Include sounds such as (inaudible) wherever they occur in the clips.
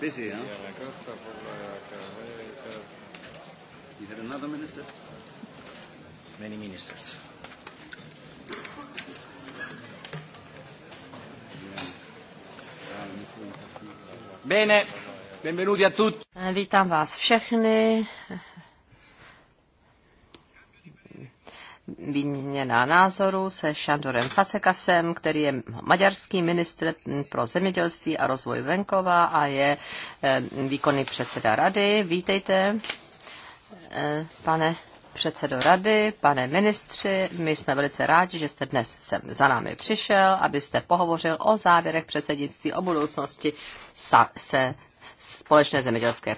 Busy, huh? You had another minister? Many ministers. Bene, benvenuti a tutti. Vítám vás všechny. výměna názorů se Šandorem Facekasem, který je maďarský ministr pro zemědělství a rozvoj venkova a je eh, výkonný předseda rady. Vítejte, eh, pane předsedo rady, pane ministři, my jsme velice rádi, že jste dnes sem za námi přišel, abyste pohovořil o závěrech předsednictví, o budoucnosti sa, se společné zemědělské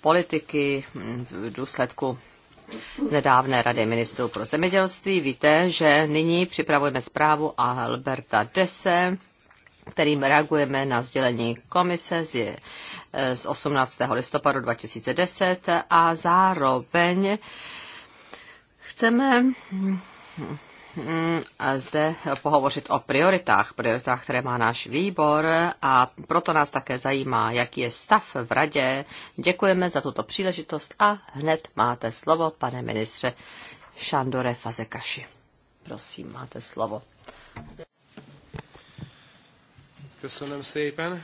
politiky v důsledku nedávné Rady ministrů pro zemědělství. Víte, že nyní připravujeme zprávu Alberta Dese, kterým reagujeme na sdělení komise z, eh, z 18. listopadu 2010 a zároveň chceme Mm, a zde pohovořit o prioritách, prioritách, které má náš výbor a proto nás také zajímá, jaký je stav v radě. Děkujeme za tuto příležitost a hned máte slovo, pane ministře Šandore Fazekaši. Prosím, máte slovo. Köszönöm szépen,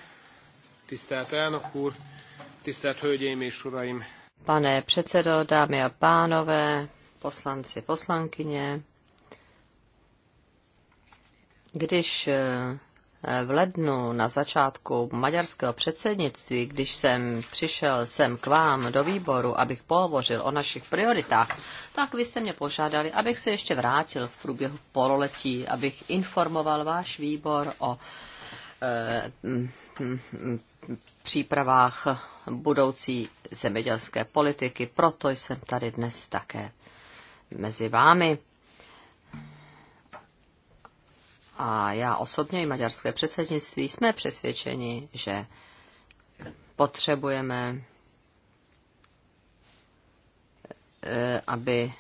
tisztelt elnök úr, tisztelt hölgyeim és uraim. Pane předsedo, dámy a pánové, poslanci, poslankyně, když eh, v lednu na začátku maďarského předsednictví, když jsem přišel sem k vám do výboru, abych pohovořil o našich prioritách, tak vy jste mě požádali, abych se ještě vrátil v průběhu pololetí, abych informoval váš výbor o eh, přípravách budoucí zemědělské politiky. Proto jsem tady dnes také mezi vámi. a já osobně i maďarské předsednictví jsme přesvědčeni, že potřebujeme, eh, aby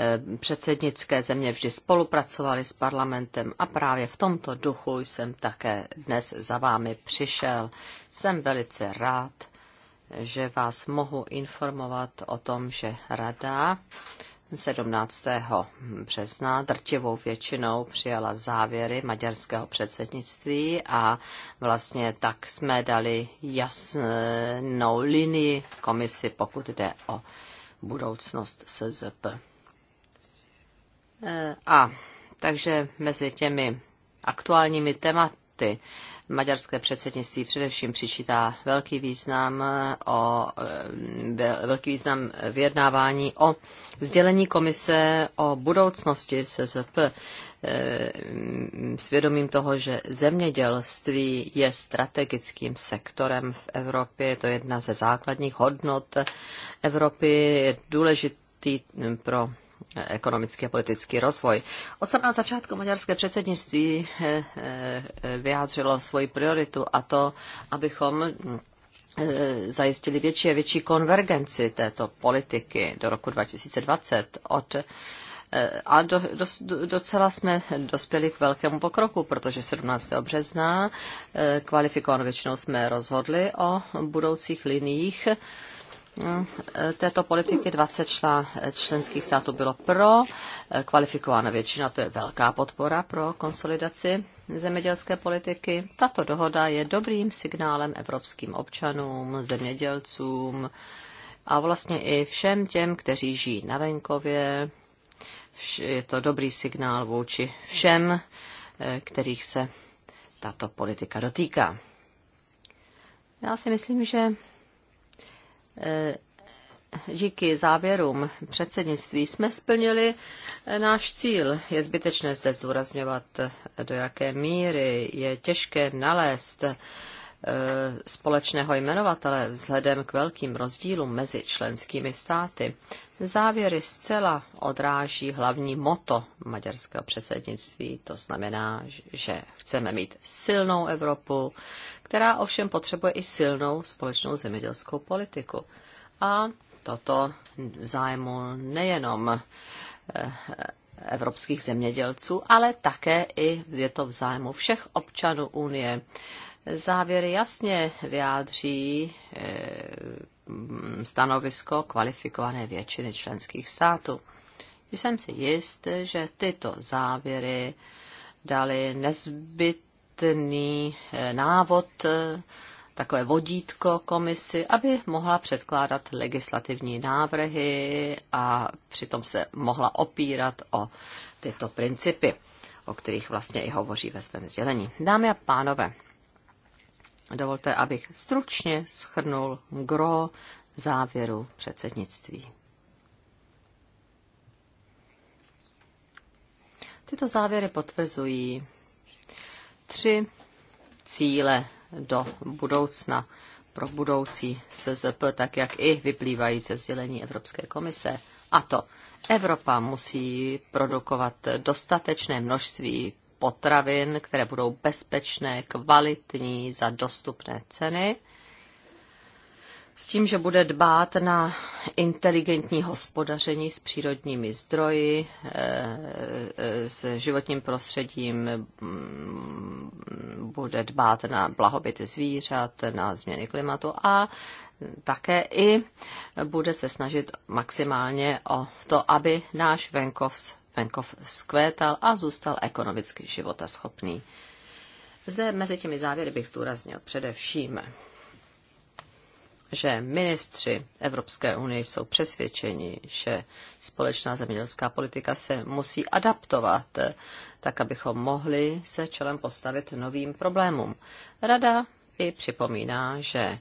eh, předsednické země vždy spolupracovaly s parlamentem a právě v tomto duchu jsem také dnes za vámi přišel. Jsem velice rád, že vás mohu informovat o tom, že Rada 17. března drtivou většinou přijala závěry maďarského předsednictví a vlastně tak jsme dali jasnou linii komisi, pokud jde o budoucnost SZP. E, a takže mezi těmi aktuálními tématy, maďarské předsednictví především přičítá velký význam, eh, o, eh, velký význam vyjednávání o sdělení komise o budoucnosti SZP eh, svědomím toho, že zemědělství je strategickým sektorem v Evropě, je to jedna ze základních hodnot Evropy, je důležitý mm, pro ekonomický a politický rozvoj. Od samého začátku maďarské předsednictví eh, eh, vyjádřilo svoji prioritu a to, abychom eh, zajistili větší a větší konvergenci této politiky do roku 2020 od a do, do, docela jsme dospěli k velkému pokroku, protože 17. března kvalifikovanou většinou jsme rozhodli o budoucích liniích Eh, této politiky 20 člá, eh, členských států bylo pro, eh, kvalifikovaná většina, to je velká podpora pro konsolidaci zemědělské politiky. Tato dohoda je dobrým signálem evropským občanům, zemědělcům a vlastně i všem těm, kteří žijí na venkově. Je to dobrý signál vůči všem, kterých se tato politika dotýká. Já si myslím, že Eh, díky závěrům předsednictví jsme splnili eh, náš cíl. Je zbytečné zde zdůrazňovat, eh, do jaké míry je těžké nalézt Eh, společného jmenovatele vzhledem k velkým rozdílům mezi členskými státy. Závěry zcela odráží hlavní moto maďarského předsednictví, to znamená, že chceme mít silnou Evropu, která ovšem potřebuje i silnou společnou zemědělskou politiku. A toto v zájmu nejenom eh, evropských zemědělců, ale také i je to v zájmu všech občanů Unie závěry jasně vyjádří eh, stanovisko kvalifikované většiny členských států. Jsem si jist, že tyto závěry dali nezbytný eh, návod, eh, takové vodítko komisi, aby mohla předkládat legislativní návrhy a přitom se mohla opírat o tyto principy, o kterých vlastně i hovoří ve svém sdělení. Dámy a pánové, Dovolte, abych stručně schrnul gro závěru předsednictví. Tyto závěry potvrzují tři cíle do budoucna pro budoucí SZP, tak jak i vyplývají ze sdělení Evropské komise. A to Evropa musí produkovat dostatečné množství potravin, které budou bezpečné, kvalitní, za dostupné ceny, s tím, že bude dbát na inteligentní hospodaření s přírodními zdroji, eh, eh, s životním prostředím, mm, bude dbát na blahobyty zvířat, na změny klimatu a také i bude se snažit maximálně o to, aby náš venkov venkov zkvétal a zůstal ekonomicky života schopný. Zde mezi těmi závěry bych zdůraznil především, že ministři Evropské unie jsou přesvědčeni, že společná zemědělská politika se musí adaptovat, tak abychom mohli se čelem postavit novým problémům. Rada i připomíná, že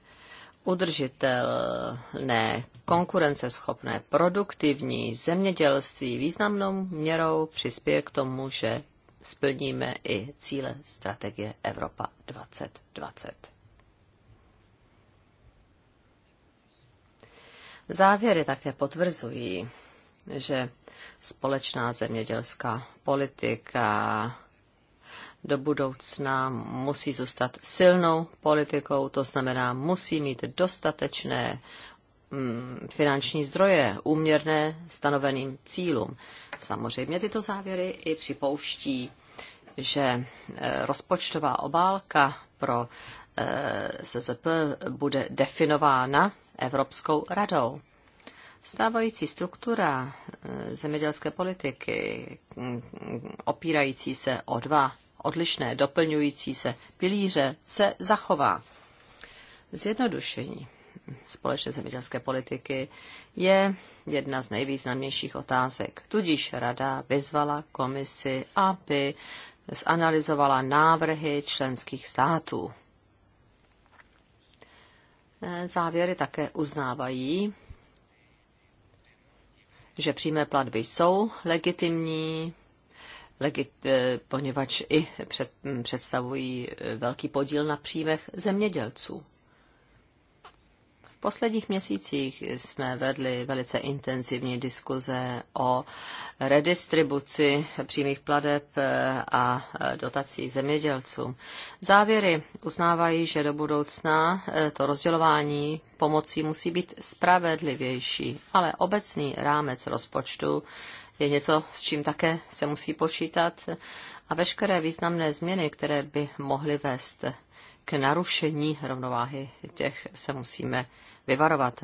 udržitelné, konkurenceschopné, produktivní zemědělství významnou měrou přispěje k tomu, že splníme i cíle strategie Evropa 2020. Závěry také potvrzují, že společná zemědělská politika do budoucna musí zůstat silnou politikou, to znamená, musí mít dostatečné mm, finanční zdroje úměrné stanoveným cílům. Samozřejmě tyto závěry i připouští, že e, rozpočtová obálka pro e, SZP bude definována Evropskou radou. Stávající struktura e, zemědělské politiky, mm, opírající se o dva odlišné, doplňující se pilíře se zachová. Zjednodušení společné zemědělské politiky je jedna z nejvýznamnějších otázek. Tudíž Rada vyzvala komisi, aby zanalizovala návrhy členských států. Závěry také uznávají, že přímé platby jsou legitimní, Eh, poněvadž i před, mm, představují eh, velký podíl na příjmech zemědělců. V posledních měsících jsme vedli velice intenzivní diskuze o redistribuci přímých pladeb eh, a dotací zemědělcům. Závěry uznávají, že do budoucna to rozdělování pomocí musí být spravedlivější, ale obecný rámec rozpočtu je něco, s čím také se musí počítat a veškeré významné změny, které by mohly vést k narušení rovnováhy, těch se musíme vyvarovat.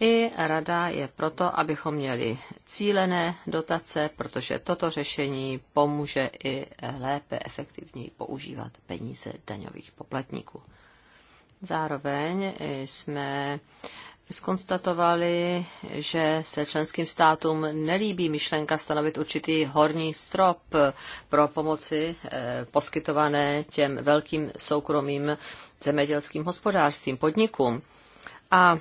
I rada je proto, abychom měli cílené dotace, protože toto řešení pomůže i lépe efektivněji používat peníze daňových poplatníků. Zároveň jsme skonstatovali, že se členským státům nelíbí myšlenka stanovit určitý horní strop pro pomoci eh, poskytované těm velkým soukromým zemědělským hospodářstvím, podnikům. A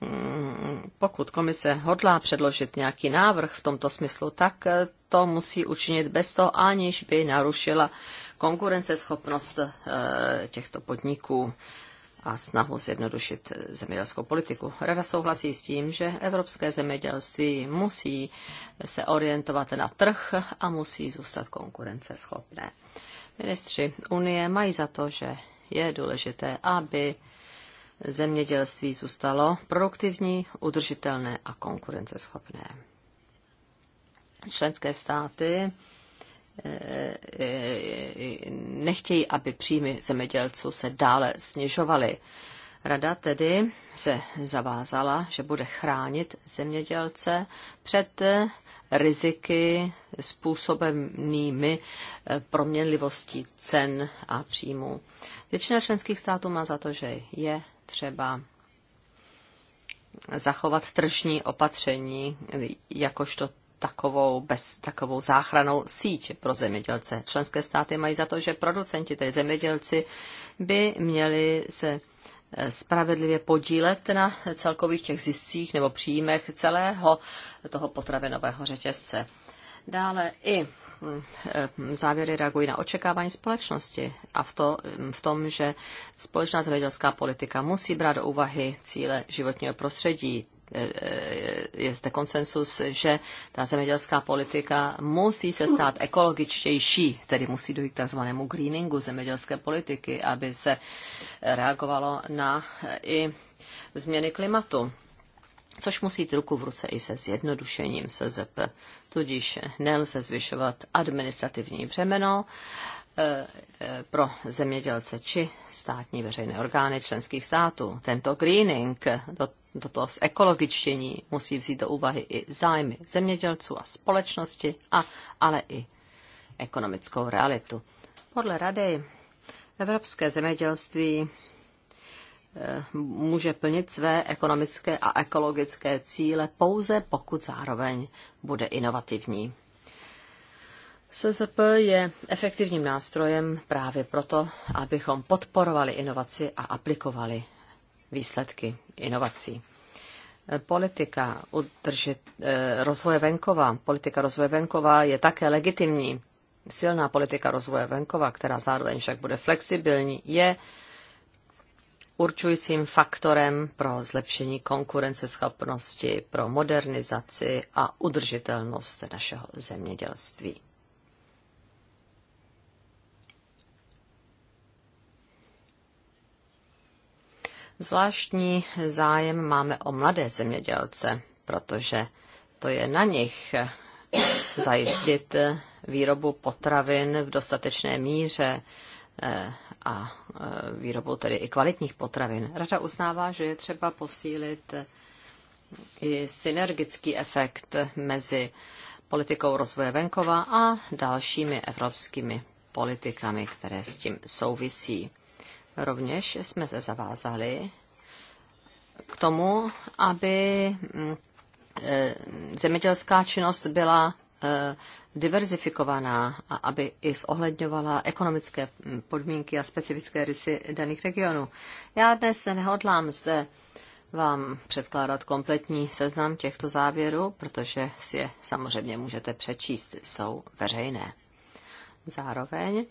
mm, pokud komise hodlá předložit nějaký návrh v tomto smyslu, tak eh, to musí učinit bez toho, aniž by narušila konkurenceschopnost eh, těchto podniků a snahu zjednodušit zemědělskou politiku. Rada souhlasí s tím, že evropské zemědělství musí se orientovat na trh a musí zůstat konkurenceschopné. Ministři Unie mají za to, že je důležité, aby zemědělství zůstalo produktivní, udržitelné a konkurenceschopné. Členské státy nechtějí, aby příjmy zemědělců se dále snižovaly. Rada tedy se zavázala, že bude chránit zemědělce před riziky způsobenými eh, proměnlivostí cen a příjmů. Většina členských států má za to, že je třeba zachovat tržní opatření jakožto takovou, bez, takovou záchranou síť pro zemědělce. Členské státy mají za to, že producenti, tedy zemědělci, by měli se eh, spravedlivě podílet na celkových těch ziscích nebo příjmech celého toho potravinového řetězce. Dále i hm, eh, závěry reagují na očekávání společnosti a v, to, hm, v tom, že společná zemědělská politika musí brát do úvahy cíle životního prostředí, Eh, je zde konsensus, že ta zemědělská politika musí se stát ekologičtější, tedy musí dojít k takzvanému greeningu zemědělské politiky, aby se reagovalo na eh, i změny klimatu což musí jít ruku v ruce i se zjednodušením SZP. Tudíž nelze zvyšovat administrativní břemeno eh, pro zemědělce či státní veřejné orgány členských států. Tento greening, to, do toho z ekologičtění musí vzít do úvahy i zájmy zemědělců a společnosti, a, ale i ekonomickou realitu. Podle Rady evropské zemědělství eh, může plnit své ekonomické a ekologické cíle pouze pokud zároveň bude inovativní. SZP je efektivním nástrojem právě proto, abychom podporovali inovaci a aplikovali výsledky inovací. Eh, politika udržet, eh, rozvoje venkova, politika rozvoje venkova je také legitimní. Silná politika rozvoje venkova, která zároveň však bude flexibilní, je určujícím faktorem pro zlepšení konkurenceschopnosti, pro modernizaci a udržitelnost našeho zemědělství. Zvláštní zájem máme o mladé zemědělce, protože to je na nich zajistit výrobu potravin v dostatečné míře eh, a eh, výrobu tedy i kvalitních potravin. Rada uznává, že je třeba posílit i synergický efekt mezi politikou rozvoje venkova a dalšími evropskými politikami, které s tím souvisí. Rovněž jsme se zavázali k tomu, aby mm, e, zemědělská činnost byla e, diverzifikovaná a aby i zohledňovala ekonomické mm, podmínky a specifické rysy daných regionů. Já dnes se nehodlám zde vám předkládat kompletní seznam těchto závěrů, protože si je samozřejmě můžete přečíst, jsou veřejné. Zároveň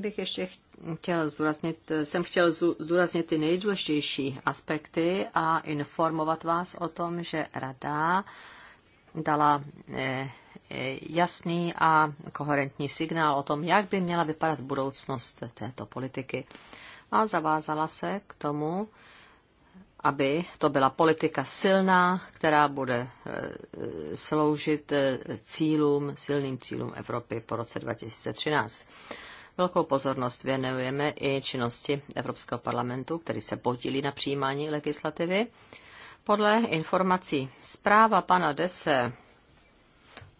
bych ještě chtěl zdůraznit, jsem chtěl zdůraznit ty nejdůležitější aspekty a informovat vás o tom, že Rada dala eh, eh, jasný a koherentní signál o tom, jak by měla vypadat budoucnost této politiky. A zavázala se k tomu, aby to byla politika silná, která bude eh, sloužit cílům, silným cílům Evropy po roce 2013. Velkou pozornost věnujeme i činnosti Evropského parlamentu, který se podílí na přijímání legislativy. Podle informací zpráva pana Dese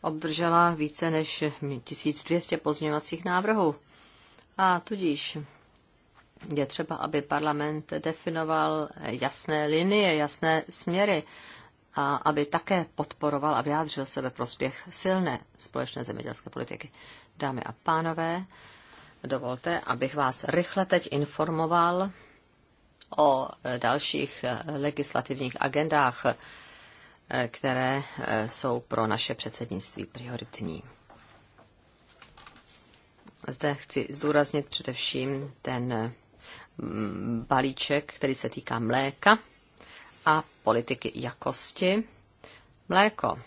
obdržela více než 1200 pozměňovacích návrhů. A tudíž je třeba, aby parlament definoval jasné linie, jasné směry a aby také podporoval a vyjádřil se ve prospěch silné společné zemědělské politiky. Dámy a pánové, dovolte, abych vás rychle teď informoval o dalších legislativních agendách, které jsou pro naše předsednictví prioritní. Zde chci zdůraznit především ten mm, balíček, který se týká mléka a politiky jakosti. Mléko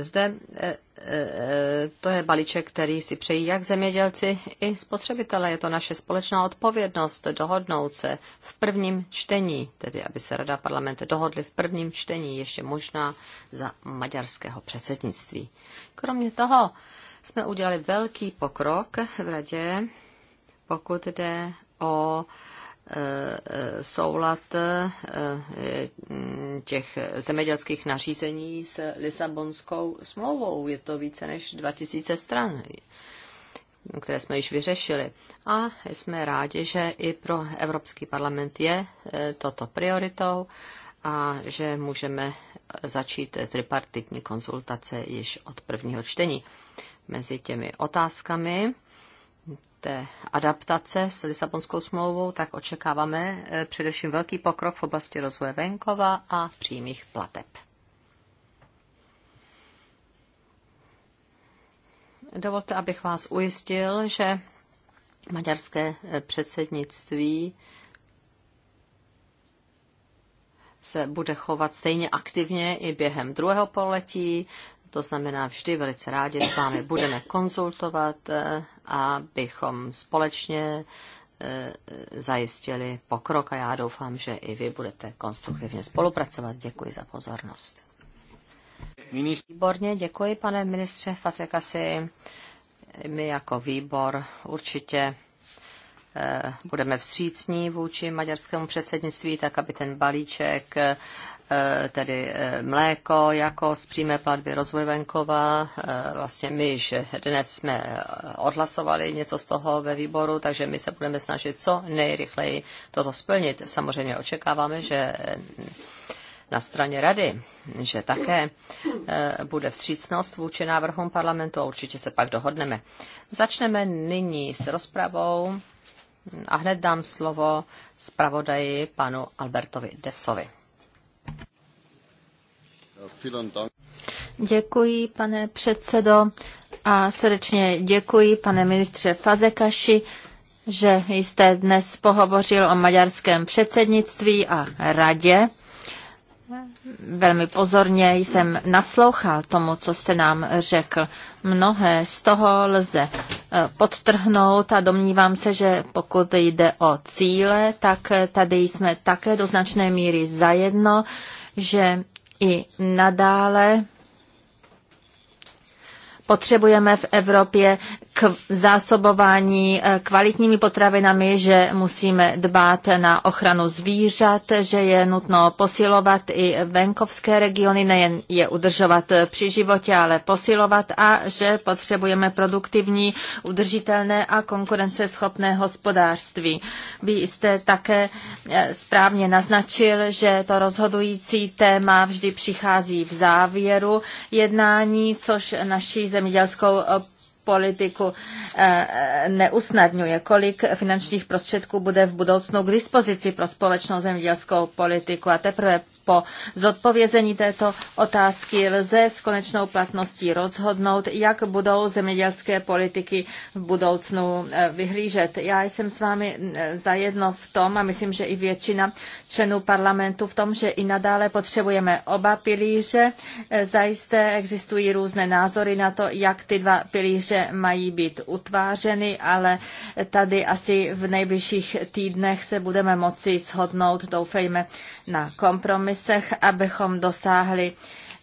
zde e, e, to je balíček, který si přejí jak zemědělci, i spotřebitele. Je to naše společná odpovědnost dohodnout se v prvním čtení, tedy aby se Rada parlamente dohodly v prvním čtení, ještě možná za maďarského předsednictví. Kromě toho jsme udělali velký pokrok v Radě, pokud jde o uh, soulad eh, těch zemědělských nařízení s Lisabonskou smlouvou. Je to více než 2000 stran, které jsme již vyřešili. A jsme rádi, že i pro Evropský parlament je eh, toto prioritou a že můžeme začít tripartitní konzultace již od prvního čtení. Mezi těmi otázkami, té adaptace s Lisabonskou smlouvou, tak očekáváme eh, především velký pokrok v oblasti rozvoje venkova a přímých plateb. Dovolte, abych vás ujistil, že maďarské eh, předsednictví se bude chovat stejně aktivně i během druhého poletí to znamená, vždy velice rádi s vámi budeme konzultovat, eh, abychom společně eh, zajistili pokrok a já doufám, že i vy budete konstruktivně spolupracovat. Děkuji za pozornost. Výborně, děkuji, pane ministře Facekasi. My jako výbor určitě eh, budeme vstřícní vůči maďarskému předsednictví, tak aby ten balíček Eh, tedy eh, mléko jako z přímé platby rozvoj venkova. Eh, vlastně my již dnes jsme odhlasovali něco z toho ve výboru, takže my se budeme snažit co nejrychleji toto splnit. Samozřejmě očekáváme, že na straně rady, že také bude vstřícnost vůči návrhům parlamentu a určitě se pak dohodneme. Začneme nyní s rozpravou a hned dám slovo zpravodaji panu Albertovi Desovi. Děkuji, pane předsedo, a srdečně děkuji, pane ministře Fazekaši, že jste dnes pohovořil o maďarském předsednictví a radě. Velmi pozorně jsem naslouchal tomu, co jste nám řekl. Mnohé z toho lze eh, podtrhnout a domnívám se, že pokud jde o cíle, tak tady jsme také do značné míry zajedno, že i nadále potřebujeme v Evropě k zásobování eh, kvalitními potravinami, že musíme dbát na ochranu zvířat, že je nutno posilovat i venkovské regiony, nejen je udržovat při životě, ale posilovat a že potřebujeme produktivní, udržitelné a konkurenceschopné hospodářství. Vy jste také eh, správně naznačil, že to rozhodující téma vždy přichází v závěru jednání, což naší zemědělskou politiku eh, eh, neusnadňuje. Kolik finančních prostředků bude v budoucnu k dispozici pro společnou zemědělskou politiku a teprve po zodpovězení této otázky lze s konečnou platností rozhodnout, jak budou zemědělské politiky v budoucnu eh, vyhlížet. Já jsem s vámi eh, zajedno v tom a myslím, že i většina členů parlamentu v tom, že i nadále potřebujeme oba pilíře. Eh, zajisté existují různé názory na to, jak ty dva pilíře mají být utvářeny, ale tady asi v nejbližších týdnech se budeme moci shodnout, doufejme, na kompromis kompromisech, abychom dosáhli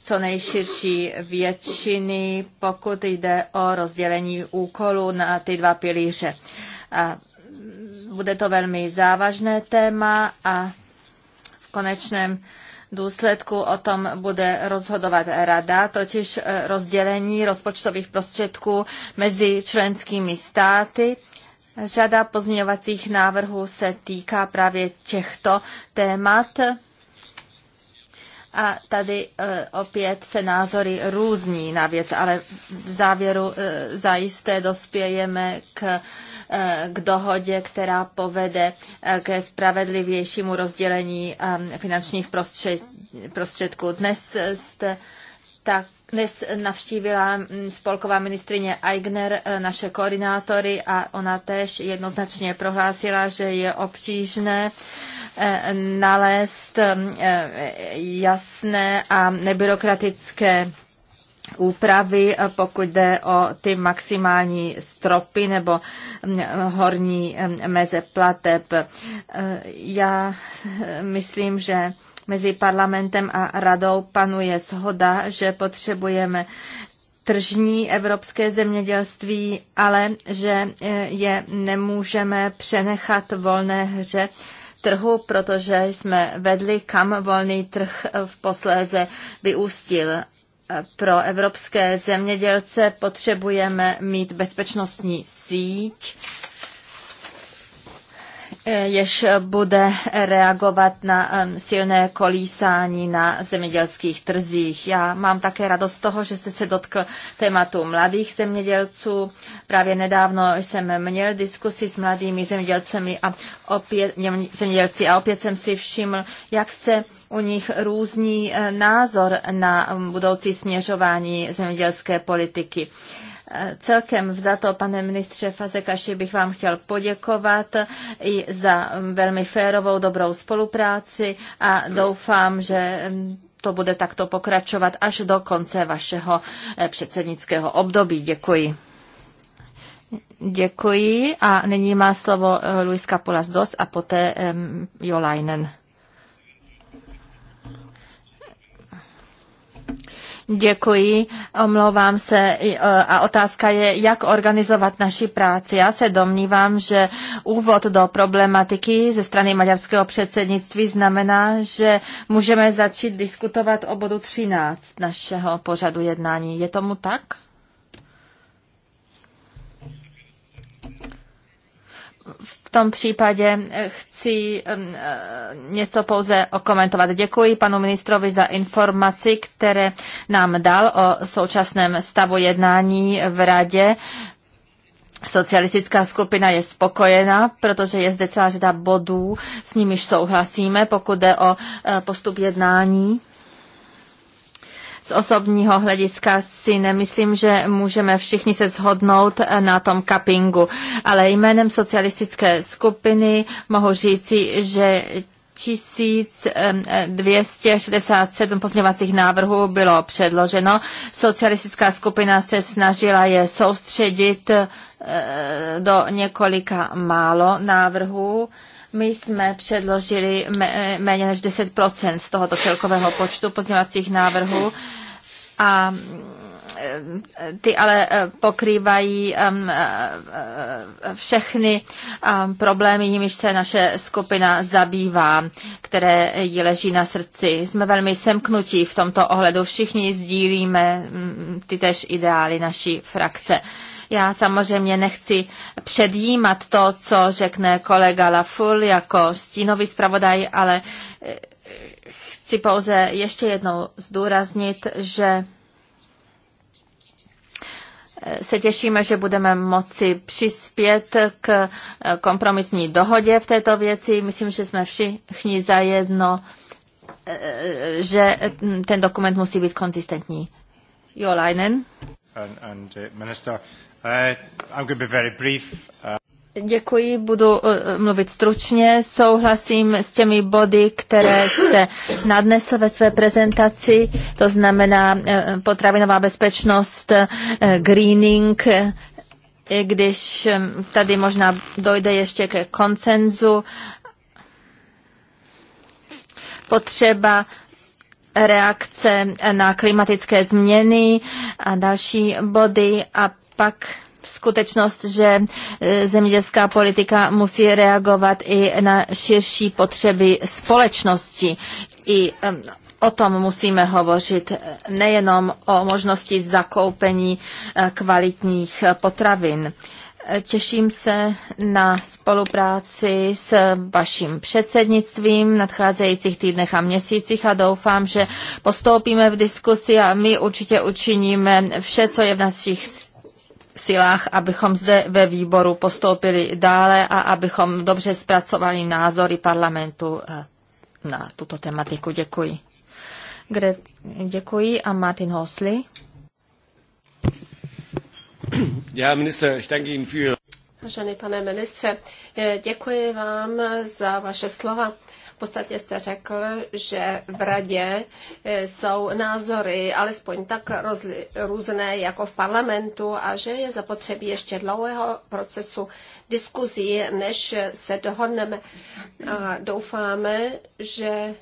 co nejširší většiny, pokud jde o rozdělení úkolů na ty dva pilíře. A bude to velmi závažné téma a v konečném důsledku o tom bude rozhodovat rada, totiž e, rozdělení rozpočtových prostředků mezi členskými státy. Řada pozměňovacích návrhů se týká právě těchto témat. A tady e, opět se názory různí na věc, ale v závěru e, zajisté dospějeme k, e, k dohodě, která povede ke spravedlivějšímu rozdělení finančních prostředků. Dnes jste tak dnes navštívila spolková ministrině Aigner naše koordinátory a ona též jednoznačně prohlásila, že je obtížné uh, Eh, nalézt eh, jasné a nebyrokratické úpravy, eh, pokud jde o ty maximální stropy nebo mm, horní mm, meze plateb. Já myslím, že mezi parlamentem a radou panuje shoda, že potřebujeme tržní evropské zemědělství, ale že je nemůžeme přenechat volné hře trhu, protože jsme vedli, kam volný trh v posléze vyústil. Pro evropské zemědělce potřebujeme mít bezpečnostní síť, jež bude reagovat na silné kolísání na zemědělských trzích. Já mám také radost z toho, že jste se dotkl tématu mladých zemědělců. Právě nedávno jsem měl diskusi s mladými zemědělcemi a opět, zemědělci a opět jsem si všiml, jak se u nich různí e, názor na budoucí směřování zemědělské politiky. Celkem to, pane ministře Fazekaši, bych vám chtěl poděkovat i za velmi férovou, dobrou spolupráci a doufám, že to bude takto pokračovat až do konce vašeho eh, předsednického období. Děkuji. Děkuji a nyní má slovo eh, Luis Capulas Dos a poté um, Jolainen. Děkuji, omlouvám se e, a otázka je, jak organizovat naši práci. Já se domnívám, že úvod do problematiky ze strany maďarského předsednictví znamená, že můžeme začít diskutovat o bodu 13 našeho pořadu jednání. Je tomu tak? v tom případě eh, chci eh, něco pouze okomentovat. Děkuji panu ministrovi za informaci, které nám dal o současném stavu jednání v radě. Socialistická skupina je spokojena, protože je zde celá řada bodů, s nimiž souhlasíme, pokud jde o eh, postup jednání. Z osobního hlediska si nemyslím, že můžeme všichni se shodnout na tom kapingu, ale jménem socialistické skupiny mohu říci, že 1267 pozměňovacích návrhů bylo předloženo. Socialistická skupina se snažila je soustředit eh, do několika málo návrhů my jsme předložili méně než 10 z tohoto celkového počtu pozměňovacích návrhů a eh, ty ale eh, pokrývají eh, všechny problémy, jimiž se naše skupina zabývá, které ji leží na srdci. Jsme velmi semknutí v tomto ohledu. Všichni sdílíme mm, ty tež ideály naší frakce. Já samozřejmě nechci předjímat to, co řekne kolega Laful jako stínový zpravodaj, ale eh, chci pouze ještě jednou zdůraznit, že eh, se těšíme, že budeme moci přispět k eh, kompromisní dohodě v této věci. Myslím, že jsme všichni zajedno, že ten dokument musí být konzistentní. Jo, Leinen. And, and, minister, Uh, uh, Děkuji, budu uh, mluvit stručně. Souhlasím s těmi body, které jste nadnesl ve své prezentaci, to znamená potravinová bezpečnost, greening, i když um, tady možná dojde ještě ke koncenzu, potřeba reakce na klimatické změny a další body a pak skutečnost, že e, zemědělská politika musí reagovat i na širší potřeby společnosti. I o tom musíme hovořit, e, nejenom o možnosti zakoupení e, kvalitních potravin. Těším se na spolupráci s vaším předsednictvím v nadcházejících týdnech a měsících a doufám, že postoupíme v diskusi a my určitě učiníme vše, co je v našich silách, abychom zde ve výboru postoupili dále a abychom dobře zpracovali názory parlamentu eh, na tuto tematiku. Děkuji. děkuji a Martin Hosley. (clears throat) Vážený pane ministře, eh, děkuji vám za vaše slova. V podstatě jste řekl, že v radě eh, jsou názory alespoň tak rozli, různé jako v parlamentu a že je zapotřebí ještě dlouhého procesu diskuzí, než se dohodneme. A doufáme, že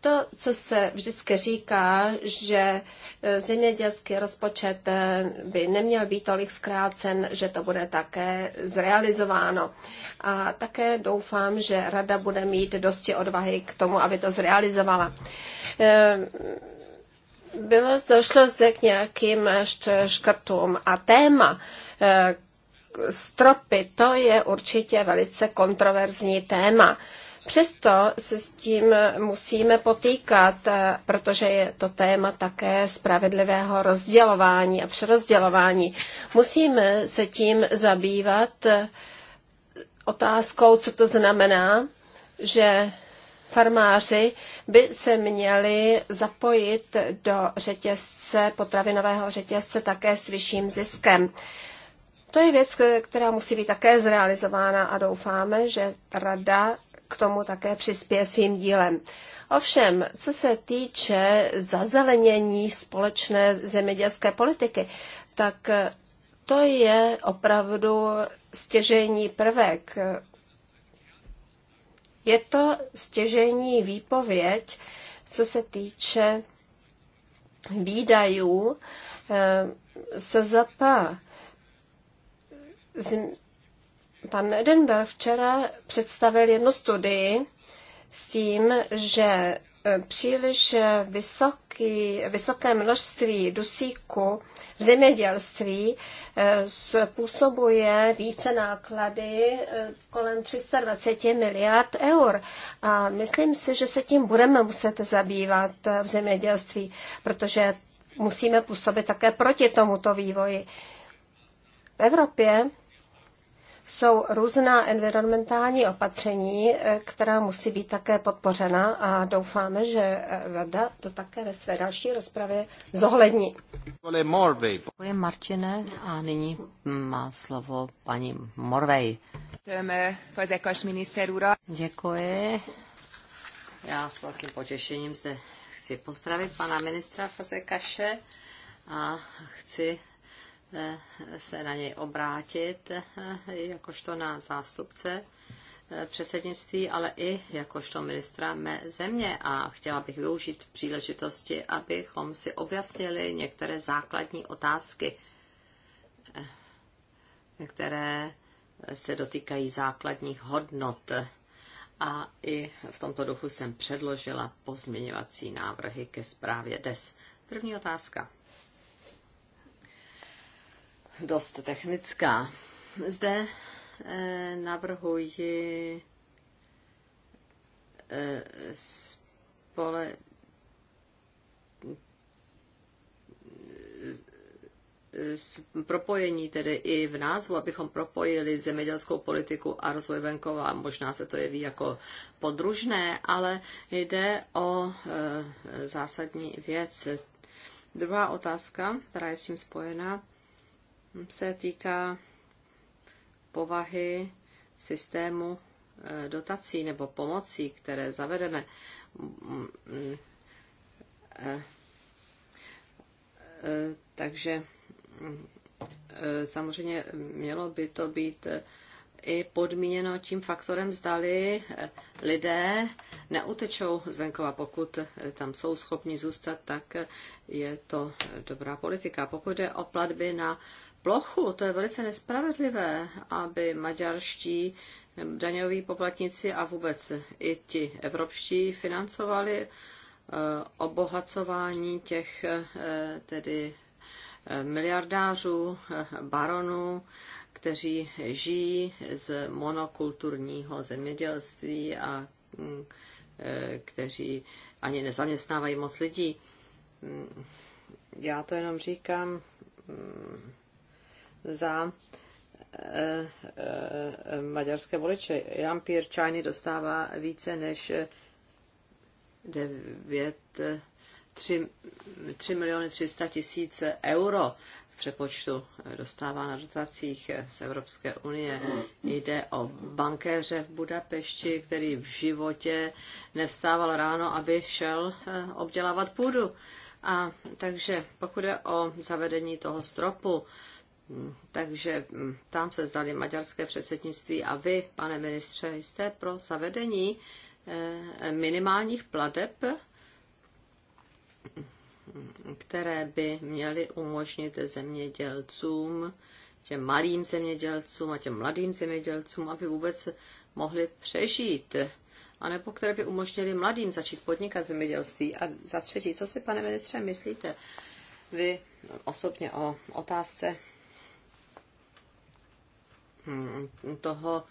to, co se vždycky říká, že e, zemědělský rozpočet e, by neměl být tolik zkrácen, že to bude také zrealizováno. A také doufám, že Rada bude mít dosti odvahy k tomu, aby to zrealizovala. E, bylo, došlo zde k nějakým škrtům a téma, stropy, to je určitě velice kontroverzní téma. Přesto se s tím musíme potýkat, eh, protože je to téma také spravedlivého rozdělování a přerozdělování. Musíme se tím zabývat eh, otázkou, co to znamená, že farmáři by se měli zapojit do řetězce, potravinového řetězce také s vyšším ziskem. To je věc, která musí být také zrealizována a doufáme, že rada k tomu také přispěje svým dílem. Ovšem, co se týče zazelenění společné zemědělské politiky, tak to je opravdu stěžení prvek. Je to stěžení výpověď, co se týče výdajů eh, SZP. Pan Edenberg včera představil jednu studii s tím, že e, příliš vysoký, vysoké množství dusíku v zemědělství e, způsobuje více náklady e, kolem 320 miliard eur. A myslím si, že se tím budeme muset zabývat v zemědělství, protože musíme působit také proti tomuto vývoji. V Evropě jsou různá environmentální opatření, eh, která musí být také podpořena a doufáme, že Rada to také ve své další rozpravě zohlední. Děkuji Martine a nyní má slovo paní Morvej. Děkuji. Já s velkým potěšením zde chci pozdravit pana ministra Fazekaše a chci se na něj obrátit, eh, jakožto na zástupce eh, předsednictví, ale i jakožto ministra mé země a chtěla bych využít příležitosti, abychom si objasnili některé základní otázky, eh, které se dotýkají základních hodnot. A i v tomto duchu jsem předložila pozměňovací návrhy ke zprávě DES. První otázka dost technická. Zde eh, navrhuji eh, spole eh, propojení tedy i v názvu, abychom propojili zemědělskou politiku a rozvoj venkova. Možná se to jeví jako podružné, ale jde o zásadní věc. Druhá otázka, která je s tím spojená, se týká povahy systému eh, dotací nebo pomocí, které zavedeme. Mm, mm, eh, eh, takže mm, samozřejmě mělo by to být i podmíněno tím faktorem, zdali lidé neutečou zvenkova Pokud tam jsou schopni zůstat, tak je to dobrá politika. Pokud jde o platby na plochu. To je velice nespravedlivé, aby maďarští eh, daňoví poplatníci a vůbec i ti evropští financovali eh, obohacování těch eh, tedy miliardářů, baronů, kteří žijí z monokulturního zemědělství a mm, kteří ani nezaměstnávají moc lidí. Mm, já to jenom říkám mm, za e, e, maďarské voliče. Jampír Čajny dostává více než 9, 3, 3 miliony 300 tisíc euro v přepočtu e, dostává na dotacích z Evropské unie. Jde o bankéře v Budapešti, který v životě nevstával ráno, aby šel obdělávat půdu. A takže pokud je o zavedení toho stropu, takže tam mm, se zdali maďarské předsednictví a vy, pane ministře, jste pro zavedení eh, minimálních plateb, které by měly umožnit zemědělcům, těm malým zemědělcům a těm mladým zemědělcům, aby vůbec mohli přežít, anebo které by umožnili mladým začít podnikat v zemědělství. A za třetí, co si, pane ministře, myslíte vy osobně o otázce Mm, toho,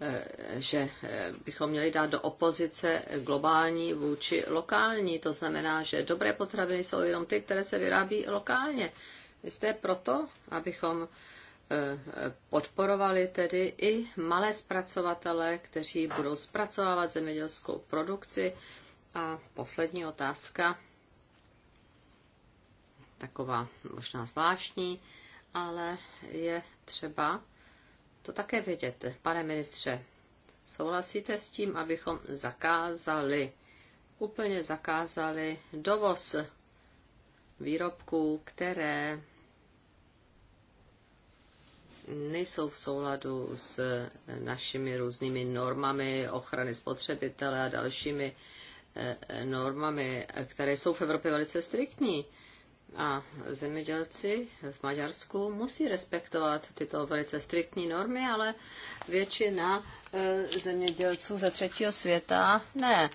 eh, že eh, bychom měli dát do opozice globální vůči lokální. To znamená, že dobré potraviny jsou jenom ty, které se vyrábí lokálně. Jste proto, abychom eh, podporovali tedy i malé zpracovatele, kteří budou zpracovávat zemědělskou produkci. A poslední otázka, taková možná zvláštní, ale je třeba to také vědět. Pane ministře, souhlasíte s tím, abychom zakázali, úplně zakázali dovoz výrobků, které nejsou v souladu s našimi různými normami ochrany spotřebitele a dalšími eh, normami, eh, které jsou v Evropě velice striktní. A zemědělci v Maďarsku musí respektovat tyto velice striktní normy, ale většina e, zemědělců ze třetího světa ne.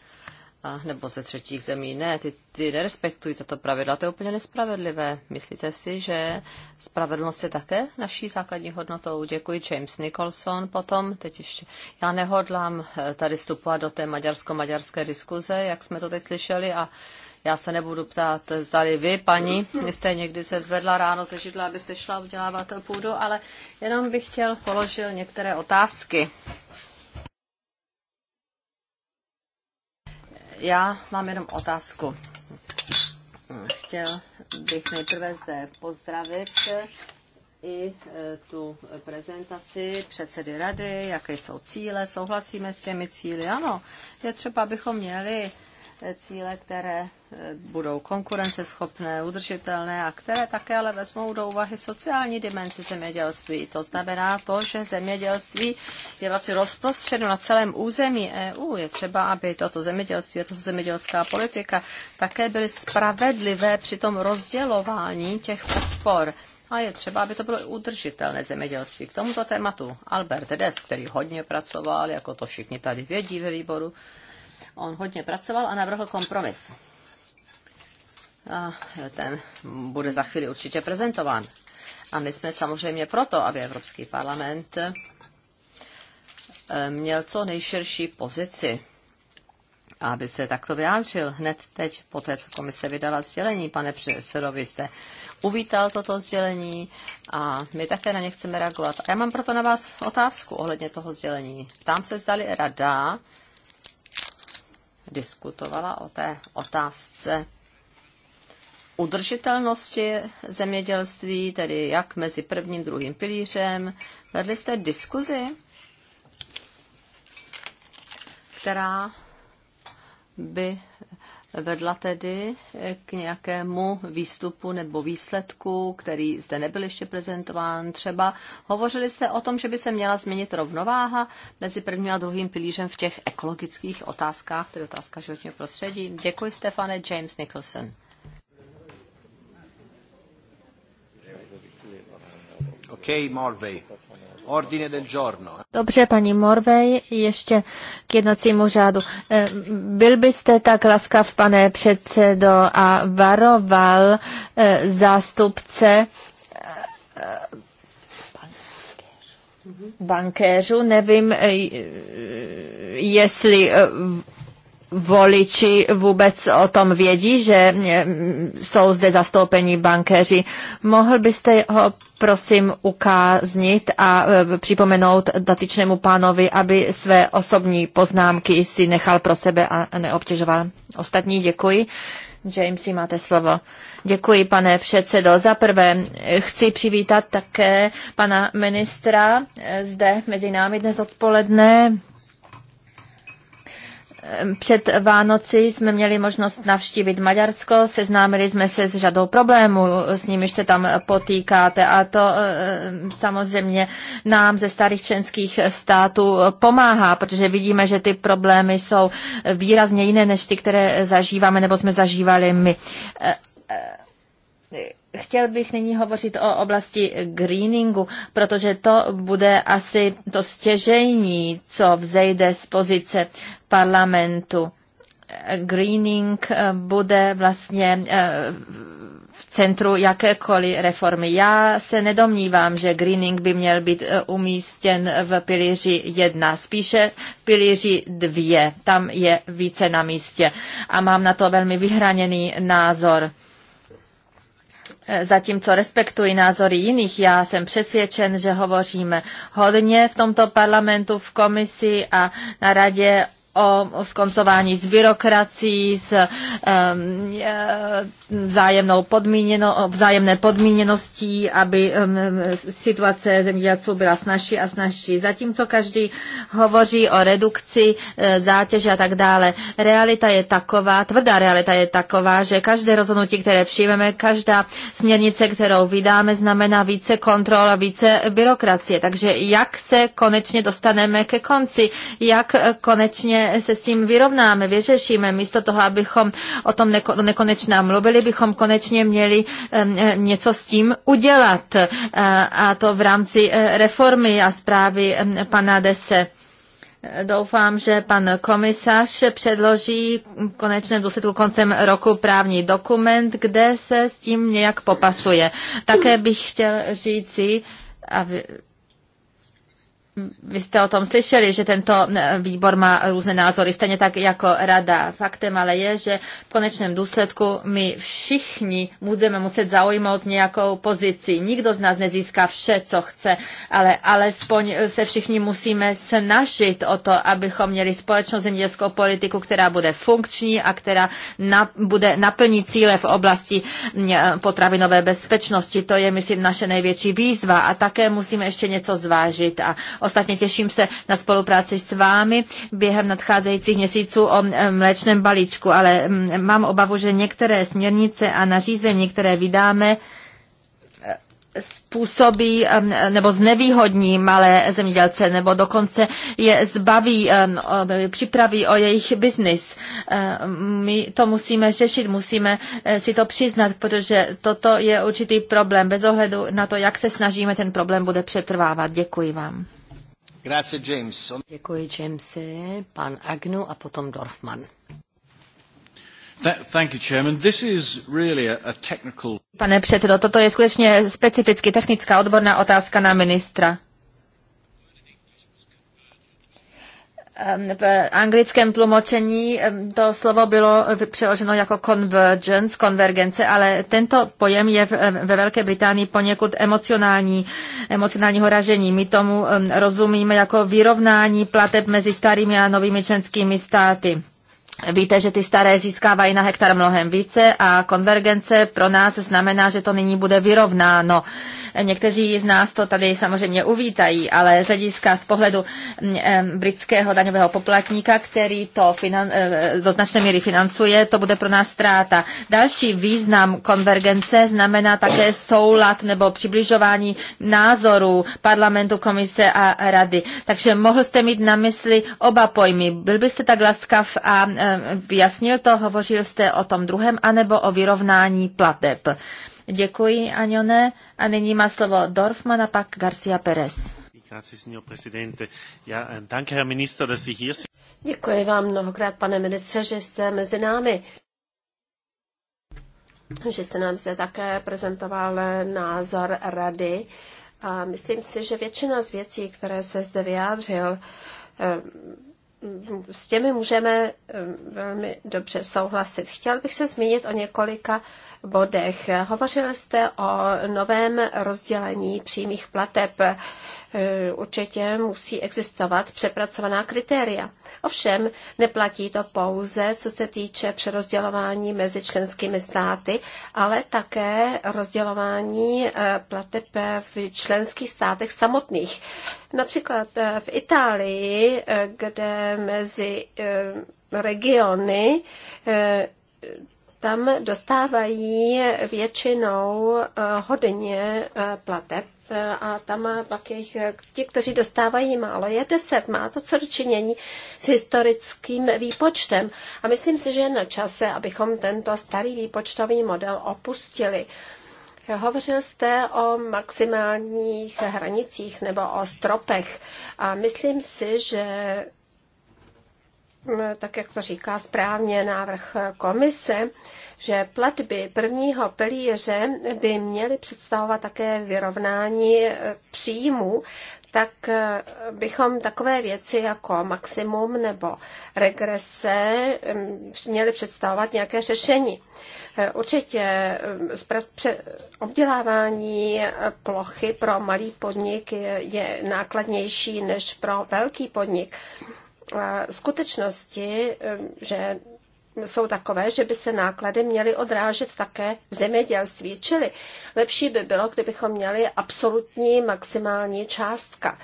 A nebo ze třetích zemí. Ne, ty, ty nerespektují tato pravidla, to je úplně nespravedlivé. Myslíte si, že spravedlnost je také naší základní hodnotou? Děkuji James Nicholson potom, teď ještě. Já nehodlám e, tady vstupovat do té maďarsko-maďarské diskuze, jak jsme to teď slyšeli a uh, já se nebudu ptát, zdali vy, paní, jste někdy se zvedla ráno ze židla, abyste šla udělávat půdu, ale jenom bych chtěl položil některé otázky. Já mám jenom otázku. Chtěl bych nejprve zde pozdravit i e, tu prezentaci předsedy rady, jaké jsou cíle, souhlasíme s těmi cíly. Ano, je třeba, abychom měli cíle, které eh, budou konkurenceschopné, udržitelné a které také ale vezmou do úvahy sociální dimenzi zemědělství. To znamená to, že zemědělství je vlastně rozprostřeno na celém území EU. Je třeba, aby toto zemědělství a toto zemědělská politika také byly spravedlivé při tom rozdělování těch podpor. A je třeba, aby to bylo udržitelné zemědělství. K tomuto tématu Albert Des, který hodně pracoval, jako to všichni tady vědí ve výboru, On hodně pracoval a navrhl kompromis. A ten bude za chvíli určitě prezentován. A my jsme samozřejmě proto, aby Evropský parlament eh, měl co nejširší pozici, aby se takto vyjádřil hned teď, po té, co komise vydala sdělení. Pane předsedo, vy jste uvítal toto sdělení a my také na ně chceme reagovat. A já mám proto na vás otázku ohledně toho sdělení. Tam se, zdali rada diskutovala o té otázce udržitelnosti zemědělství, tedy jak mezi prvním druhým pilířem. Vedli jste diskuzi, která by vedla tedy eh, k nějakému výstupu nebo výsledku, který zde nebyl ještě prezentován. Třeba hovořili jste o tom, že by se měla změnit rovnováha mezi prvním a druhým pilířem v těch ekologických otázkách, tedy otázka životního prostředí. Děkuji, Stefane. James Nicholson. Okay, Marvey. Dobře, paní Morvej, ještě k jednacímu řádu. Eh, byl byste tak laskav, pane předsedo, a varoval eh, zástupce eh, mhm. bankéřů, nevím, jestli voliči vůbec o tom vědí, že mm, jsou zde zastoupení bankéři. Mohl byste ho prosím ukáznit a e, připomenout datičnému pánovi, aby své osobní poznámky si nechal pro sebe a neobtěžoval ostatní. Děkuji. si máte slovo. Děkuji, pane předsedo. Za prvé chci přivítat také pana ministra e, zde mezi námi dnes odpoledne. Před Vánoci jsme měli možnost navštívit Maďarsko, seznámili jsme se s řadou problémů, s nimiž se tam potýkáte a to e, samozřejmě nám ze starých členských států pomáhá, protože vidíme, že ty problémy jsou výrazně jiné než ty, které zažíváme nebo jsme zažívali my e, e, Chtěl bych nyní hovořit o oblasti greeningu, protože to bude asi to stěžení, co vzejde z pozice parlamentu. Greening eh, bude vlastně eh, v centru jakékoliv reformy. Já se nedomnívám, že greening by měl být eh, umístěn v pilíři jedna spíše v pilíři dvě. Tam je více na místě a mám na to velmi vyhraněný názor zatímco respektuji názory jiných, já jsem přesvědčen, že hovoříme hodně v tomto parlamentu, v komisi a na radě o skoncování s byrokracií, s eh, eh, vzájemnou podmíněno, vzájemné podmíněností, aby situace zemědělců byla snažší a snažší. Zatímco každý hovoří o redukci eh, zátěže a tak dále. Realita je taková, tvrdá realita je taková, že každé rozhodnutí, které přijmeme, každá směrnice, kterou vydáme, znamená více kontrol a více byrokracie. Takže jak se konečně dostaneme ke konci, jak konečně se s tím vyrovnáme, vyřešíme. Místo toho, abychom o tom neko, nekonečná mluvili, bychom konečně měli e, něco s tím udělat. E, a to v rámci e, reformy a zprávy pana Dese. Doufám, že pan komisař předloží v konečném důsledku koncem roku právní dokument, kde se s tím nějak popasuje. Také bych chtěl říci, aby vy jste o tom slyšeli, že tento výbor má různé názory, stejně tak jako rada. Faktem ale je, že v konečném důsledku my všichni budeme muset zaujmout nějakou pozici. Nikdo z nás nezíská vše, co chce, ale alespoň se všichni musíme snažit o to, abychom měli společnou zemědělskou politiku, která bude funkční a která na, bude naplní cíle v oblasti potravinové bezpečnosti. To je, myslím, naše největší výzva a také musíme ještě něco zvážit a Ostatně těším se na spolupráci s vámi během nadcházejících měsíců o mléčném balíčku, ale mám obavu, že některé směrnice a nařízení, které vydáme, e, způsobí e, nebo znevýhodní malé zemědělce nebo dokonce je zbaví, e, připraví o jejich biznis. My to musíme řešit, musíme si to přiznat, protože toto je určitý problém. Bez ohledu na to, jak se snažíme, ten problém bude přetrvávat. Děkuji vám. Děkuji, Jamesy, pan Agnu a potom Dorfman. Pane předsedo, toto je skutečně specificky technická odborná otázka na ministra. v anglickém tlumočení to slovo bylo přeloženo jako convergence, konvergence, ale tento pojem je ve Velké Británii poněkud emocionální, emocionálního ražení. My tomu rozumíme jako vyrovnání plateb mezi starými a novými členskými státy. Víte, že ty staré získávají na hektar mnohem více a konvergence pro nás znamená, že to nyní bude vyrovnáno. Někteří z nás to tady samozřejmě uvítají, ale z hlediska z pohledu mm, britského daňového poplatníka, který to finan, eh, do značné míry financuje, to bude pro nás ztráta. Další význam konvergence znamená také soulad nebo přibližování názorů parlamentu, komise a rady. Takže mohl jste mít na mysli oba pojmy. Byl byste tak laskav a eh, Eh, vyjasnil to, hovořil jste o tom druhém, anebo o vyrovnání plateb. Děkuji, Anione. A nyní má slovo Dorfman a pak Garcia Perez. Eh, Děkuji vám mnohokrát, pane ministře, že jste mezi námi že jste nám zde také prezentoval názor rady. A myslím si, že většina z věcí, které se zde vyjádřil, eh, s těmi můžeme eh, velmi dobře souhlasit. Chtěl bych se zmínit o několika bodech. Hovořil jste o novém rozdělení přímých plateb. E, určitě musí existovat přepracovaná kritéria. Ovšem, neplatí to pouze, co se týče přerozdělování mezi členskými státy, ale také rozdělování e, plateb v členských státech samotných. Například e, v Itálii, kde mezi regiony tam dostávají většinou eh, hodně eh, plateb eh, a tam pak jejich, ti, kteří dostávají málo, je deset. Má to co dočinění s historickým výpočtem. A myslím si, že je na čase, abychom tento starý výpočtový model opustili. Hovořil jste o maximálních hranicích nebo o stropech a myslím si, že Mm, tak jak to říká správně návrh komise, že platby prvního pilíře by měly představovat také vyrovnání eh, příjmů, tak eh, bychom takové věci jako maximum nebo regrese mm, měli představovat nějaké řešení. Eh, určitě mm, obdělávání plochy pro malý podnik je nákladnější než pro velký podnik skutečnosti, že jsou takové, že by se náklady měly odrážet také v zemědělství. Čili lepší by bylo, kdybychom měli absolutní maximální částka.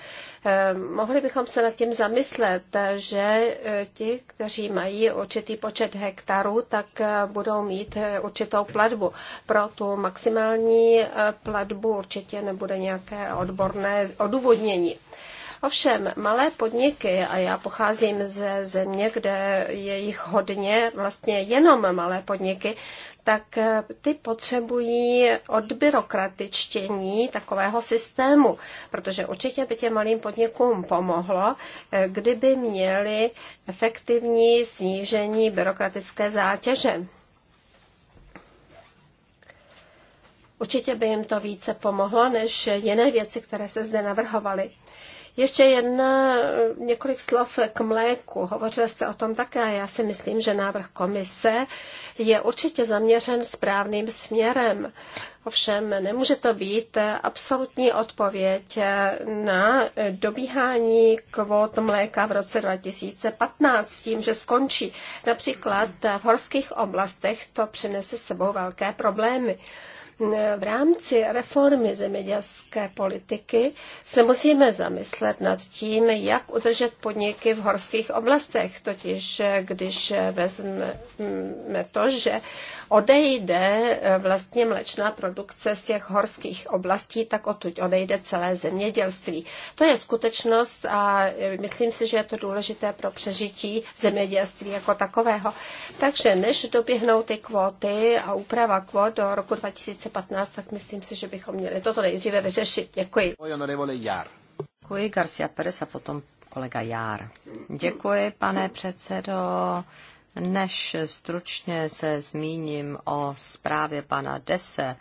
Mohli bychom se nad tím zamyslet, že e, ti, kteří mají určitý počet hektarů, tak e, budou mít e, určitou platbu. Pro tu maximální platbu určitě nebude nějaké odborné odůvodnění. Ovšem, malé podniky, a já pocházím ze země, kde je jich hodně, vlastně jenom malé podniky, tak eh, ty potřebují odbyrokratičtění takového systému, protože určitě by těm malým podnikům pomohlo, eh, kdyby měli efektivní snížení byrokratické zátěže. Určitě by jim to více pomohlo než jiné věci, které se zde navrhovaly. Ještě jedna, několik slov k mléku. Hovořil jste o tom také. Já si myslím, že návrh komise je určitě zaměřen správným směrem. Ovšem, nemůže to být absolutní odpověď na dobíhání kvót mléka v roce 2015 tím, že skončí. Například v horských oblastech to přinese s sebou velké problémy v rámci reformy zemědělské politiky se musíme zamyslet nad tím, jak udržet podniky v horských oblastech. Totiž, když vezmeme to, že odejde eh, vlastně mlečná produkce z těch horských oblastí, tak odtud odejde celé zemědělství. To je skutečnost a eh, myslím si, že je to důležité pro přežití zemědělství jako takového. Takže než doběhnou ty kvóty a úprava kvót do roku 2000, 2015, tak myslím si, že bychom měli toto nejdříve vyřešit. Děkuji. Děkuji, Garcia Perez a potom kolega Jár. Děkuji, pane předsedo. Než stručně se zmíním o zprávě pana Dese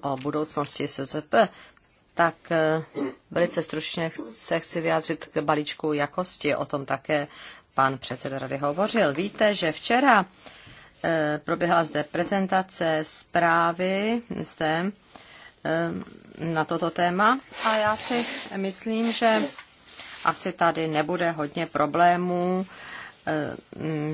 o budoucnosti SZP, tak eh, velice stručně se chci vyjádřit k balíčku jakosti. O tom také pan předseda rady hovořil. Víte, že včera Eh, proběhla zde prezentace zprávy zde eh, na toto téma a já si myslím, že asi tady nebude hodně problémů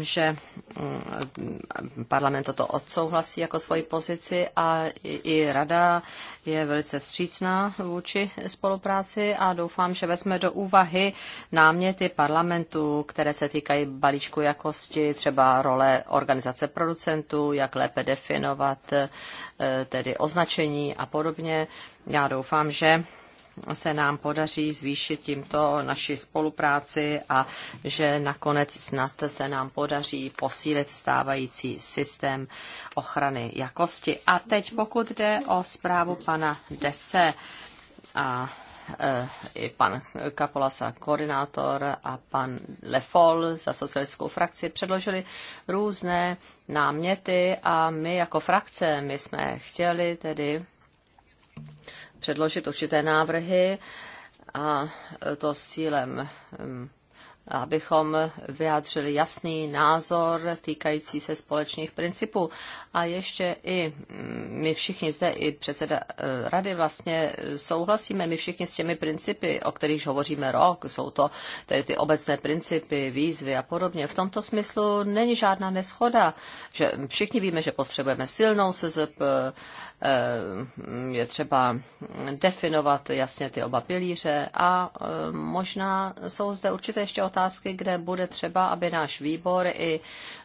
že mm, parlament toto odsouhlasí jako svoji pozici a i rada je velice vstřícná vůči spolupráci a doufám, že vezme do úvahy náměty parlamentu, které se týkají balíčku jakosti, třeba role organizace producentů, jak lépe definovat eh, tedy označení a podobně. Já doufám, že se nám podaří zvýšit tímto naši spolupráci a že nakonec snad se nám podaří posílit stávající systém ochrany jakosti. A teď pokud jde o zprávu pana Dese a e, i pan Kapolasa, koordinátor, a pan Lefol za socialistickou frakci předložili různé náměty a my jako frakce, my jsme chtěli tedy předložit určité návrhy a to s cílem, mm, abychom vyjádřili jasný názor týkající se společných principů. A ještě i mm, my všichni zde, i předseda eh, rady vlastně souhlasíme, my všichni s těmi principy, o kterých hovoříme rok, jsou to tedy ty obecné principy, výzvy a podobně. V tomto smyslu není žádná neschoda, že všichni víme, že potřebujeme silnou SZP, Eh, je třeba definovat jasně ty oba pilíře a eh, možná jsou zde určité ještě otázky, kde bude třeba, aby náš výbor i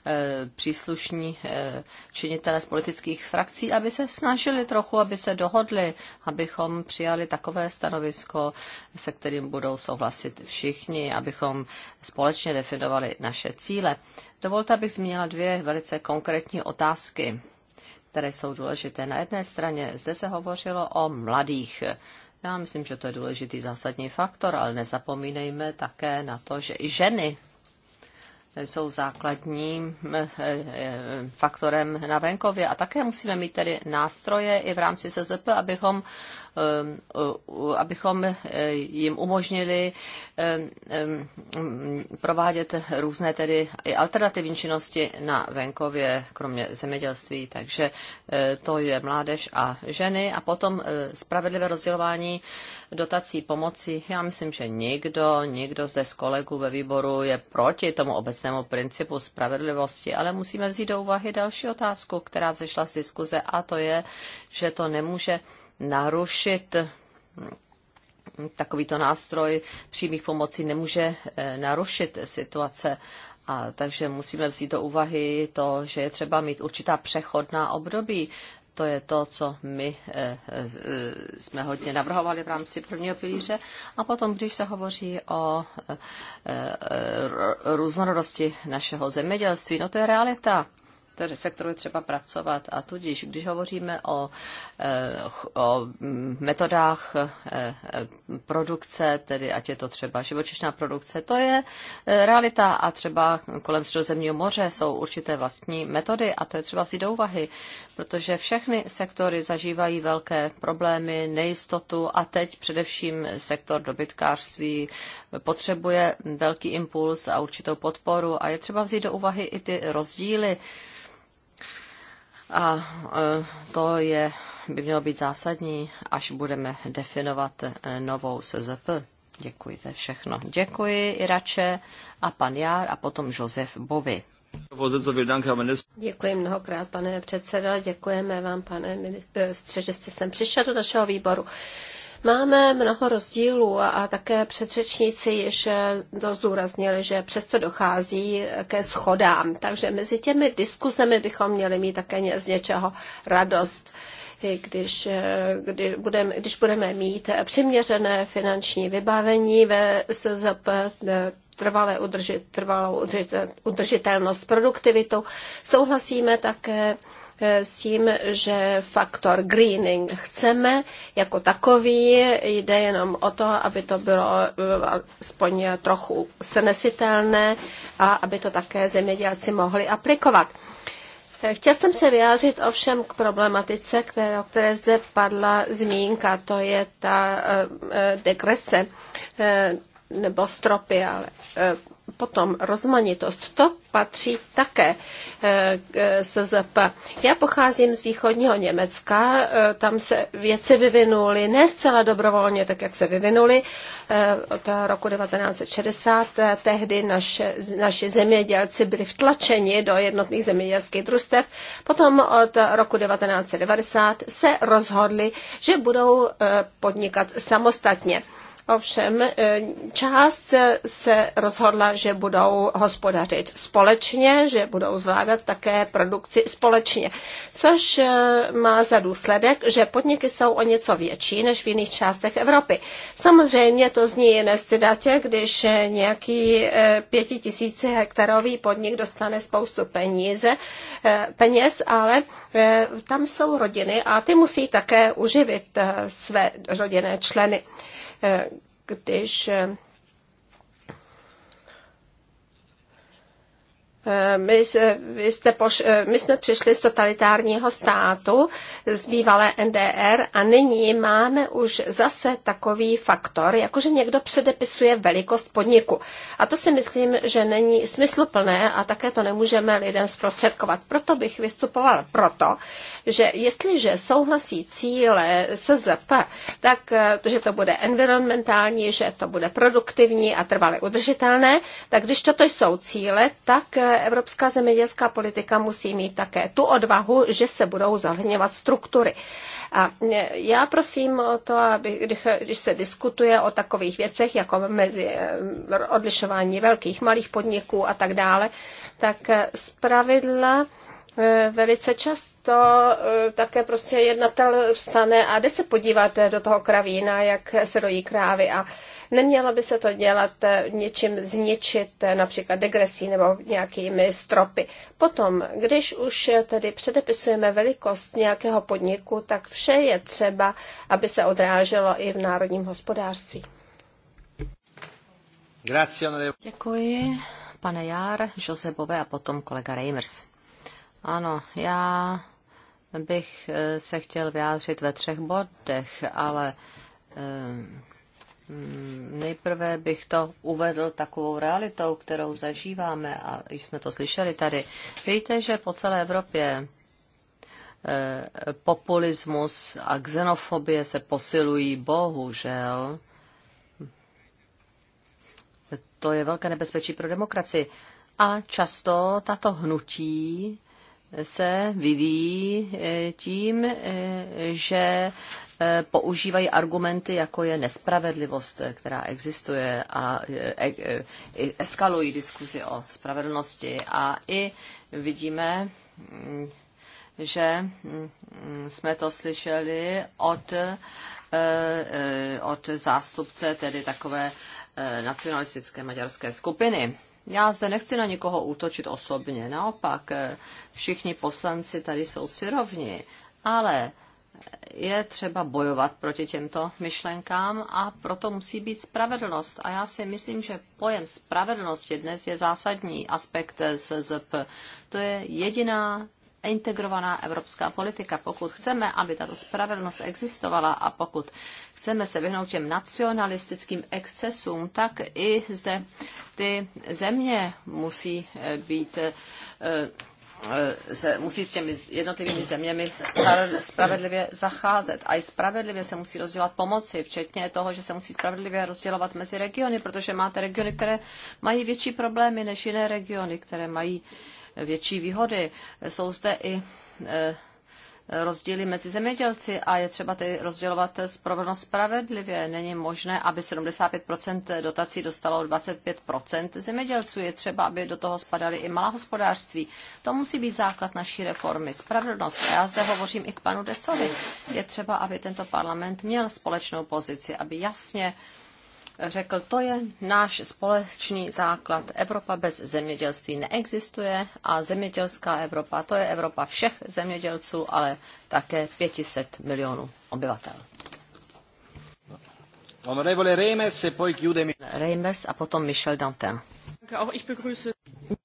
eh, příslušní činitele z politických frakcí, aby se snažili trochu, aby se dohodli, abychom přijali takové stanovisko, se kterým budou souhlasit všichni, abychom společně definovali naše cíle. Dovolte, abych zmínila dvě velice konkrétní otázky které jsou důležité. Na jedné straně zde se hovořilo o mladých. Já myslím, že to je důležitý zásadní faktor, ale nezapomínejme také na to, že i ženy jsou základním eh, eh, faktorem na venkově. A také musíme mít tedy nástroje i v rámci SZP, abychom Um, abychom eh, jim umožnili eh, um, provádět různé tedy i alternativní činnosti na venkově, kromě zemědělství. Takže eh, to je mládež a ženy. A potom spravedlivé rozdělování dotací pomoci. Já myslím, že nikdo, nikdo zde z kolegů ve výboru je proti tomu obecnému principu spravedlivosti, ale musíme vzít do úvahy další otázku, která vzešla z diskuze a to je, že to nemůže narušit takovýto nástroj přímých pomocí nemůže eh, narušit situace. A takže musíme vzít do úvahy to, že je třeba mít určitá přechodná období. To je to, co my eh, eh, jsme hodně navrhovali v rámci prvního pilíře. A potom, když se hovoří o různorodosti našeho zemědělství, no to je realita se kterou je třeba pracovat. A tudíž, když hovoříme o, eh, o metodách eh, produkce, tedy ať je to třeba živočišná produkce, to je eh, realita a třeba kolem Středozemního moře jsou určité vlastní metody a to je třeba si do úvahy, protože všechny sektory zažívají velké problémy, nejistotu a teď především sektor dobytkářství potřebuje velký impuls a určitou podporu a je třeba vzít do úvahy i ty rozdíly, a e, to je, by mělo být zásadní, až budeme definovat e, novou SZP. Děkuji, to je všechno. Děkuji Irače a pan Jár a potom Josef Bovi. Děkuji mnohokrát, pane předsedo. Děkujeme vám, pane ministře, že jste sem přišel do našeho výboru. Máme mnoho rozdílů a, a také předřečníci již dost eh, důraznili, že přesto dochází eh, ke schodám. Takže mezi těmi diskuzemi bychom měli mít také z něčeho radost když, eh, kdy budeme, když budeme mít přiměřené finanční vybavení ve SZP, trvalé udržit, trvalou udržitelnost produktivitu, Souhlasíme také E, s tím, že faktor greening chceme jako takový, jde jenom o to, aby to bylo e, aspoň trochu snesitelné a aby to také zemědělci mohli aplikovat. E, chtěl jsem se vyjádřit ovšem k problematice, které, o které zde padla zmínka, to je ta degrese nebo stropy, ale Potom rozmanitost, to patří také eh, k eh, SZP. Já pocházím z východního Německa, eh, tam se věci vyvinuly ne zcela dobrovolně, tak jak se vyvinuly. Od roku 1960 tehdy naše, naši zemědělci byli vtlačeni do jednotných zemědělských družstev. Potom od roku 1990 se rozhodli, že budou podnikat samostatně. Ovšem eh, část se rozhodla, že budou hospodařit společně, že budou zvládat také produkci společně, což eh, má za důsledek, že podniky jsou o něco větší než v jiných částech Evropy. Samozřejmě to zní nestydatě, když eh, nějaký pětitisíci hektarový podnik dostane spoustu peníze, peněz, ale tam jsou rodiny a ty musí také uživit své rodinné členy když Eh, my, vy jste poš, eh, my jsme přišli z totalitárního státu, z bývalé NDR a nyní máme už zase takový faktor, jakože někdo předepisuje velikost podniku. A to si myslím, že není smysluplné a také to nemůžeme lidem zprostředkovat. Proto bych vystupoval proto, že jestliže souhlasí cíle SZP, tak eh, že to bude environmentální, že to bude produktivní a trvale udržitelné, tak když toto jsou cíle, tak evropská zemědělská politika musí mít také tu odvahu, že se budou zahlněvat struktury. A já prosím o to, aby, když se diskutuje o takových věcech, jako mezi eh, odlišování velkých, malých podniků a tak dále, tak eh, zpravidla eh, velice často také prostě jednatel vstane a jde se podívat do toho kravína, jak se dojí krávy a Nemělo by se to dělat eh, něčím zničit, eh, například degresí nebo nějakými stropy. Potom, když už eh, tedy předepisujeme velikost nějakého podniku, tak vše je třeba, aby se odráželo i v národním hospodářství. Děkuji, pane Jár, Josebové a potom kolega Reimers. Ano, já bych se chtěl vyjádřit ve třech bodech, ale Mm, nejprve bych to uvedl takovou realitou, kterou zažíváme a jsme to slyšeli tady. Víte, že po celé Evropě eh, populismus a xenofobie se posilují, bohužel. To je velké nebezpečí pro demokracii. A často tato hnutí se vyvíjí eh, tím, eh, že Eh, používají argumenty, jako je nespravedlivost, eh, která existuje a eh, e, eskalují diskuzi o spravedlnosti. A i vidíme, mm, že mm, jsme to slyšeli od, od zástupce tedy takové nacionalistické maďarské skupiny. Já zde nechci na nikoho útočit osobně, naopak všichni poslanci tady jsou si rovni, ale je třeba bojovat proti těmto myšlenkám a proto musí být spravedlnost. A já si myslím, že pojem spravedlnosti dnes je zásadní aspekt SZP. To je jediná integrovaná evropská politika. Pokud chceme, aby tato spravedlnost existovala a pokud chceme se vyhnout těm nacionalistickým excesům, tak i zde ty země musí eh, být eh, Eh, se musí s těmi jednotlivými zeměmi spravedlivě zacházet. A i spravedlivě se musí rozdělat pomoci, včetně toho, že se musí spravedlivě rozdělovat mezi regiony, protože máte regiony, které mají větší problémy než jiné regiony, které mají větší výhody. Jsou zde i eh, rozdíly mezi zemědělci a je třeba tedy rozdělovat spravedlnost spravedlivě. Není možné, aby 75% dotací dostalo 25% zemědělců. Je třeba, aby do toho spadaly i malá hospodářství. To musí být základ naší reformy. Spravedlnost. A já zde hovořím i k panu Desovi. Je třeba, aby tento parlament měl společnou pozici, aby jasně řekl, to je náš společný základ. Evropa bez zemědělství neexistuje a zemědělská Evropa, to je Evropa všech zemědělců, ale také 500 milionů obyvatel. Honorevole Reimers, poi mi. Reimers a potom Michel Dantin.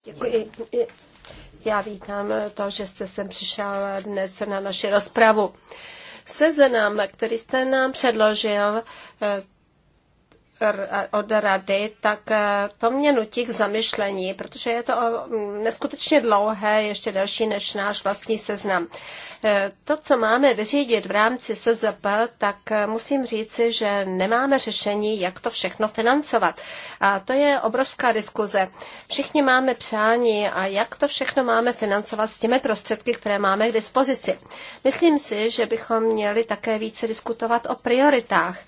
Děkuji. Já vítám to, že jste sem přišel dnes na naši rozpravu. Seznam, který jste nám předložil, od rady, tak eh, to mě nutí k zamyšlení, protože je to eh, neskutečně dlouhé, ještě další než náš vlastní seznam. Eh, to, co máme vyřídit v rámci SZP, tak musím říci, že nemáme řešení, jak to všechno financovat. A to je obrovská diskuze. Všichni máme přání a jak to všechno máme financovat s těmi prostředky, které máme k dispozici. Myslím si, že bychom měli také více diskutovat o prioritách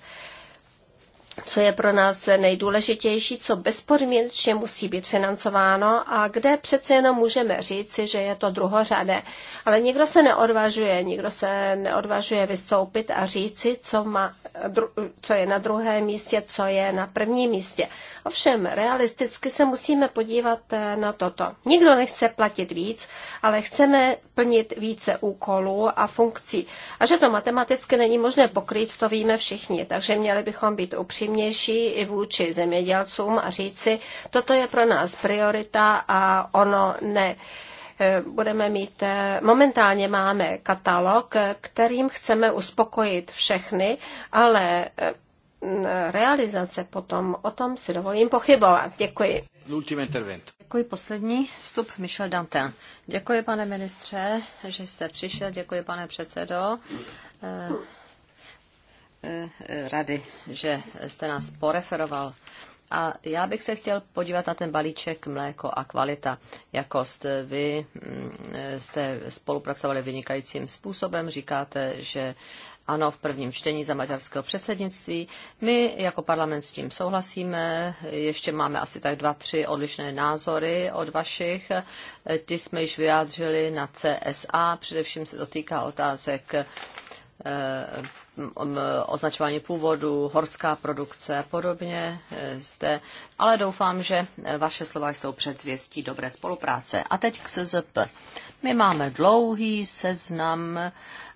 co je pro nás nejdůležitější, co bezpodmínečně musí být financováno a kde přece jenom můžeme říci, že je to druhořadé. Ale nikdo se neodvažuje, nikdo se neodvažuje vystoupit a říci, co, má, co je na druhém místě, co je na prvním místě. Ovšem, realisticky se musíme podívat eh, na toto. Nikdo nechce platit víc, ale chceme plnit více úkolů a funkcí. A že to matematicky není možné pokrýt, to víme všichni, takže měli bychom být upřímnější i vůči zemědělcům a říci, toto je pro nás priorita a ono ne eh, budeme mít, eh, momentálně máme katalog, kterým chceme uspokojit všechny, ale realizace potom, o tom si dovolím pochybovat. Děkuji. Děkuji poslední vstup Michel Dantin. Děkuji, pane ministře, že jste přišel. Děkuji, pane předsedo eh, eh, rady, že jste nás poreferoval. A já bych se chtěl podívat na ten balíček mléko a kvalita. Jakost vy mm, eh, jste spolupracovali vynikajícím způsobem, říkáte, že ano v prvním čtení za maďarského předsednictví. My jako parlament s tím souhlasíme, ještě máme asi tak dva, tři odlišné názory od vašich. Ty jsme již vyjádřili na CSA, především se to týká otázek eh, označování původu, horská produkce a podobně. E, zde. Ale doufám, že e, vaše slova jsou předzvěstí dobré spolupráce. A teď k SZP. My máme dlouhý seznam,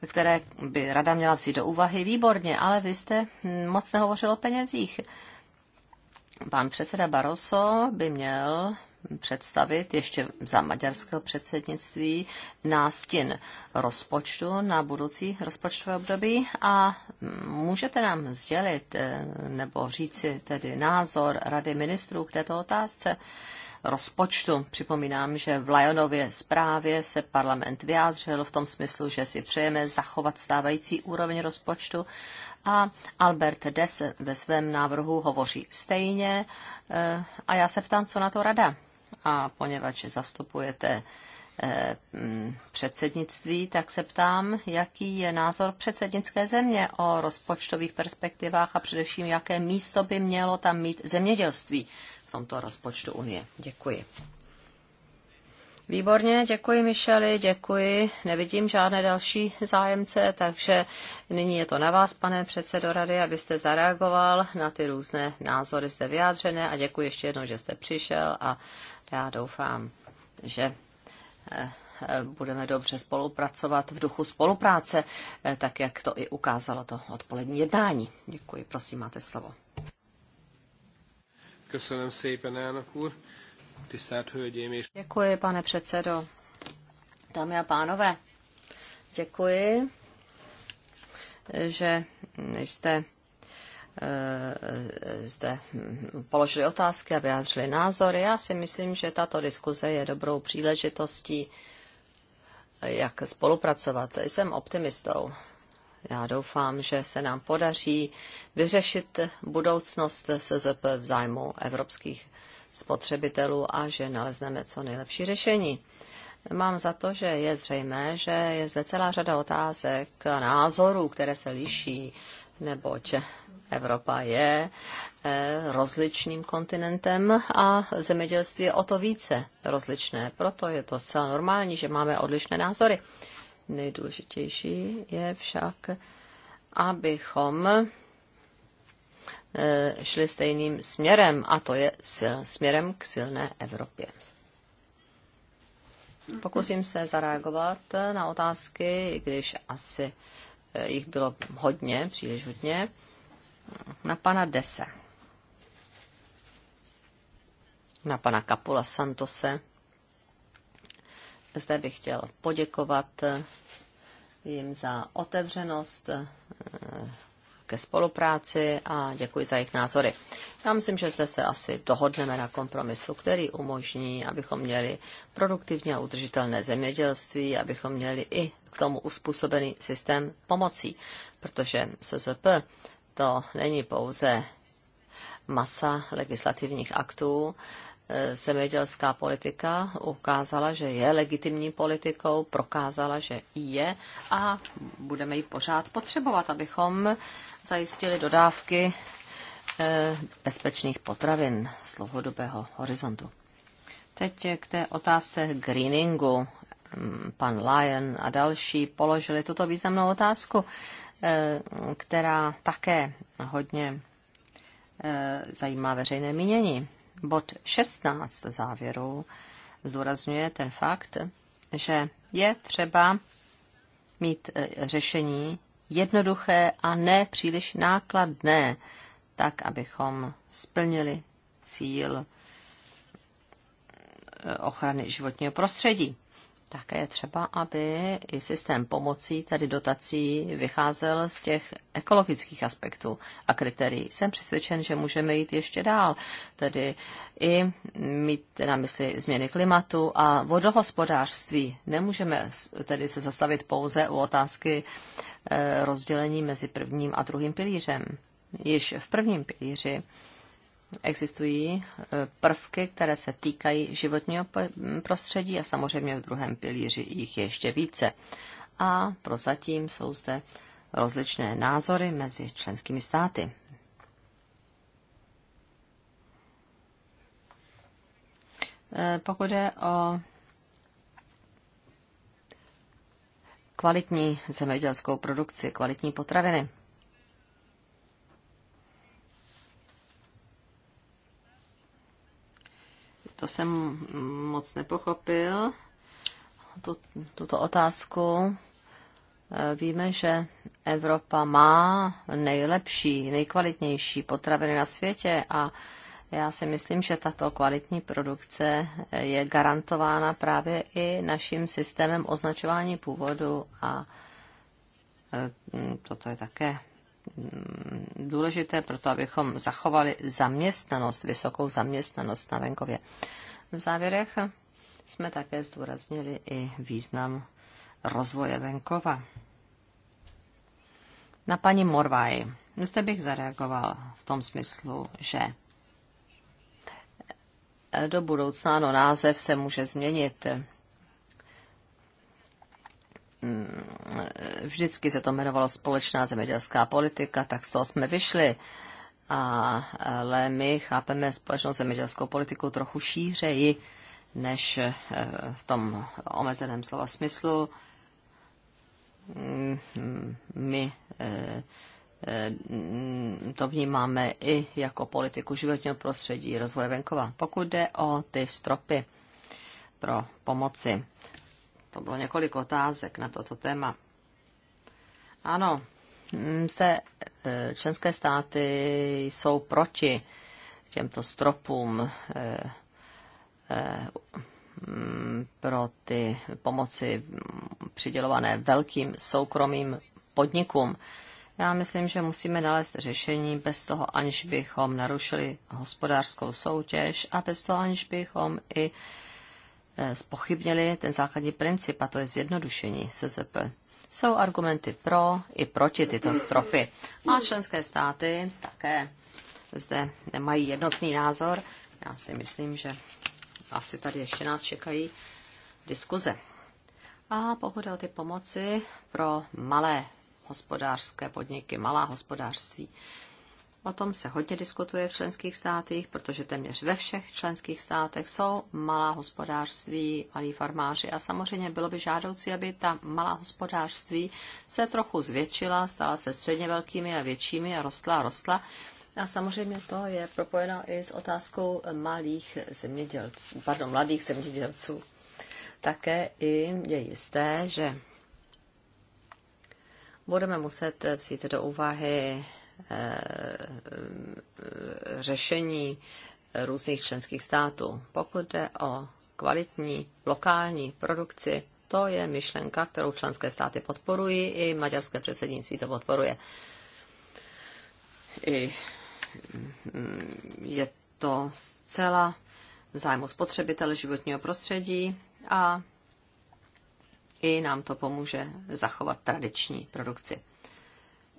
které by rada měla vzít do úvahy. Výborně, ale vy jste hm, moc nehovořil o penězích. Pan předseda Baroso by měl představit ještě za maďarského předsednictví nástin rozpočtu na budoucí rozpočtové období a můžete nám sdělit eh, nebo říci tedy názor Rady ministrů k této otázce rozpočtu. Připomínám, že v Lajonově zprávě se parlament vyjádřil v tom smyslu, že si přejeme zachovat stávající úroveň rozpočtu a Albert Des ve svém návrhu hovoří stejně. Eh, a já se ptám, co na to rada a poněvadž zastupujete eh, mm, předsednictví, tak se ptám, jaký je názor předsednické země o rozpočtových perspektivách a především, jaké místo by mělo tam mít zemědělství v tomto rozpočtu Unie. Děkuji. Výborně, děkuji Micheli, děkuji. Nevidím žádné další zájemce, takže nyní je to na vás, pane předsedo rady, abyste zareagoval na ty různé názory zde vyjádřené a děkuji ještě jednou, že jste přišel a já doufám, že eh, eh, budeme dobře spolupracovat v duchu spolupráce, eh, tak jak to i ukázalo to odpolední jednání. Děkuji, prosím, máte slovo. Děkuji, pane předsedo. Dámy a pánové, děkuji, že jste Eh, zde hm, položili otázky a vyjádřili názory. Já si myslím, že tato diskuze je dobrou příležitostí, eh, jak spolupracovat. Jsem optimistou. Já doufám, že se nám podaří vyřešit budoucnost SZP v zájmu evropských spotřebitelů a že nalezneme co nejlepší řešení. Mám za to, že je zřejmé, že je zde celá řada otázek a názorů, které se liší neboť Evropa je eh, rozličným kontinentem a zemědělství je o to více rozličné. Proto je to zcela normální, že máme odlišné názory. Nejdůležitější je však, abychom eh, šli stejným směrem, a to je sil, směrem k silné Evropě. Pokusím se zareagovat na otázky, i když asi Eh, jich bylo hodně, příliš hodně, na pana Dese. Na pana Kapula Santose. Zde bych chtěl poděkovat eh, jim za otevřenost, eh, ke spolupráci a děkuji za jejich názory. Já myslím, že zde se asi dohodneme na kompromisu, který umožní, abychom měli produktivně a udržitelné zemědělství, abychom měli i k tomu uspůsobený systém pomocí, protože SZP to není pouze masa legislativních aktů, Eh, zemědělská politika ukázala, že je legitimní politikou, prokázala, že je a budeme ji pořád potřebovat, abychom zajistili dodávky eh, bezpečných potravin z dlouhodobého horizontu. Teď k té otázce greeningu. Mm, pan Lyon a další položili tuto významnou otázku, eh, která také hodně zajímá veřejné mínění bod 16 závěru zdůrazňuje ten fakt, že je třeba mít e, řešení jednoduché a ne příliš nákladné, tak abychom splnili cíl e, ochrany životního prostředí také je třeba, aby i systém pomocí, tedy dotací, vycházel z těch ekologických aspektů a kritérií. Jsem přesvědčen, že můžeme jít ještě dál, tedy i mít na mysli změny klimatu a vodohospodářství. Nemůžeme tedy se zastavit pouze u otázky eh, rozdělení mezi prvním a druhým pilířem. Již v prvním pilíři existují e, prvky, které se týkají životního prostředí a samozřejmě v druhém pilíři jich je ještě více. A prozatím jsou zde rozličné názory mezi členskými státy. E, pokud je o kvalitní zemědělskou produkci, kvalitní potraviny, To jsem moc nepochopil, tu, tuto otázku. E, víme, že Evropa má nejlepší, nejkvalitnější potraviny na světě a já si myslím, že tato kvalitní produkce e, je garantována právě i naším systémem označování původu a e, toto je také Mm, důležité pro to, abychom zachovali zaměstnanost, vysokou zaměstnanost na venkově. V závěrech jsme také zdůraznili i význam rozvoje venkova. Na paní Morvaj. Zde bych zareagoval v tom smyslu, že do budoucna no, název se může změnit. Mm, vždycky se to jmenovalo společná zemědělská politika, tak z toho jsme vyšli. A, ale my chápeme společnou zemědělskou politiku trochu šířeji, než eh, v tom omezeném slova smyslu. Mm, my eh, eh, to vnímáme i jako politiku životního prostředí, rozvoje venkova. Pokud jde o ty stropy pro pomoci, to bylo několik otázek na toto téma. Ano, mm, jste, e, členské státy jsou proti těmto stropům e, e, mm, pro ty pomoci přidělované velkým soukromým podnikům. Já myslím, že musíme nalézt řešení bez toho, aniž bychom narušili hospodářskou soutěž a bez toho, aniž bychom i Eh, spochybnili ten základní princip, a to je zjednodušení SZP. Jsou argumenty pro i proti tyto strofy. A členské státy také zde nemají jednotný názor. Já si myslím, že asi tady ještě nás čekají diskuze. A pokud jde o ty pomoci pro malé hospodářské podniky, malá hospodářství, O tom se hodně diskutuje v členských státech, protože téměř ve všech členských státech jsou malá hospodářství, malí farmáři a samozřejmě bylo by žádoucí, aby ta malá hospodářství se trochu zvětšila, stala se středně velkými a většími a rostla a rostla. A samozřejmě to je propojeno i s otázkou malých zemědělců, pardon, mladých zemědělců. Také i je jisté, že budeme muset vzít do úvahy Eh, řešení různých členských států. Pokud jde o kvalitní lokální produkci, to je myšlenka, kterou členské státy podporují, i maďarské předsednictví to podporuje. I mm, je to zcela v zájmu spotřebitele životního prostředí a i nám to pomůže zachovat tradiční produkci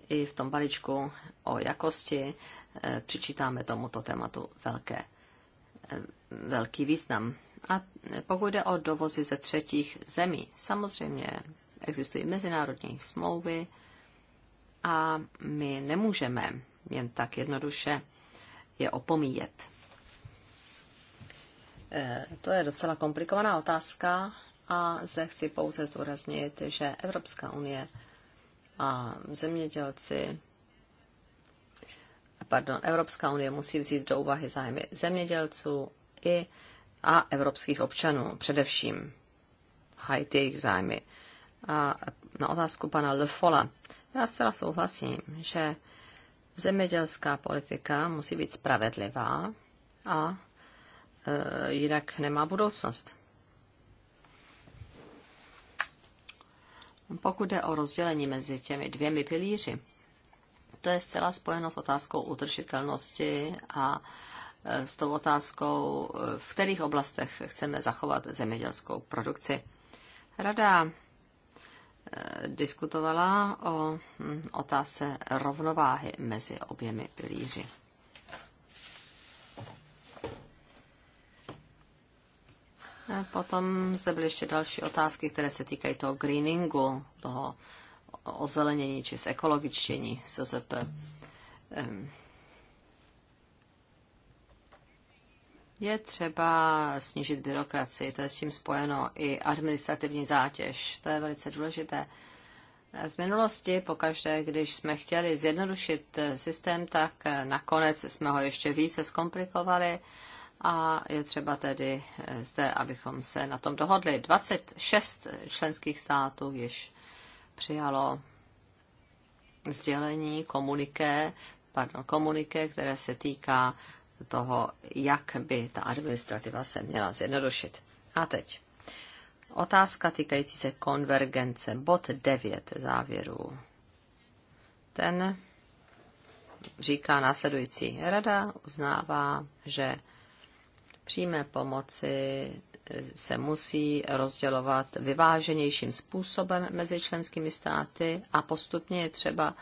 i v tom balíčku o jakosti eh, přičítáme tomuto tématu velké, eh, velký význam. A pokud jde o dovozy ze třetích zemí, samozřejmě existují mezinárodní smlouvy a my nemůžeme jen tak jednoduše je opomíjet. Eh, to je docela komplikovaná otázka a zde chci pouze zdůraznit, že Evropská unie a zemědělci, pardon, Evropská unie musí vzít do úvahy zájmy zemědělců i a evropských občanů především. Hajit jejich zájmy. A na otázku pana Lefola. Já zcela souhlasím, že zemědělská politika musí být spravedlivá a e, jinak nemá budoucnost. Pokud jde o rozdělení mezi těmi dvěmi pilíři, to je zcela spojeno s otázkou udržitelnosti a e, s tou otázkou, e, v kterých oblastech chceme zachovat zemědělskou produkci. Rada e, diskutovala o mm, otázce rovnováhy mezi oběmi pilíři. Potom zde byly ještě další otázky, které se týkají toho greeningu, toho ozelenění či zekologičtění SZP. Je třeba snížit byrokracii, to je s tím spojeno i administrativní zátěž, to je velice důležité. V minulosti, pokaždé, když jsme chtěli zjednodušit systém, tak nakonec jsme ho ještě více zkomplikovali a je třeba tedy eh, zde, abychom se na tom dohodli. 26 členských států již přijalo sdělení, komuniké, pardon, komuniké, které se týká toho, jak by ta administrativa se měla zjednodušit. A teď. Otázka týkající se konvergence, bod 9 závěrů. Ten říká následující. Rada uznává, že přímé pomoci eh, se musí rozdělovat vyváženějším způsobem mezi členskými státy a postupně je třeba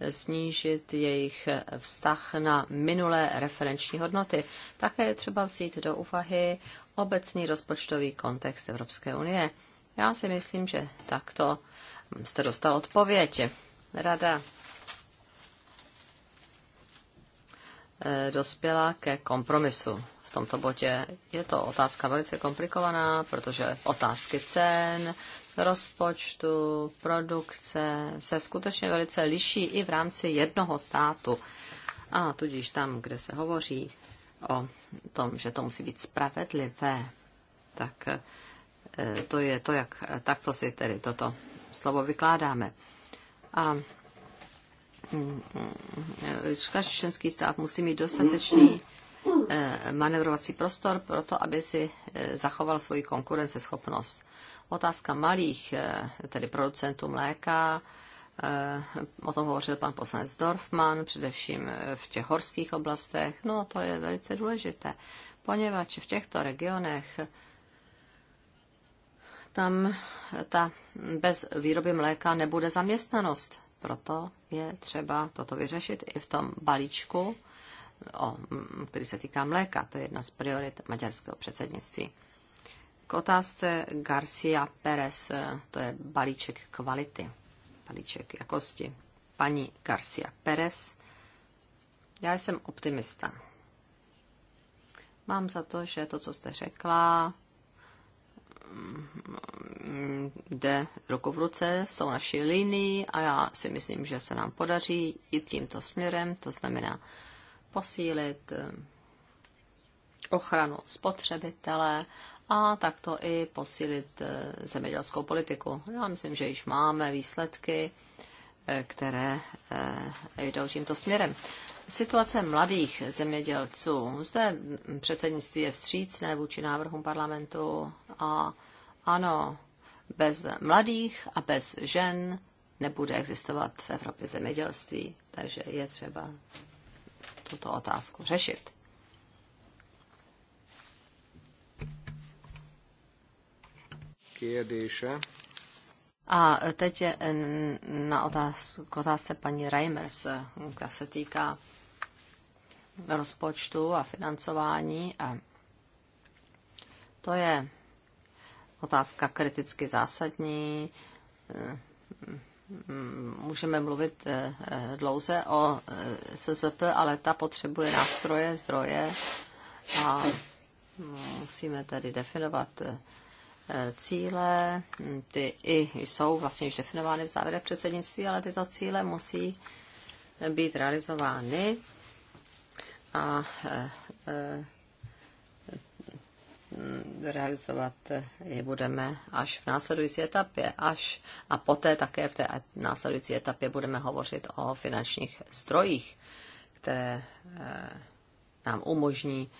eh, snížit jejich eh, vztah na minulé referenční hodnoty. Také je třeba vzít do úvahy obecný rozpočtový kontext Evropské unie. Já si myslím, že takto hm, jste dostal odpověď. Rada dospěla ke kompromisu v tomto bodě. Je to otázka velice komplikovaná, protože otázky cen, rozpočtu, produkce se skutečně velice liší i v rámci jednoho státu. A tudíž tam, kde se hovoří o tom, že to musí být spravedlivé, tak eh, to je to, jak takto si tedy toto slovo vykládáme. A mm, mm, mm, každý členský stát musí mít dostatečný Eh, manevrovací prostor pro to, aby si eh, zachoval svoji konkurenceschopnost. Otázka malých, eh, tedy producentů mléka, o tom hovořil pan poslanec Dorfman, především v těch horských oblastech. No, to je velice důležité, poněvadž v těchto regionech tam ta bez výroby mléka nebude zaměstnanost. Proto je třeba toto vyřešit i v tom balíčku o, mm, který se týká mléka. To je jedna z priorit maďarského předsednictví. K otázce Garcia Perez, eh, to je balíček kvality, balíček jakosti. Paní Garcia Perez, já jsem optimista. Mám za to, že to, co jste řekla, mm, jde ruku v ruce s tou naší linií a já si myslím, že se nám podaří i tímto směrem, to znamená posílit eh, ochranu spotřebitele a takto i posílit eh, zemědělskou politiku. Já myslím, že již máme výsledky, eh, které jdou tímto směrem. Situace mladých zemědělců. Zde předsednictví je vstřícné vůči návrhům parlamentu a ano, bez mladých a bez žen nebude existovat v Evropě zemědělství, takže je třeba tuto otázku řešit. Kérdése. A teď je na otázku, otázce paní Reimers, která se týká rozpočtu a financování. A to je otázka kriticky zásadní můžeme mluvit eh, eh, dlouze o eh, SZP, ale ta potřebuje nástroje, zdroje a musíme tedy definovat cíle, ty i jsou vlastně již definovány v závěre předsednictví, ale tyto cíle musí být realizovány a realizovat eh, je budeme až v následující etapě, až a poté také v té následující etapě budeme hovořit o finančních strojích, které eh, nám umožní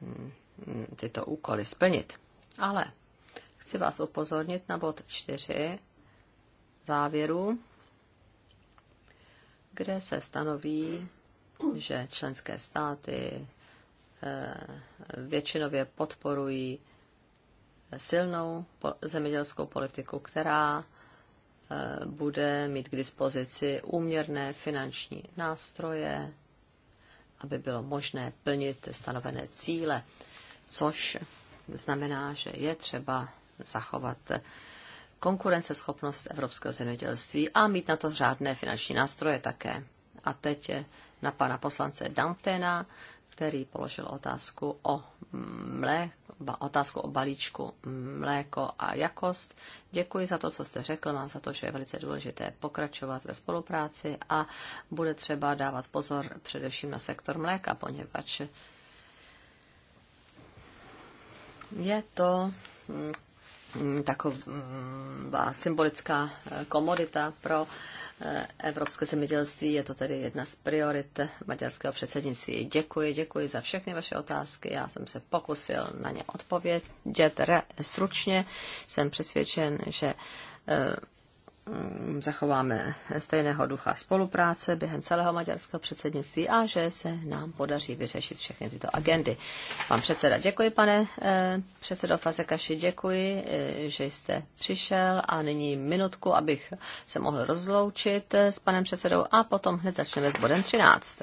mm, mm, tyto úkoly splnit. Ale chci vás upozornit na bod 4 závěru, kde se stanoví, že členské státy Eh, většinově podporují silnou zemědělskou politiku, která eh, bude mít k dispozici úměrné finanční nástroje, aby bylo možné plnit stanovené cíle, což znamená, že je třeba zachovat konkurenceschopnost evropského zemědělství a mít na to řádné finanční nástroje také. A teď na pana poslance Dantena který položil otázku o mléko, otázku o balíčku mléko a jakost. Děkuji za to, co jste řekl, mám za to, že je velice důležité pokračovat ve spolupráci a bude třeba dávat pozor především na sektor mléka, poněvadž je to mm, taková symbolická eh, komodita pro evropské zemědělství. Je to tedy jedna z priorit maďarského předsednictví. Děkuji, děkuji za všechny vaše otázky. Já jsem se pokusil na ně odpovědět stručně. Jsem přesvědčen, že eh, Mm, zachováme stejného ducha spolupráce během celého maďarského předsednictví a že se nám podaří vyřešit všechny tyto agendy. Pan předseda, děkuji, pane eh, předsedo Fazekaši, děkuji, eh, že jste přišel a nyní minutku, abych se mohl rozloučit eh, s panem předsedou a potom hned začneme s bodem 13.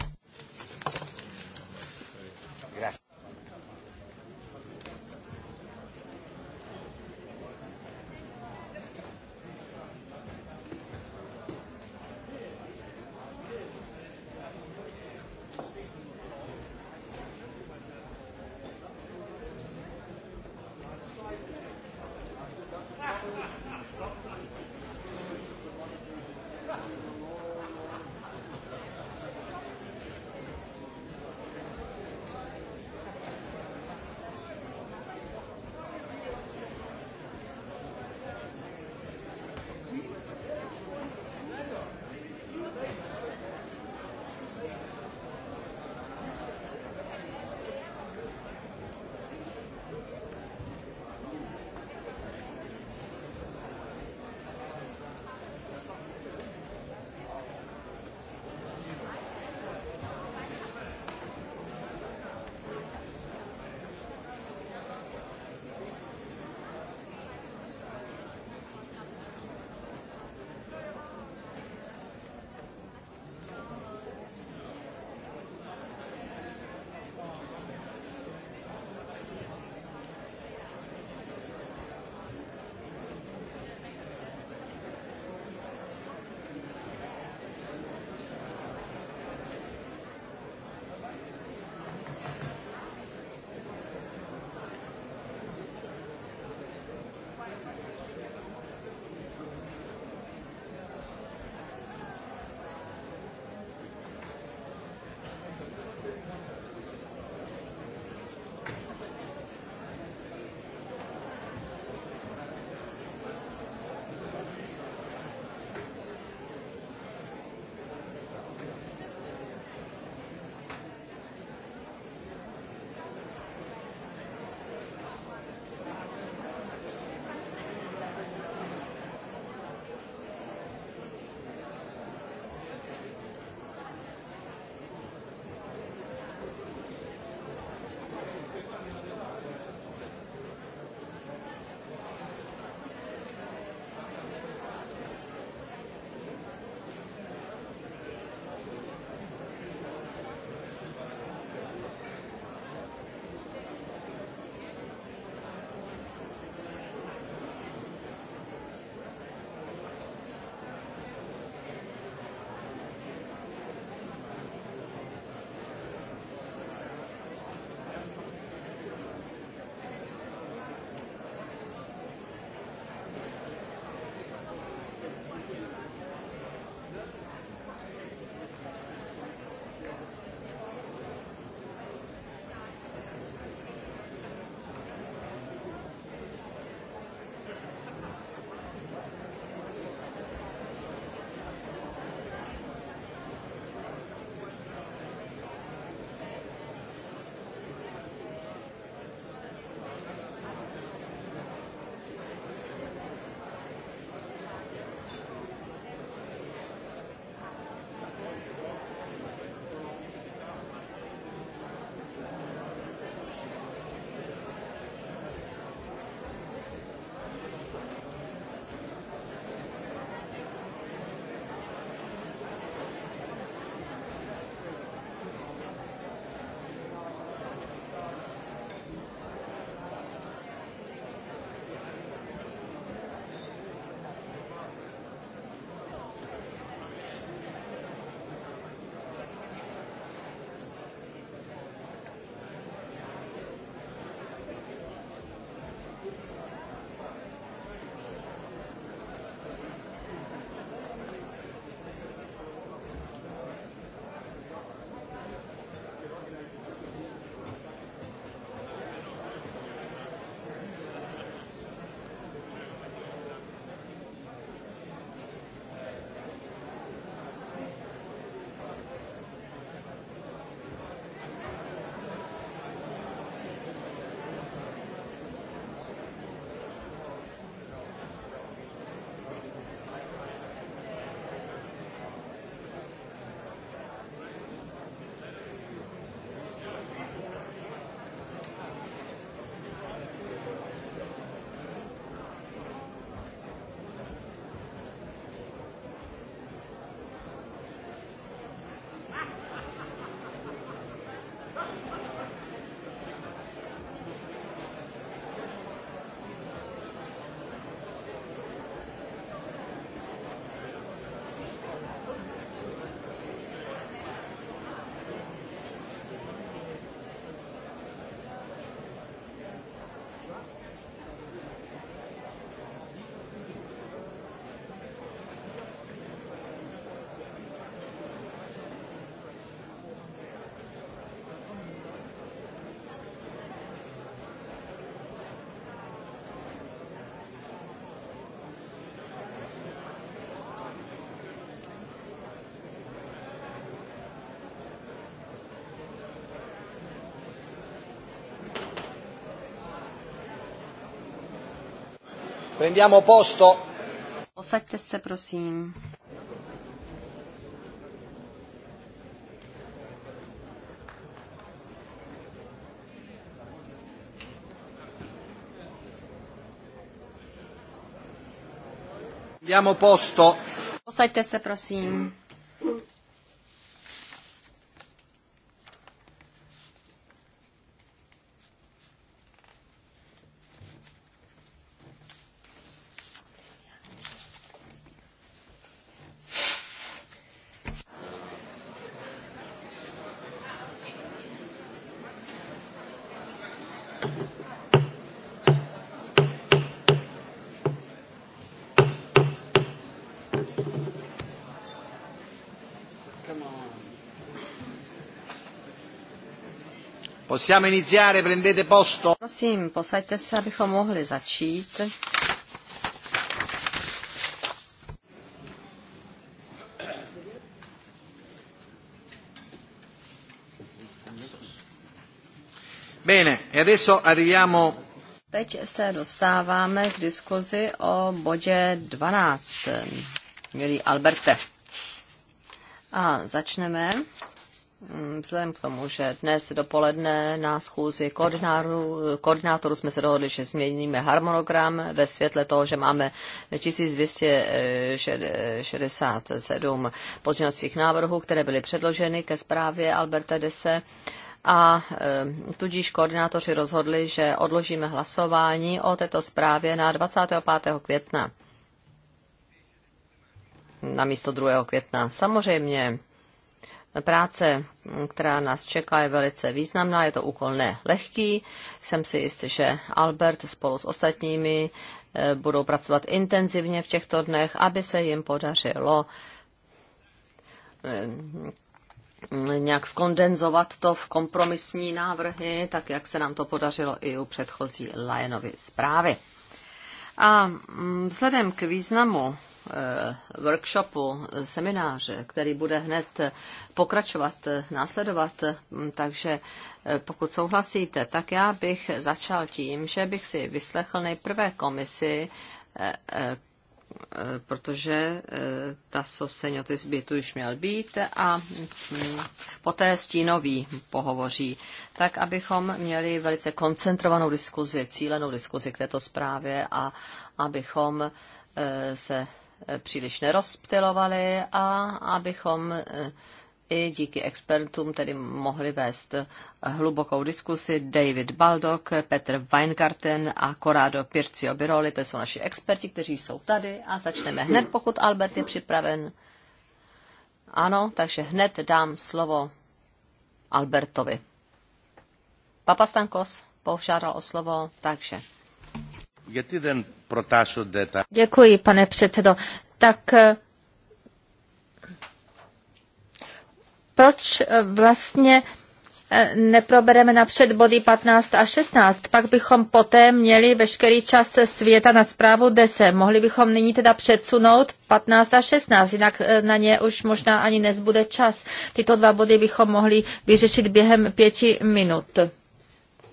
Prendiamo posto. Posaďte se, prosím. Prendiamo posto. Posaďte se, prosím. Possiamo iniziare, prendete posto. Prosím, posaďte se, abychom mohli začít. Bene, e adesso arriviamo... Teď se dostáváme k diskuzi o bodě 12, milý Alberte. A začneme vzhledem k tomu, že dnes dopoledne na schůzi koordinátorů jsme se dohodli, že změníme harmonogram ve světle toho, že máme 1267 pozměňovacích návrhů, které byly předloženy ke zprávě Alberta Dese a e, tudíž koordinátoři rozhodli, že odložíme hlasování o této zprávě na 25. května na místo 2. května. Samozřejmě práce, která nás čeká, je velice významná, je to úkol nelehký. Jsem si jist, že Albert spolu s ostatními eh, budou pracovat intenzivně v těchto dnech, aby se jim podařilo eh, nějak skondenzovat to v kompromisní návrhy, tak jak se nám to podařilo i u předchozí Lajenovy zprávy. A mm, vzhledem k významu Eh, workshopu, semináře, který bude hned pokračovat, následovat. Mm, takže eh, pokud souhlasíte, tak já bych začal tím, že bych si vyslechl nejprve komisi, eh, protože ta soseniotis by tu už měl být a mm, poté stínový pohovoří, tak abychom měli velice koncentrovanou diskuzi, cílenou diskuzi k této zprávě a abychom se příliš nerozptilovali a abychom e, i díky expertům tedy mohli vést hlubokou diskusi David Baldock, Petr Weingarten a Corrado Pircio Biroli, to jsou naši experti, kteří jsou tady a začneme hned, pokud Albert je připraven. Ano, takže hned dám slovo Albertovi. Papastankos požádal o slovo, takže Děkuji, pane předsedo. Tak proč vlastně neprobereme napřed body 15 a 16, pak bychom poté měli veškerý čas světa na zprávu 10. Mohli bychom nyní teda předsunout 15 a 16, jinak e, na ně už možná ani nezbude čas. Tyto dva body bychom mohli vyřešit během pěti minut.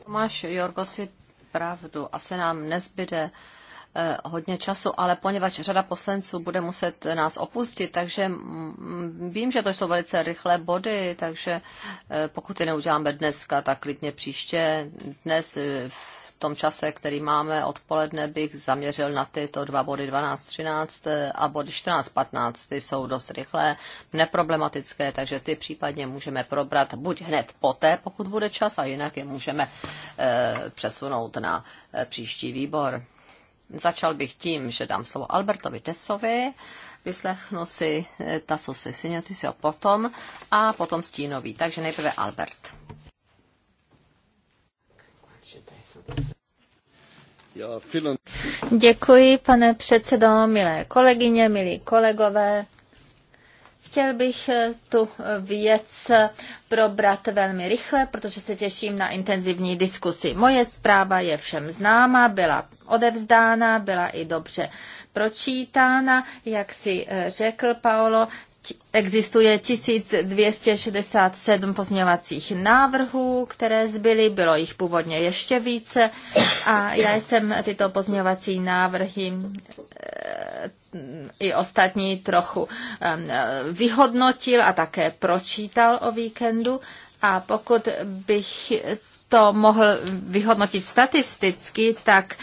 Tomáš Jorgo pravdu. Asi nám nezbyde eh, hodně času, ale poněvadž řada poslanců bude muset nás opustit, takže vím, že to jsou velice rychlé body, takže eh, pokud je neuděláme dneska, tak klidně příště. Dnes eh, tom čase, který máme odpoledne, bych zaměřil na tyto dva body 12.13 a body 14.15. Ty jsou dost rychlé, neproblematické, takže ty případně můžeme probrat buď hned poté, pokud bude čas, a jinak je můžeme e, přesunout na e, příští výbor. Začal bych tím, že dám slovo Albertovi Tesovi, vyslechnu si eh, Tasu Sisiniotisio potom a potom Stínový. Takže nejprve Albert. Děkuji, pane předsedo, milé kolegyně, milí kolegové. Chtěl bych tu věc probrat velmi rychle, protože se těším na intenzivní diskusi. Moje zpráva je všem známa, byla odevzdána, byla i dobře pročítána. Jak si řekl Paolo, existuje 1267 pozměňovacích návrhů, které zbyly, bylo jich původně ještě více a já jsem tyto pozměňovací návrhy eh, i ostatní trochu eh, vyhodnotil a také pročítal o víkendu a pokud bych to mohl vyhodnotit statisticky, tak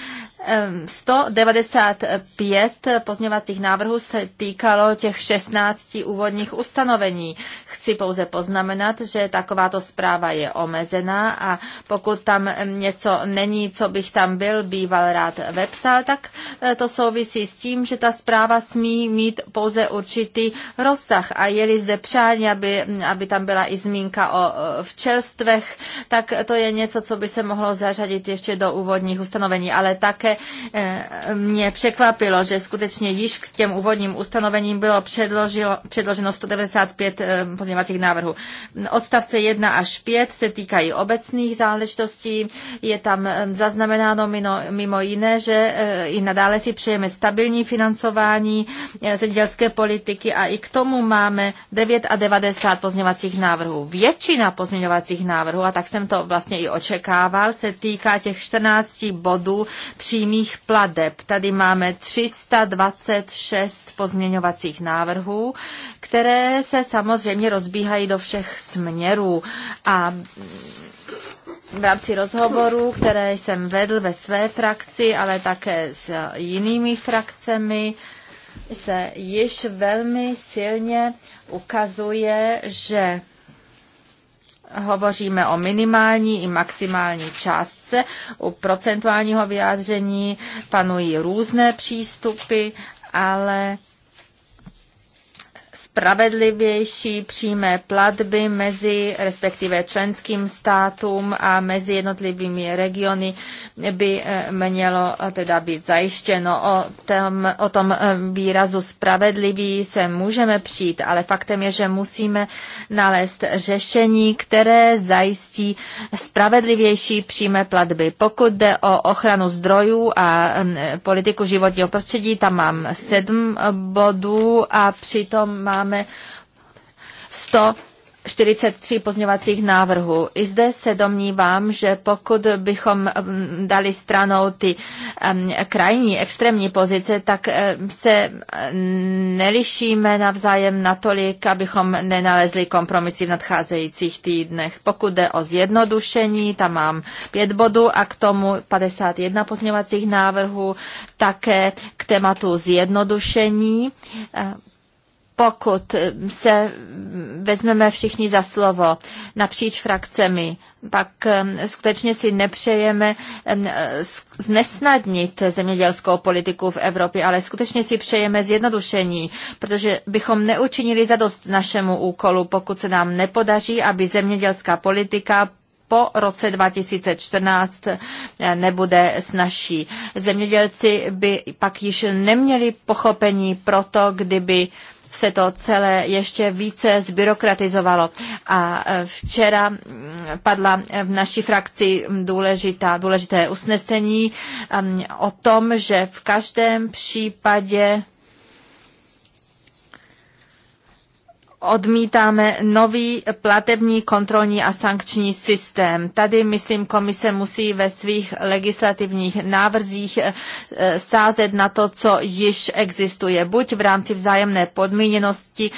195 pozměvacích návrhů se týkalo těch 16 úvodních ustanovení. Chci pouze poznamenat, že takováto zpráva je omezená a pokud tam něco není, co bych tam byl, býval rád vepsal, tak eh, to souvisí s tím, že ta zpráva smí mít pouze určitý rozsah a je-li zde přání, aby, aby tam byla i zmínka o včelstvech, tak to je něco, co by se mohlo zařadit ještě do úvodních ustanovení, ale také také eh, mě překvapilo, že skutečně již k těm úvodním ustanovením bylo předloženo 195 eh, pozměňovacích návrhů. Odstavce 1 až 5 se týkají obecných záležitostí. Je tam eh, zaznamenáno mimo, mimo jiné, že i nadále si přejeme stabilní financování zemědělské politiky a i k tomu máme 9 a 90 pozměňovacích návrhů. Většina pozměňovacích návrhů, a tak jsem to vlastně i očekával, se týká těch 14 bodů při přímých plateb. Tady máme 326 pozměňovacích návrhů, které se samozřejmě rozbíhají do všech směrů. A v rámci rozhovorů, které jsem vedl ve své frakci, ale také s jinými frakcemi, se již velmi silně ukazuje, že hovoříme o minimální i maximální částce. U procentuálního vyjádření panují různé přístupy, ale spravedlivější přímé platby mezi respektive členským státům a mezi jednotlivými regiony by eh, mělo teda být zajištěno. O tom, o tom eh, výrazu spravedlivý se můžeme přijít, ale faktem je, že musíme nalézt řešení, které zajistí spravedlivější přímé platby. Pokud jde o ochranu zdrojů a mm, eh, politiku životního prostředí, tam mám sedm bodů a přitom mám máme 143 pozměňovacích návrhů. I zde se domnívám, že pokud bychom mm, dali stranou ty mm, krajní, extrémní pozice, tak mm, se nelišíme navzájem natolik, abychom nenalezli kompromisy v nadcházejících týdnech. Pokud jde o zjednodušení, tam mám pět bodů a k tomu 51 pozměňovacích návrhů, také k tématu zjednodušení pokud se vezmeme všichni za slovo napříč frakcemi, pak um, skutečně si nepřejeme um, znesnadnit zemědělskou politiku v Evropě, ale skutečně si přejeme zjednodušení, protože bychom neučinili zadost našemu úkolu, pokud se nám nepodaří, aby zemědělská politika po roce 2014 eh, nebude snažší. Zemědělci by pak již neměli pochopení proto, kdyby se to celé ještě více zbyrokratizovalo. A e, včera padla v naší frakci důležitá, důležité usnesení o tom, že v každém případě odmítáme nový platební kontrolní a sankční systém. Tady, myslím, komise musí ve svých legislativních návrzích eh, sázet na to, co již existuje. Buď v rámci vzájemné podmíněnosti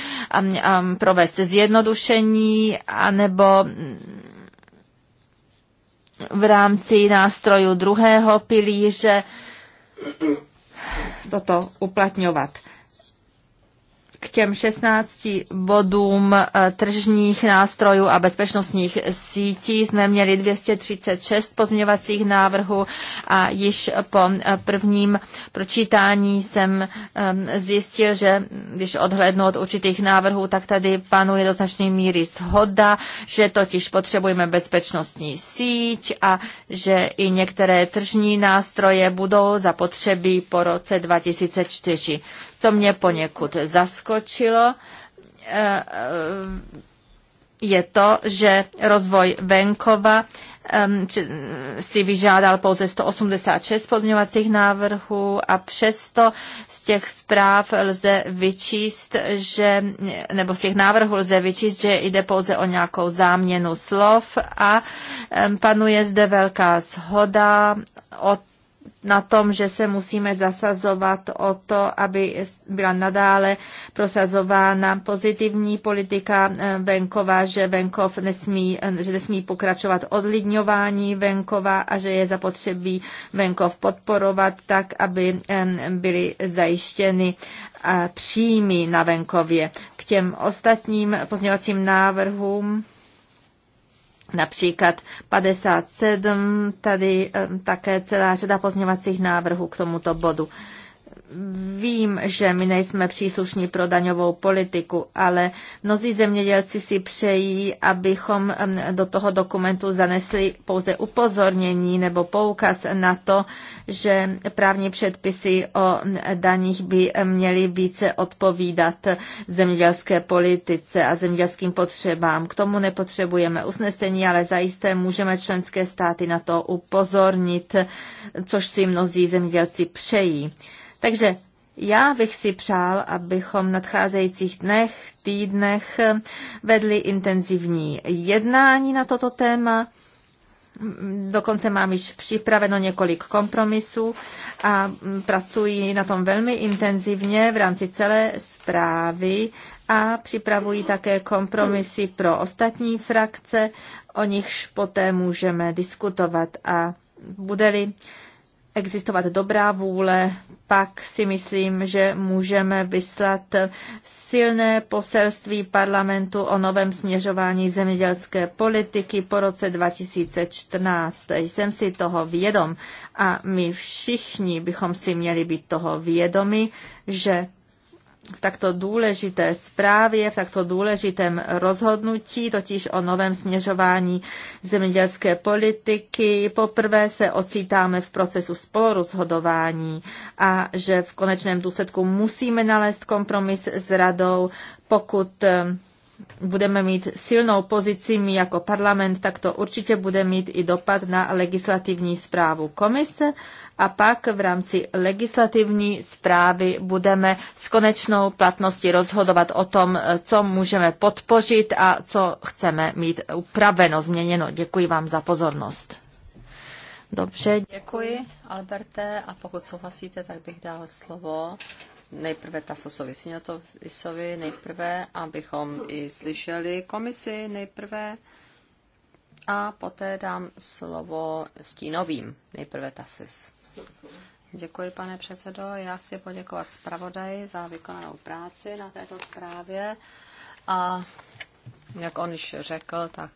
provést zjednodušení, anebo mm, v rámci nástrojů druhého pilíře toto uplatňovat k těm 16 bodům eh, tržních nástrojů a bezpečnostních sítí jsme měli 236 pozměňovacích návrhů a již po eh, prvním pročítání jsem ehm, zjistil, že když odhlednu od určitých návrhů, tak tady panuje do značné míry shoda, že totiž potřebujeme bezpečnostní síť a že i některé tržní nástroje budou zapotřebí po roce 2004 co mě poněkud zaskočilo, eh, je to, že rozvoj venkova ehm, si vyžádal pouze 186 pozměňovacích návrhů a přesto z těch zpráv lze vyčíst, že, nebo z těch návrhů lze vyčíst, že jde pouze o nějakou záměnu slov a ehm, panuje zde velká shoda o na tom, že se musíme zasazovat o to, aby byla nadále prosazována pozitivní politika eh, venkova, že venkov nesmí, eh, že nesmí pokračovat odlidňování venkova a že je zapotřebí venkov podporovat tak, aby eh, byly zajištěny příjmy na venkově. K těm ostatním pozměňovacím návrhům Například 57, tady eh, také celá řada pozměňovacích návrhů k tomuto bodu. Vím, že my nejsme příslušní pro daňovou politiku, ale mnozí zemědělci si přejí, abychom do toho dokumentu zanesli pouze upozornění nebo poukaz na to, že právní předpisy o daních by měly více odpovídat zemědělské politice a zemědělským potřebám. K tomu nepotřebujeme usnesení, ale zajisté můžeme členské státy na to upozornit, což si mnozí zemědělci přejí. Takže já bych si přál, abychom v nadcházejících dnech, týdnech vedli intenzivní jednání na toto téma. Dokonce mám již připraveno několik kompromisů a pracuji na tom velmi intenzivně v rámci celé zprávy a připravuji také kompromisy pro ostatní frakce, o nichž poté můžeme diskutovat a bude-li existovat dobrá vůle, pak si myslím, že můžeme vyslat silné poselství parlamentu o novém směřování zemědělské politiky po roce 2014. Jsem si toho vědom a my všichni bychom si měli být toho vědomi, že v takto důležité zprávě, v takto důležitém rozhodnutí, totiž o novém směřování zemědělské politiky. Poprvé se ocitáme v procesu spolurozhodování a že v konečném důsledku musíme nalézt kompromis s radou, pokud eh, budeme mít silnou pozici my jako parlament, tak to určitě bude mít i dopad na legislativní zprávu komise a pak v rámci legislativní zprávy budeme s konečnou platností rozhodovat o tom, co můžeme podpořit a co chceme mít upraveno, změněno. Děkuji vám za pozornost. Dobře, děkuji, Alberte. A pokud souhlasíte, tak bych dal slovo nejprve Tasosovi Sinotovisovi, nejprve, abychom i slyšeli komisi nejprve a poté dám slovo stínovým, nejprve Tasis. E Děkuji, pane předsedo. Já chci poděkovat zpravodaji za vykonanou práci na této zprávě a jak on již řekl, tak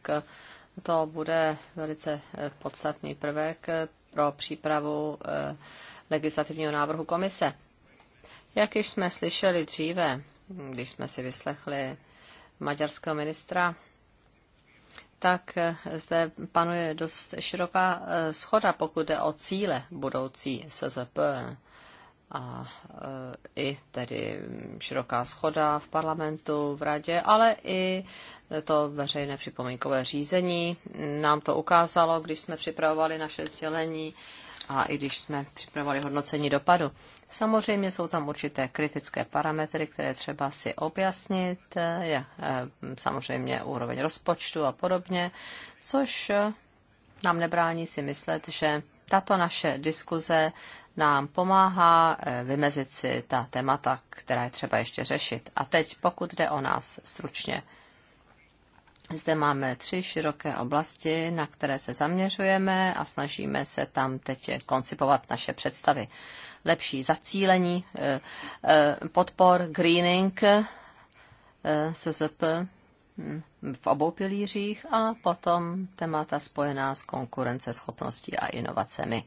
to bude velice eh, podstatný prvek eh, pro přípravu eh, legislativního návrhu komise. Jak již jsme slyšeli dříve, když jsme si vyslechli maďarského ministra, tak eh, zde panuje dost široká eh, schoda, pokud jde o cíle budoucí SZP a eh, i tedy široká schoda v parlamentu, v radě, ale i to veřejné připomínkové řízení. Nám to ukázalo, když jsme připravovali naše sdělení, a i když jsme připravovali hodnocení dopadu. Samozřejmě jsou tam určité kritické parametry, které třeba si objasnit, je, eh, samozřejmě úroveň rozpočtu a podobně, což eh, nám nebrání si myslet, že tato naše diskuze nám pomáhá eh, vymezit si ta témata, která je třeba ještě řešit. A teď, pokud jde o nás stručně, zde máme tři široké oblasti, na které se zaměřujeme a snažíme se tam teď koncipovat naše představy. Lepší zacílení, eh, eh, podpor, greening, eh, SZP hm, v obou pilířích a potom témata spojená s konkurenceschopností a inovacemi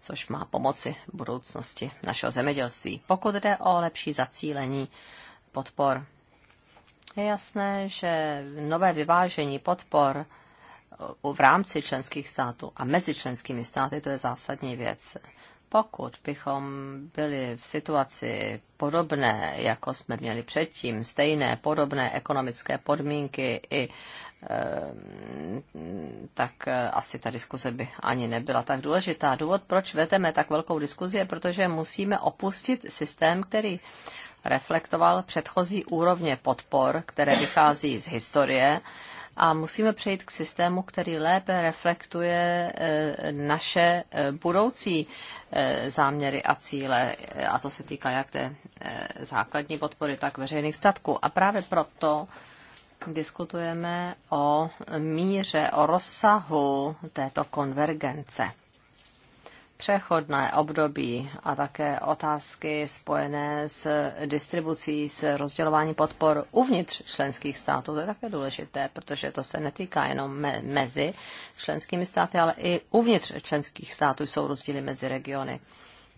což má pomoci v budoucnosti našeho zemědělství. Pokud jde o lepší zacílení podpor, je jasné, že nové vyvážení podpor v rámci členských států a mezi členskými státy, to je zásadní věc. Pokud bychom byli v situaci podobné, jako jsme měli předtím, stejné, podobné ekonomické podmínky i ehm, tak e, asi ta diskuze by ani nebyla tak důležitá. Důvod, proč vedeme tak velkou diskuzi, je, protože musíme opustit systém, který reflektoval předchozí úrovně podpor, které vychází z historie, a musíme přejít k systému, který lépe reflektuje e, naše e, budoucí e, záměry a cíle, a to se týká jak té základní podpory, tak veřejných statků. A právě proto diskutujeme o míře, o rozsahu této konvergence přechodné období a také otázky spojené s distribucí, s rozdělováním podpor uvnitř členských států. To je také důležité, protože to se netýká jenom me- mezi členskými státy, ale i uvnitř členských států jsou rozdíly mezi regiony.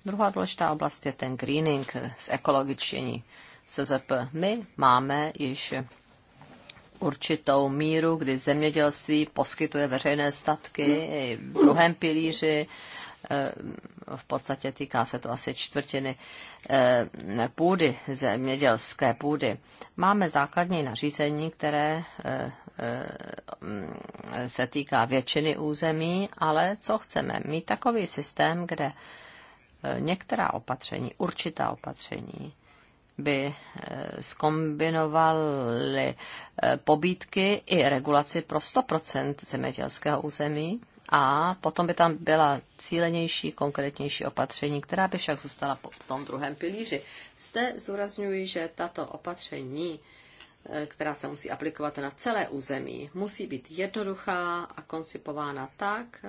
Druhá důležitá oblast je ten greening z ekologičení SZP. My máme již určitou míru, kdy zemědělství poskytuje veřejné statky v druhém pilíři Eh, v podstatě týká se to asi čtvrtiny eh, půdy, zemědělské půdy. Máme základní nařízení, které eh, se týká většiny území, ale co chceme? Mít takový systém, kde některá opatření, určitá opatření, by skombinovaly pobídky i regulaci pro 100% zemědělského území, a potom by tam byla cílenější, konkrétnější opatření, která by však zůstala v tom druhém pilíři. Zde zúraznuju, že tato opatření, eh, která se musí aplikovat na celé území, musí být jednoduchá a koncipována tak,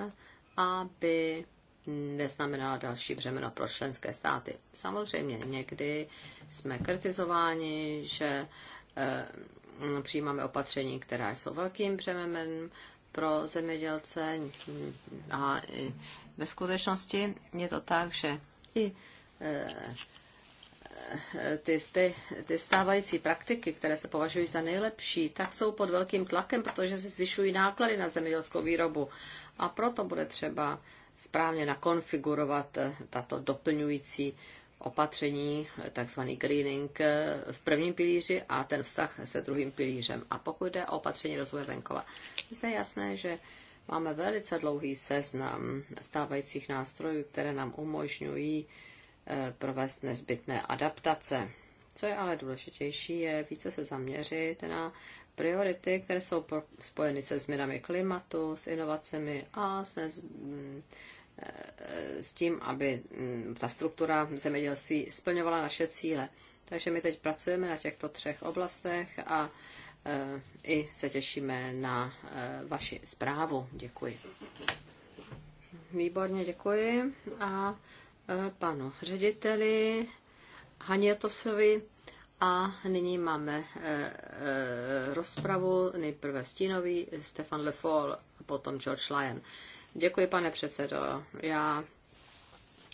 aby neznamenala další břemeno pro členské státy. Samozřejmě někdy jsme kritizováni, že eh, přijímáme opatření, která jsou velkým břemenem pro zemědělce a ve skutečnosti je to tak, že i e, e, ty, ty, ty stávající praktiky, které se považují za nejlepší, tak jsou pod velkým tlakem, protože se zvyšují náklady na zemědělskou výrobu. A proto bude třeba správně nakonfigurovat e, tato doplňující opatření, takzvaný greening eh, v prvním pilíři a ten vztah se druhým pilířem. A pokud jde o opatření rozvoje venkova, zde je jasné, že máme velice dlouhý seznam stávajících nástrojů, které nám umožňují eh, provést nezbytné adaptace. Co je ale důležitější, je více se zaměřit na priority, které jsou spojeny se změnami klimatu, s inovacemi a s nezbytnými s tím, aby mm, ta struktura zemědělství splňovala naše cíle. Takže my teď pracujeme na těchto třech oblastech a eh, i se těšíme na eh, vaši zprávu. Děkuji. Výborně, děkuji. A eh, panu řediteli Hanětosovi. A nyní máme rozpravu, nejprve stínový Stefan Lefol a potom George Lyon. Děkuji, pane předsedo. Já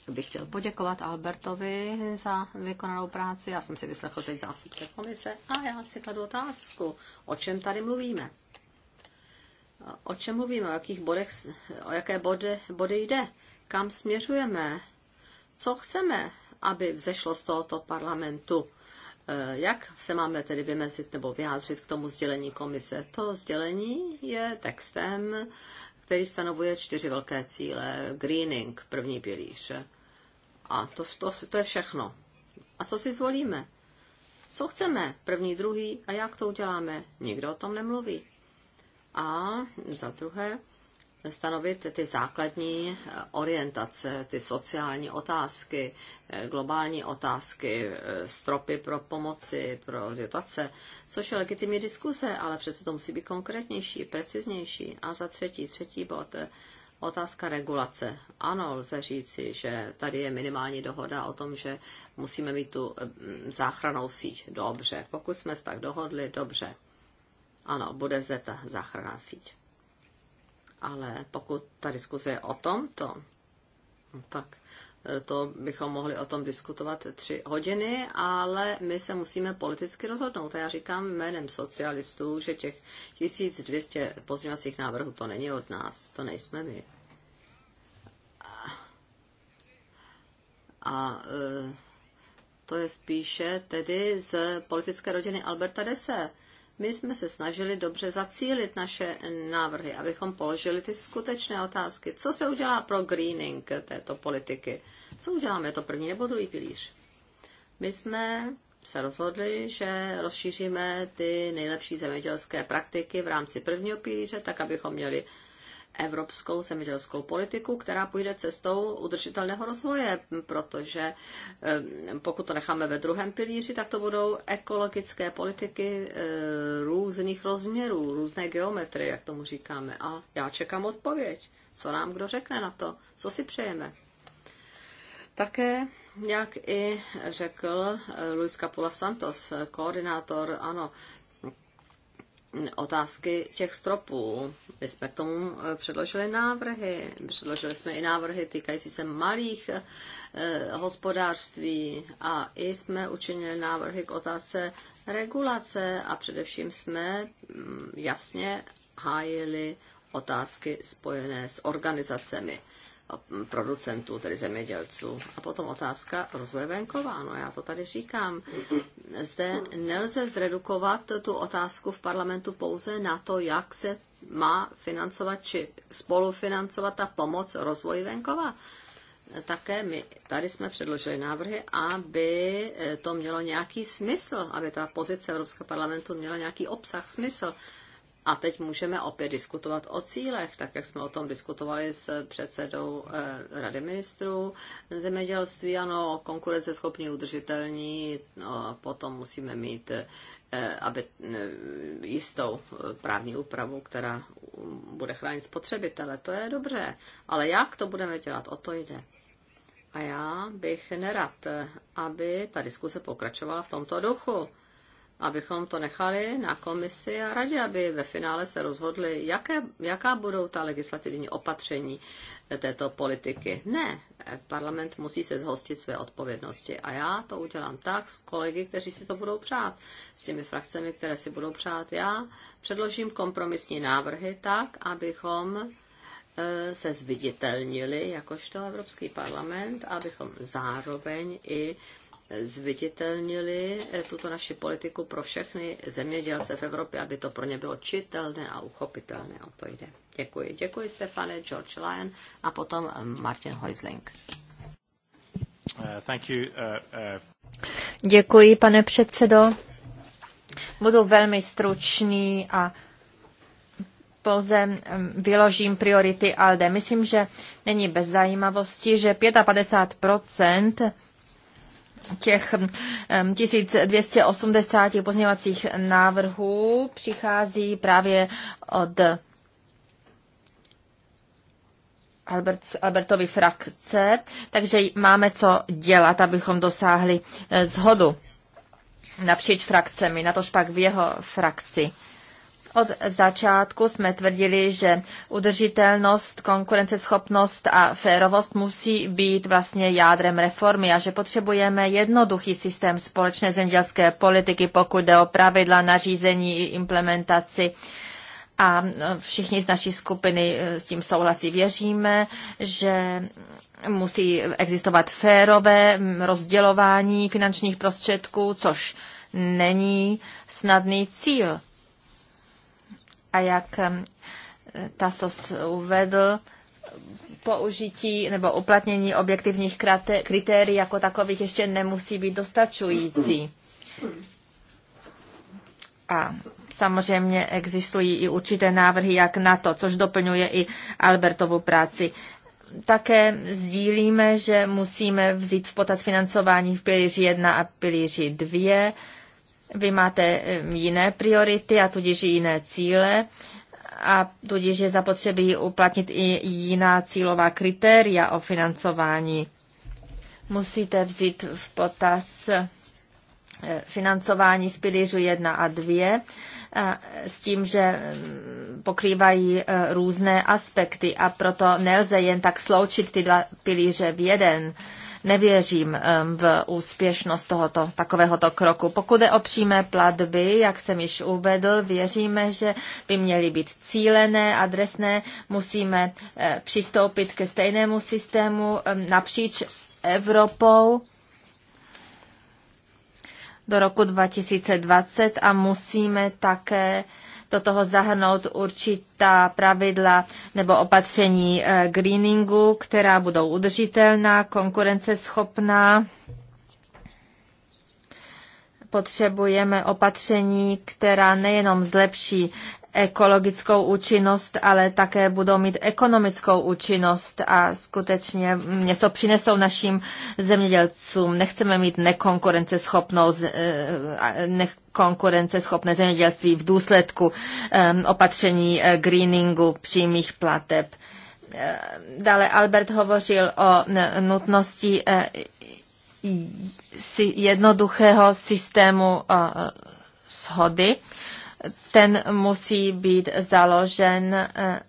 bych chtěl poděkovat Albertovi za vykonanou práci. Já jsem si vyslechl teď zástupce komise a já si kladu otázku, o čem tady mluvíme. O čem mluvíme, o jakých bodech, o jaké body, body jde, kam směřujeme, co chceme, aby vzešlo z tohoto parlamentu. Eh, jak se máme tedy vymezit nebo vyjádřit k tomu sdělení komise? To sdělení je textem, který stanovuje čtyři velké cíle. Greening, první pilíř. A to, to, to je všechno. A co si zvolíme? Co chceme? První, druhý a jak to uděláme? Nikdo o tom nemluví. A za druhé, stanovit ty základní eh, orientace, ty sociální otázky, eh, globální otázky, eh, stropy pro pomoci, pro dotace, což je legitimní diskuse, ale přece to musí být konkrétnější, preciznější. A za třetí, třetí bod, Otázka regulace. Ano, lze říci, že tady je minimální dohoda o tom, že musíme mít tu záchranou síť. Dobře, pokud jsme se tak dohodli, dobře. Ano, bude zde ta záchranná síť. Ale pokud ta diskuze je o tomto, no tak e, to bychom mohli o tom diskutovat tři hodiny, ale my se musíme politicky rozhodnout. A já říkám jménem socialistů, že těch 1200 pozměňovacích návrhů to není od nás, to nejsme my. A e, to je spíše tedy z politické rodiny Alberta Dese. My jsme se snažili dobře zacílit naše návrhy, abychom položili ty skutečné otázky. Co se udělá pro greening této politiky? Co uděláme, to první nebo druhý pilíř? My jsme se rozhodli, že rozšíříme ty nejlepší zemědělské praktiky v rámci prvního pilíře, tak abychom měli evropskou zemědělskou politiku, která půjde cestou udržitelného rozvoje, protože eh, pokud to necháme ve druhém pilíři, tak to budou ekologické politiky eh, různých rozměrů, různé geometrie, jak tomu říkáme. A já čekám odpověď. Co nám kdo řekne na to? Co si přejeme? Také, jak i řekl eh, Luis Capula Santos, koordinátor, ano, otázky těch stropů. My jsme k tomu eh, předložili návrhy. Předložili jsme i návrhy týkající se malých eh, hospodářství a i jsme učinili návrhy k otázce regulace a především jsme mm, jasně hájili otázky spojené s organizacemi producentů, tedy zemědělců. A potom otázka rozvoje venkova. No já to tady říkám. Zde nelze zredukovat tu otázku v parlamentu pouze na to, jak se má financovat či spolufinancovat ta pomoc rozvoji venkova. Také my tady jsme předložili návrhy, aby to mělo nějaký smysl, aby ta pozice Evropského parlamentu měla nějaký obsah, smysl. A teď můžeme opět diskutovat o cílech, tak jak jsme o tom diskutovali s předsedou eh, Rady ministrů zemědělství. Ano, konkurenceschopný, udržitelný, no, potom musíme mít eh, aby eh, jistou právní úpravu, která bude chránit spotřebitele. To je dobré, ale jak to budeme dělat, o to jde. A já bych nerad, aby ta diskuse pokračovala v tomto duchu abychom to nechali na komisi a radě, aby ve finále se rozhodli, jaké, jaká budou ta legislativní opatření této politiky. Ne, parlament musí se zhostit své odpovědnosti a já to udělám tak s kolegy, kteří si to budou přát, s těmi frakcemi, které si budou přát. Já předložím kompromisní návrhy tak, abychom e, se zviditelnili jakožto Evropský parlament, abychom zároveň i zviditelnili eh, tuto naši politiku pro všechny zemědělce v Evropě, aby to pro ně bylo čitelné a uchopitelné. O to jde. Děkuji. Děkuji Stefane, George Lyon a potom eh, Martin Heusling. Eh, thank you, uh, uh... Děkuji, pane předsedo. Budu velmi stručný a pouze mm, vyložím priority ALDE. Myslím, že není bez zajímavosti, že 55 těch 1280 pozměňovacích návrhů přichází právě od Albert, Albertovi frakce, takže máme co dělat, abychom dosáhli zhodu eh, napříč frakcemi, natož pak v jeho frakci. Od začátku jsme tvrdili, že udržitelnost, konkurenceschopnost a férovost musí být vlastně jádrem reformy a že potřebujeme jednoduchý systém společné zemědělské politiky, pokud jde o pravidla, nařízení i implementaci a e, všichni z naší skupiny e, s tím souhlasí. Věříme, že musí existovat férové rozdělování finančních prostředků, což není snadný cíl a jak Tasos uvedl, použití nebo uplatnění objektivních kritérií jako takových ještě nemusí být dostačující. A samozřejmě existují i určité návrhy, jak na to, což doplňuje i Albertovu práci. Také sdílíme, že musíme vzít v potaz financování v pilíři 1 a pilíři 2 vy máte jiné priority a tudíž i jiné cíle a tudíž je zapotřebí uplatnit i jiná cílová kritéria o financování. Musíte vzít v potaz e, financování z pilířů 1 a 2 e, s tím, že pokrývají e, různé aspekty a proto nelze jen tak sloučit ty dva pilíře v jeden nevěřím v úspěšnost tohoto takovéhoto kroku. Pokud je o přímé platby, jak jsem již uvedl, věříme, že by měly být cílené, adresné, musíme eh, přistoupit ke stejnému systému napříč Evropou do roku 2020 a musíme také do toho zahrnout určitá pravidla nebo opatření eh, greeningu, která budou udržitelná, konkurenceschopná. Potřebujeme opatření, která nejenom zlepší ekologickou účinnost, ale také budou mít ekonomickou účinnost a skutečně něco přinesou našim zemědělcům. Nechceme mít nekonkurenceschopnou, eh, nekonkurenceschopné zemědělství v důsledku ehm, opatření eh, greeningu přímých plateb. Eh, dále Albert hovořil o nutnosti jednoduchého systému shody ten musí být založen eh,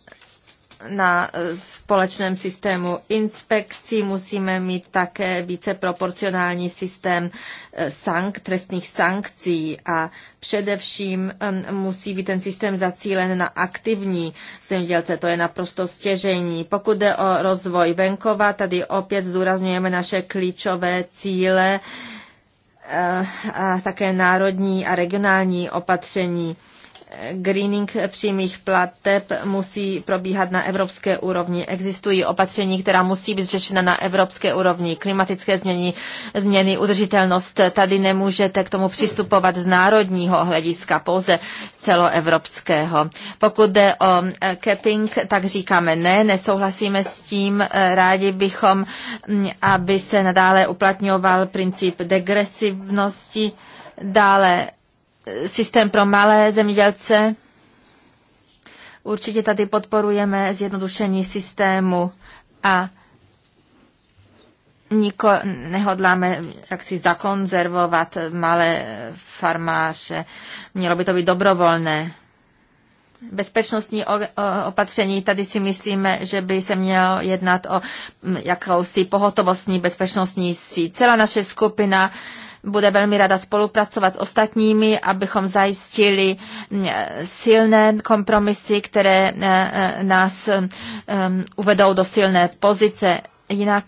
na společném systému inspekcí. Musíme mít také více proporcionální systém eh, sank, trestných sankcí a především eh, musí být ten systém zacílen na aktivní zemědělce. To je naprosto stěžení. Pokud jde o rozvoj venkova, tady opět zdůrazňujeme naše klíčové cíle Eh, a také národní a regionální opatření greening přímých plateb musí probíhat na evropské úrovni. Existují opatření, která musí být řešena na evropské úrovni. Klimatické změny, změny udržitelnost. Tady nemůžete k tomu přistupovat z národního hlediska, pouze celoevropského. Pokud jde o eh, capping, tak říkáme ne, nesouhlasíme s tím. Eh, rádi bychom, mm, aby se nadále uplatňoval princip degresivnosti. Dále systém pro malé zemědělce. Určitě tady podporujeme zjednodušení systému a niko, nehodláme jak si zakonzervovat malé farmáře. Mělo by to být dobrovolné. Bezpečnostní opatření, tady si myslíme, že by se mělo jednat o jakousi pohotovostní bezpečnostní síť. Celá naše skupina uh, bude velmi ráda spolupracovat s ostatními, abychom zajistili mm, silné kompromisy, které eh, eh, nás eh, uvedou do silné pozice Jinak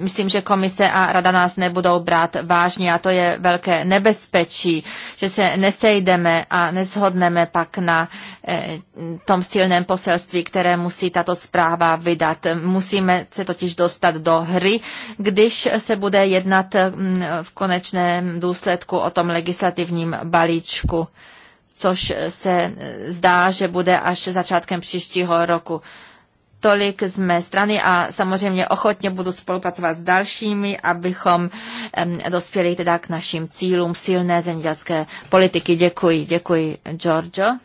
myslím, že komise a rada nás nebudou brát vážně a to je velké nebezpečí, že se nesejdeme a neshodneme pak na e, tom silném poselství, které musí tato zpráva vydat. Musíme se totiž dostat do hry, když se bude jednat v konečném důsledku o tom legislativním balíčku, což se e, zdá, že bude až začátkem příštího roku. Tolik z mé strany a samozřejmě ochotně budu spolupracovat s dalšími, abychom dospěli teda k našim cílům silné zemědělské politiky. Děkuji, děkuji, Giorgio.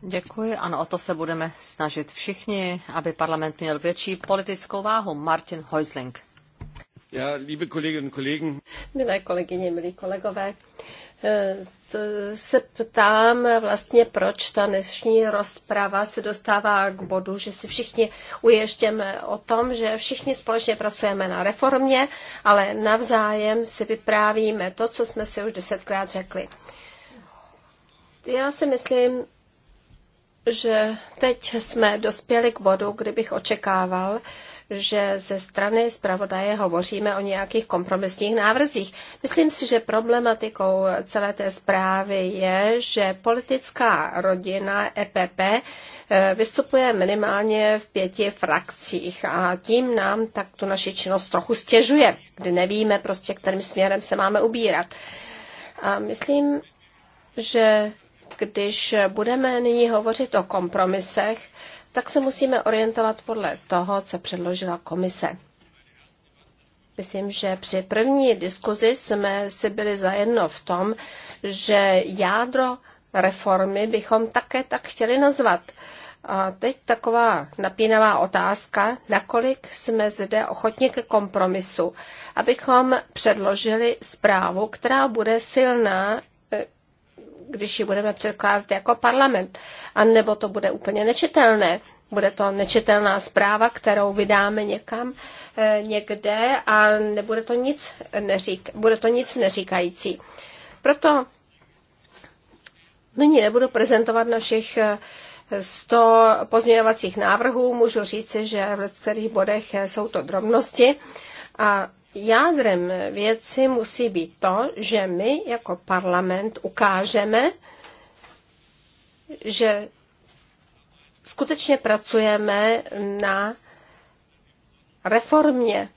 Děkuji, ano, o to se budeme snažit všichni, aby parlament měl větší politickou váhu. Martin Heusling. Ja, liebe Kolleginnen und Kollegen. Milé kolegyně, milí kolegové, Eh, se ptám vlastně, proč ta dnešní rozprava se dostává k bodu, že si všichni uještěme o tom, že všichni společně pracujeme na reformě, ale navzájem si vyprávíme to, co jsme si už desetkrát řekli. Já si myslím, že teď jsme dospěli k bodu, kdybych očekával, že ze strany zpravodaje hovoříme o nějakých kompromisních návrzích. Myslím si, že problematikou celé té zprávy je, že politická rodina EPP eh, vystupuje minimálně v pěti frakcích a tím nám tak tu naši činnost trochu stěžuje, kdy nevíme prostě, kterým směrem se máme ubírat. A myslím, že když budeme nyní hovořit o kompromisech, tak se musíme orientovat podle toho, co předložila komise. Myslím, že při první diskuzi jsme si byli zajedno v tom, že jádro reformy bychom také tak chtěli nazvat. A teď taková napínavá otázka, nakolik jsme zde ochotni ke kompromisu, abychom předložili zprávu, která bude silná když ji budeme překládat jako parlament. A nebo to bude úplně nečitelné. Bude to nečitelná zpráva, kterou vydáme někam, eh, někde a nebude to nic, neřík, bude to nic neříkající. Proto nyní nebudu prezentovat našich 100 eh, pozměňovacích návrhů. Můžu říci, že v některých bodech jsou to drobnosti a Jádrem věci musí být to, že my jako parlament ukážeme, že skutečně pracujeme na reformě.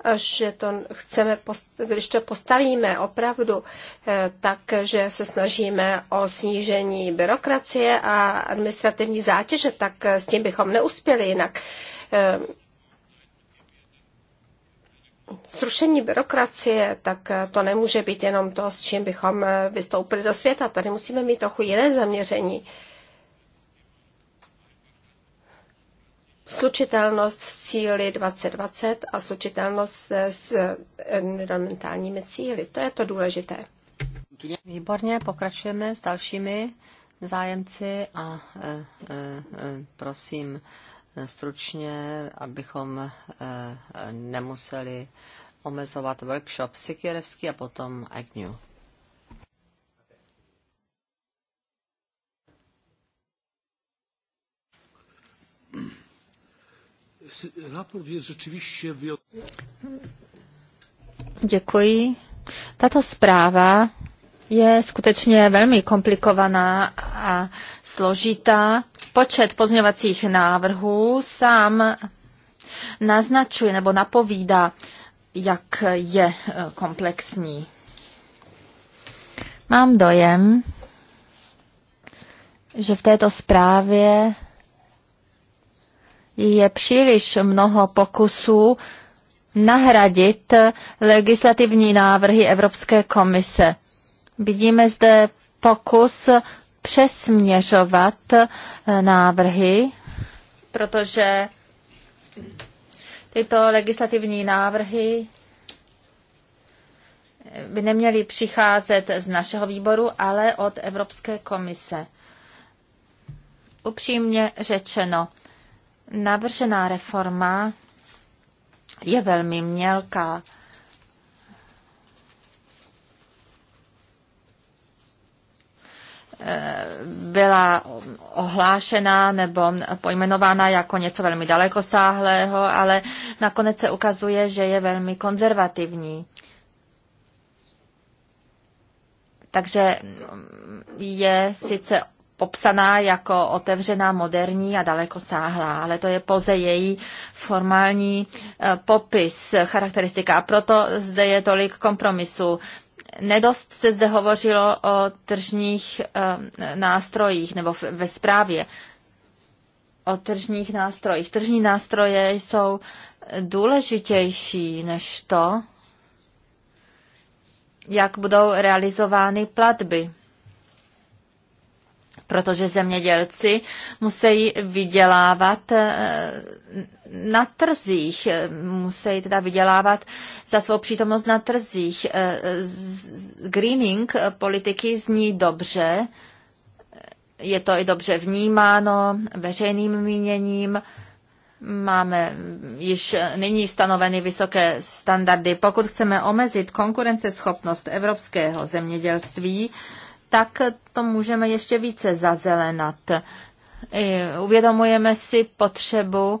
Až že to chceme, když to postavíme opravdu, eh, tak, že se snažíme o snížení byrokracie a administrativní zátěže, tak eh, s tím bychom neuspěli jinak. Eh, zrušení byrokracie, tak eh, to nemůže být jenom to, s čím bychom eh, vystoupili do světa. Tady musíme mít trochu jiné zaměření. Slučitelnost s cíly 2020 a slučitelnost eh, s environmentálními cíly. To je to důležité. Výborně, pokračujeme s dalšími zájemci a e, e, prosím, stručně, abychom eh, nemuseli omezovat workshop Sikierevský a potom Agnew. Děkuji. Tato zpráva je skutečně velmi komplikovaná a složitá. Počet pozměňovacích návrhů sám naznačuje nebo napovídá, jak je eh, komplexní. Mám dojem, že v této zprávě je příliš mnoho pokusů nahradit legislativní návrhy Evropské komise. Vidíme zde pokus přesměřovat eh, návrhy, protože tyto legislativní návrhy eh, by neměly přicházet z našeho výboru, ale od Evropské komise. Upřímně řečeno, navržená reforma je velmi mělká byla ohlášena nebo pojmenována jako něco velmi dalekosáhlého, ale nakonec se ukazuje, že je velmi konzervativní. Takže je sice popsaná jako otevřená, moderní a dalekosáhlá, ale to je pouze její formální eh, popis, charakteristika. A proto zde je tolik kompromisů nedost se zde hovořilo o tržních ehm, nástrojích nebo ve zprávě o tržních nástrojích. Tržní nástroje jsou důležitější než to, jak budou realizovány platby. Protože zemědělci musí vydělávat ehm, na trzích, eh, musí teda vydělávat za svou přítomnost na trzích. Eh, greening eh, politiky zní dobře, je to i dobře vnímáno veřejným míněním, máme již nyní stanoveny vysoké standardy. Pokud chceme omezit konkurenceschopnost evropského zemědělství, tak to můžeme ještě více zazelenat. Uvědomujeme si potřebu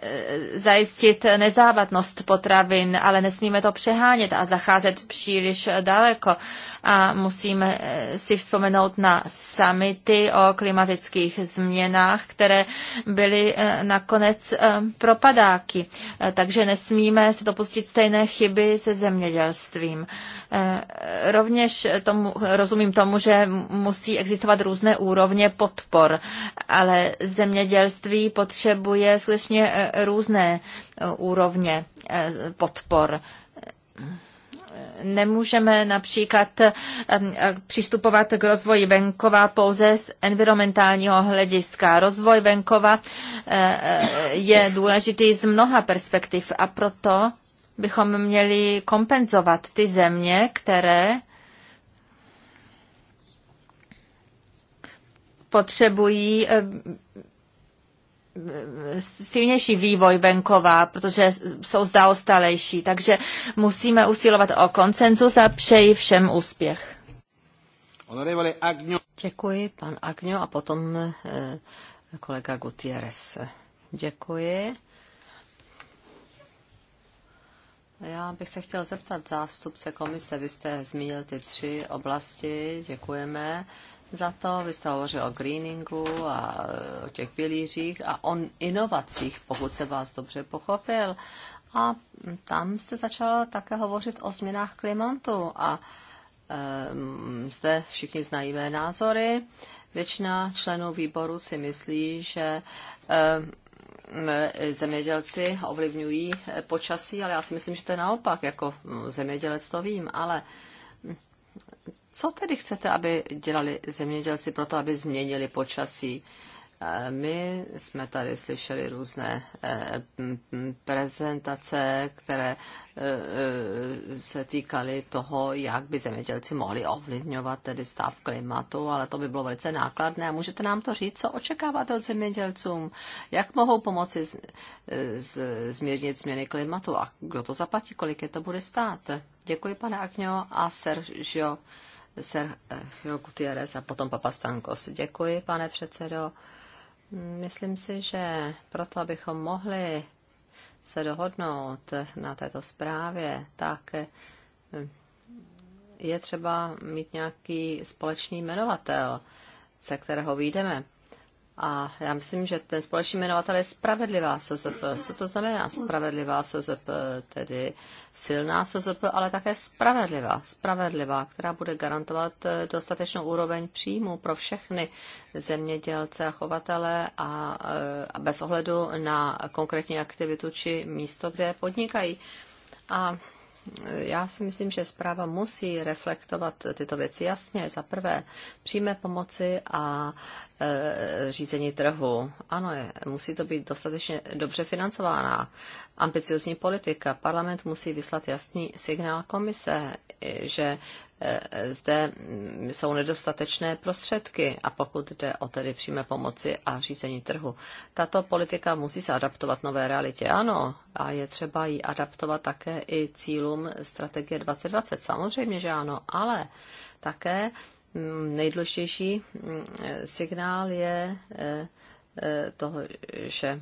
Eh, zajistit nezávadnost potravin, ale nesmíme to přehánět a zacházet příliš daleko. A musíme eh, si vzpomenout na samity o klimatických změnách, které byly eh, nakonec propadáky. Takže nesmíme se dopustit stejné chyby se zemědělstvím. Rovněž tomu, rozumím tomu, že musí existovat různé úrovně podpor, ale zemědělství potřebuje skutečně E, různé e, úrovně e, podpor nemůžeme například přistupovat k rozvoji venkova pouze z environmentálního hlediska. Rozvoj venkova je důležitý z mnoha perspektiv a proto bychom měli kompenzovat ty země, které potřebují silnější vývoj venkova, protože jsou zaostalejší. Takže musíme usilovat o koncenzus a přeji všem úspěch. Děkuji, pan Agňo, a potom eh, kolega Gutierrez. Děkuji. Já bych se chtěl zeptat zástupce komise. Vy jste zmínil ty tři oblasti, děkujeme za to. Vy jste hovořil o greeningu a o těch pilířích a o inovacích, pokud se vás dobře pochopil. A tam jste začal také hovořit o změnách klimatu a um, zde všichni znají mé názory. Většina členů výboru si myslí, že um, zemědělci ovlivňují počasí, ale já si myslím, že to je naopak, jako zemědělec to vím, ale co tedy chcete, aby dělali zemědělci pro to, aby změnili počasí? Eh, my jsme tady slyšeli různé eh, prezentace, které eh, se týkaly toho, jak by zemědělci mohli ovlivňovat tedy stav klimatu, ale to by bylo velice nákladné. Můžete nám to říct, co očekáváte od zemědělcům? Jak mohou pomoci z, z, zmírnit změny klimatu a kdo to zaplatí, kolik je to bude stát? Děkuji, pane Akňo a Sergio Sergio Gutierrez a potom Papastankos. Děkuji, pane předsedo. Myslím si, že proto, abychom mohli se dohodnout na této zprávě, tak eh, je třeba mít nějaký společný jmenovatel, ze kterého výjdeme. A já myslím, že ten společný jmenovatel je spravedlivá SZP. Co to znamená spravedlivá SZP? Tedy silná SZP, ale také spravedlivá. Spravedlivá, která bude garantovat eh, dostatečnou úroveň příjmu pro všechny zemědělce a chovatele a, eh, a bez ohledu na konkrétní aktivitu či místo, kde podnikají. A já si myslím, že zpráva musí reflektovat tyto věci jasně. Za prvé, přímé pomoci a e, řízení trhu. Ano, je, musí to být dostatečně dobře financována. Ambiciozní politika. Parlament musí vyslat jasný signál komise, že Eh, zde mm, jsou nedostatečné prostředky a pokud jde o tedy přímé pomoci a řízení trhu. Tato politika musí se adaptovat nové realitě, ano, a je třeba ji adaptovat také i cílům strategie 2020. Samozřejmě, že ano, ale také mm, nejdůležitější mm, eh, signál je eh, toho, že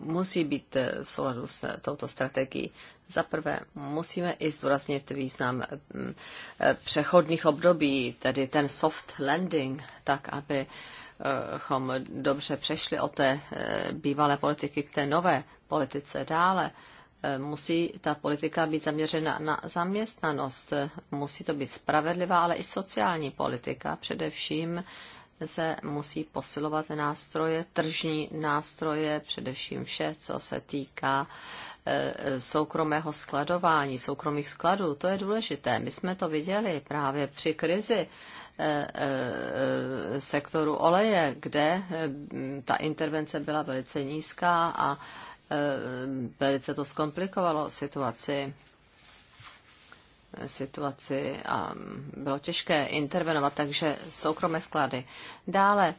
musí být eh, v souladu s eh, touto strategií. Za prvé, musíme i zdůraznit význam mm, eh, přechodných období, tedy ten soft landing, tak aby chom dobře přešli od té bývalé politiky k té nové politice dále. Musí ta politika být zaměřena na zaměstnanost, musí to být spravedlivá, ale i sociální politika, především se musí posilovat nástroje, tržní nástroje, především vše, co se týká e, soukromého skladování, soukromých skladů. To je důležité. My jsme to viděli právě při krizi e, e, sektoru oleje, kde ta intervence byla velice nízká a velice to zkomplikovalo situaci situaci a bylo těžké intervenovat, takže soukromé sklady. Dále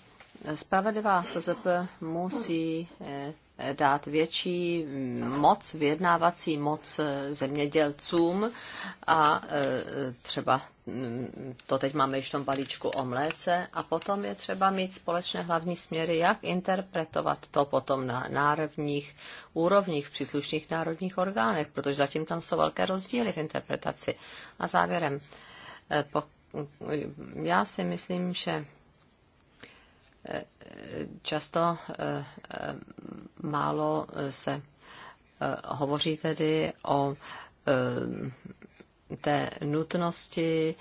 spravedlivá SZP musí eh, dát větší moc, vyjednávací moc eh, zemědělcům a eh, třeba to teď máme již v tom balíčku o mléce, a potom je třeba mít společné hlavní směry, jak interpretovat to potom na národních úrovních, příslušných národních orgánech, protože zatím tam jsou velké rozdíly v interpretaci. A závěrem, eh, já si myslím, že eh, často eh, málo se hovoří tedy o té nutnosti,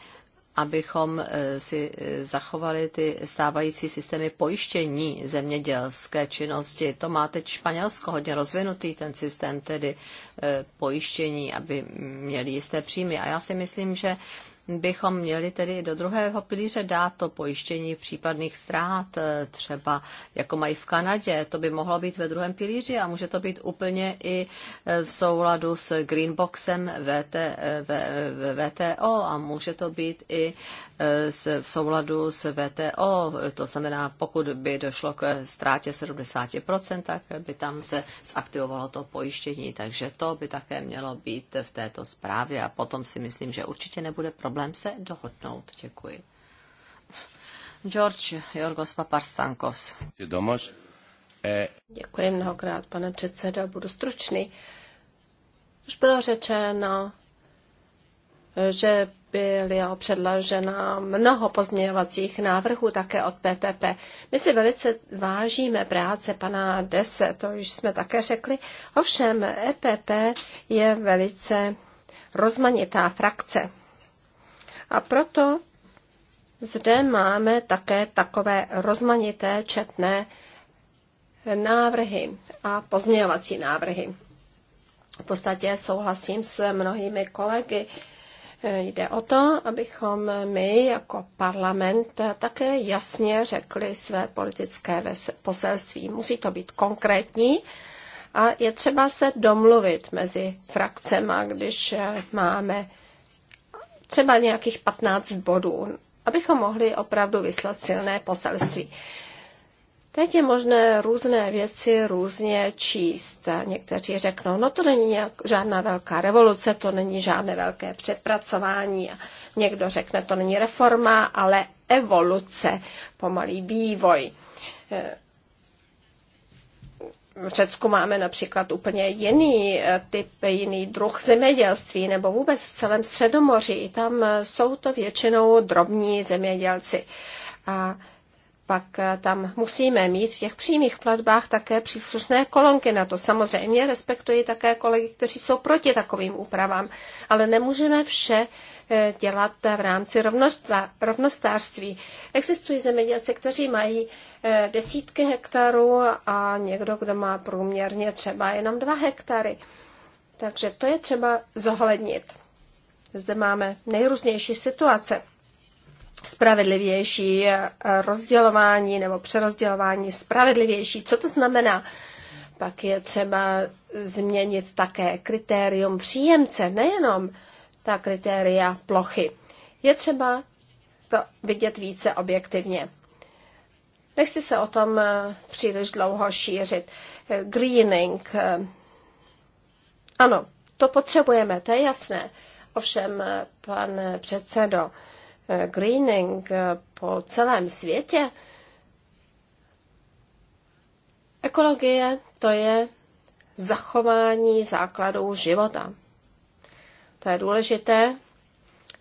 abychom e, si e, zachovali ty stávající systémy pojištění zemědělské činnosti. To má teď Španělsko hodně rozvinutý, ten systém tedy e, pojištění, aby měli jisté příjmy. A já si myslím, že bychom měli tedy do druhého pilíře dát to pojištění případných ztrát, eh, třeba jako mají v Kanadě. To by mohlo být ve druhém pilíři a může to být úplně i eh, v souladu s Greenboxem VT, v, eh, VTO a může to být i v souladu s VTO, to znamená, pokud by došlo k ztrátě 70%, tak by tam se zaktivovalo to pojištění, takže to by také mělo být v této zprávě a potom si myslím, že určitě nebude problém se dohodnout. Děkuji. George Jorgos Paparstankos. Děkuji mnohokrát, pane předsedo, budu stručný. Už bylo řečeno, že byly předložena mnoho pozměňovacích návrhů také od PPP. My si velice vážíme práce pana Dese, to už jsme také řekli. Ovšem, EPP je velice rozmanitá frakce. A proto zde máme také takové rozmanité četné návrhy a pozměňovací návrhy. V podstatě souhlasím s mnohými kolegy, Jde o to, abychom my jako parlament také jasně řekli své politické poselství. Musí to být konkrétní a je třeba se domluvit mezi frakcemi, když máme třeba nějakých 15 bodů, abychom mohli opravdu vyslat silné poselství. Teď je možné různé věci různě číst. Někteří řeknou, no to není nějak, žádná velká revoluce, to není žádné velké přepracování. Někdo řekne, to není reforma, ale evoluce, pomalý vývoj. Eh, v Řecku máme například úplně jiný eh, typ, jiný druh zemědělství, nebo vůbec v celém Středomoří. I tam jsou to většinou drobní zemědělci. A pak eh, tam musíme mít v těch přímých platbách také příslušné kolonky na to. Samozřejmě respektuji také kolegy, kteří jsou proti takovým úpravám, ale nemůžeme vše eh, dělat v rámci rovnostářství. Existují zemědělci, kteří mají eh, desítky hektarů a někdo, kdo má průměrně třeba jenom dva hektary. Takže to je třeba zohlednit. Zde máme nejrůznější situace spravedlivější rozdělování nebo přerozdělování spravedlivější. Co to znamená? Pak je třeba změnit také kritérium příjemce, nejenom ta kritéria plochy. Je třeba to vidět více objektivně. Nechci se o tom eh, příliš dlouho šířit. Greening. Eh, ano, to potřebujeme, to je jasné. Ovšem, eh, pan předsedo, Eh, greening eh, po celém světě. Ekologie to je zachování základů života. To je důležité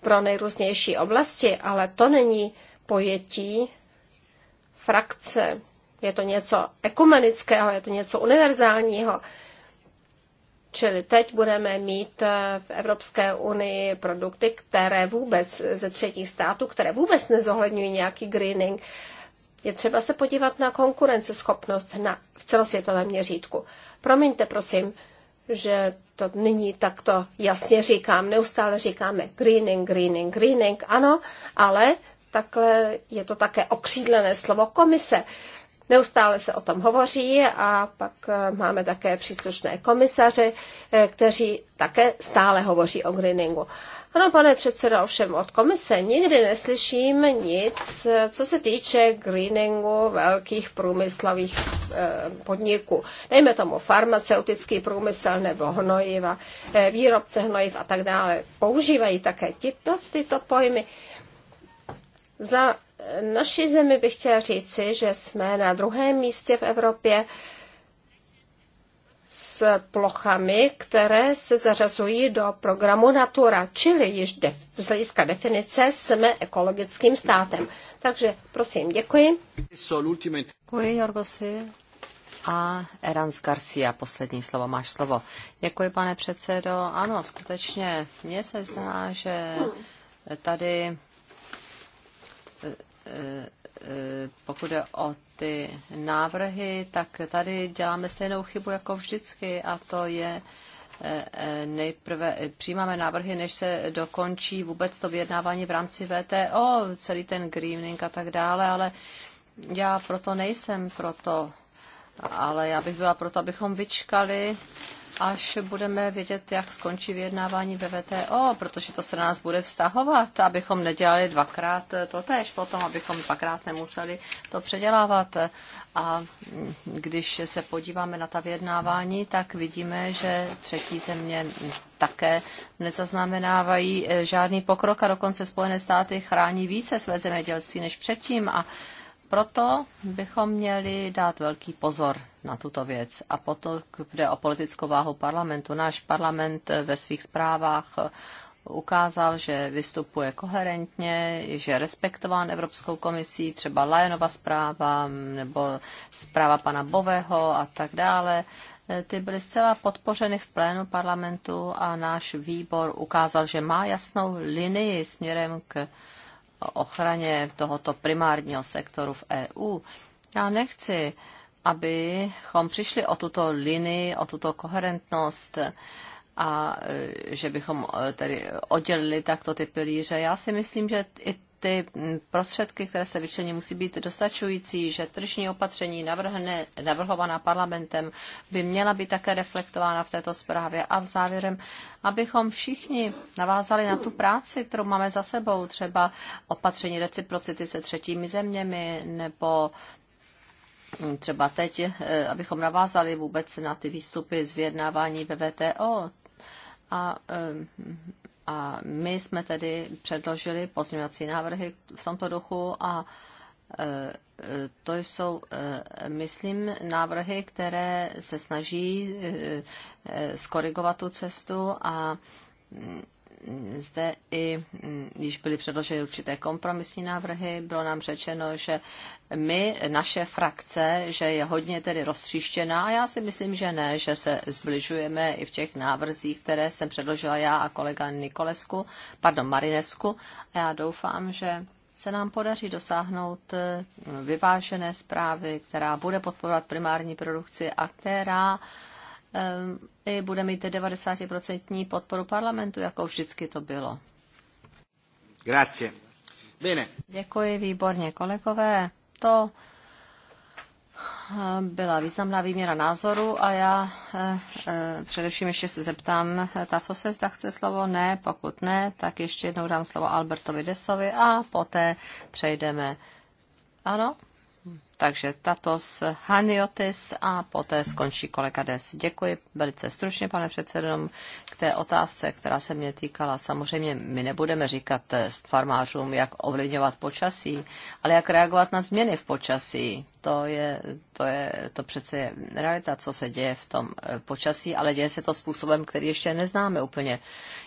pro nejrůznější oblasti, ale to není pojetí frakce. Je to něco ekumenického, je to něco univerzálního. Čili teď budeme mít eh, v Evropské unii produkty, které vůbec ze třetích států, které vůbec nezohledňují nějaký greening. Je třeba se podívat na konkurenceschopnost na, v celosvětovém měřítku. Promiňte, prosím, že to nyní takto jasně říkám. Neustále říkáme greening, greening, greening, ano, ale takhle je to také okřídlené slovo komise. Uh, Neustále se o tom hovoří a pak eh, máme také příslušné komisaři, eh, kteří také stále hovoří o greeningu. Ano, pane předsedo, ovšem od komise nikdy neslyším nic, eh, co se týče greeningu velkých průmyslových podniků. Dejme tomu farmaceutický průmysl nebo hnojiva, výrobce hnojiv a tak dále. Používají také tyto, tyto pojmy. Za Naší zemi bych chtěla říci, že jsme na druhém místě v Evropě s plochami, které se zařazují do programu Natura, čili již def, z hlediska definice jsme ekologickým státem. Takže prosím, děkuji. Děkuji, Jorgosi. A Erans Garcia, poslední slovo, máš slovo. Děkuji, pane předsedo. Ano, skutečně, mně se zdá, že tady pokud je o ty návrhy, tak tady děláme stejnou chybu jako vždycky a to je eh, eh, nejprve přijímáme návrhy, než se dokončí vůbec to vyjednávání v rámci VTO, celý ten greening a tak dále, ale já proto nejsem proto, ale já bych byla proto, abychom vyčkali až budeme vědět, jak skončí vyjednávání ve VTO, protože to se na nás bude vztahovat, abychom nedělali dvakrát to tež, potom abychom dvakrát nemuseli to předělávat. A když se podíváme na ta vyjednávání, tak vidíme, že třetí země také nezaznamenávají žádný pokrok a dokonce Spojené státy chrání více své zemědělství než předtím a proto bychom měli dát velký pozor na tuto věc. A potom jde o politickou váhu parlamentu. Náš parlament ve svých zprávách ukázal, že vystupuje koherentně, že je respektován Evropskou komisí, třeba Lajenova zpráva nebo zpráva pana Bového a tak dále. Ty byly zcela podpořeny v plénu parlamentu a náš výbor ukázal, že má jasnou linii směrem k ochraně tohoto primárního sektoru v EU. Já nechci, abychom přišli o tuto linii, o tuto koherentnost a e, že bychom e, tedy oddělili takto ty pilíře. Já si myslím, že i ty prostředky, které se vyčlení, musí být dostačující, že tržní opatření navrhne, navrhovaná parlamentem by měla být také reflektována v této zprávě a v závěrem, abychom všichni navázali na tu práci, kterou máme za sebou, třeba opatření reciprocity se třetími zeměmi nebo třeba teď, eh, abychom navázali vůbec na ty výstupy z vyjednávání ve VTO. A eh, a my jsme tedy předložili pozměňovací návrhy v tomto duchu a e, to jsou, e, myslím, návrhy, které se snaží e, skorigovat tu cestu a zde i když mm, byly předloženy určité kompromisní návrhy. Bylo nám řečeno, že my, naše frakce, že je hodně tedy roztříštěná a já si myslím, že ne, že se zbližujeme i v těch návrzích, které jsem předložila já a kolega Nikolesku, pardon, Marinesku a já doufám, že se nám podaří dosáhnout eh, vyvážené zprávy, která bude podporovat primární produkci a která Ehm, i bude mít 90% podporu parlamentu, jako vždycky to bylo. Grazie. Bene. Děkuji, výborně, kolegové. To eh, byla významná výměra názoru a já eh, eh, především ještě se zeptám, ta se zda chce slovo? Ne, pokud ne, tak ještě jednou dám slovo Albertovi Desovi a poté přejdeme. Ano? Takže tato s Haniotis a poté skončí kolega Des. Děkuji velice stručně, pane předsedom, k té otázce, která se mě týkala. Samozřejmě my nebudeme říkat eh, farmářům, jak ovlivňovat počasí, ale jak reagovat na změny v počasí to je, to je, to přece je realita, co se děje v tom eh, počasí, ale děje se to způsobem, který ještě neznáme úplně.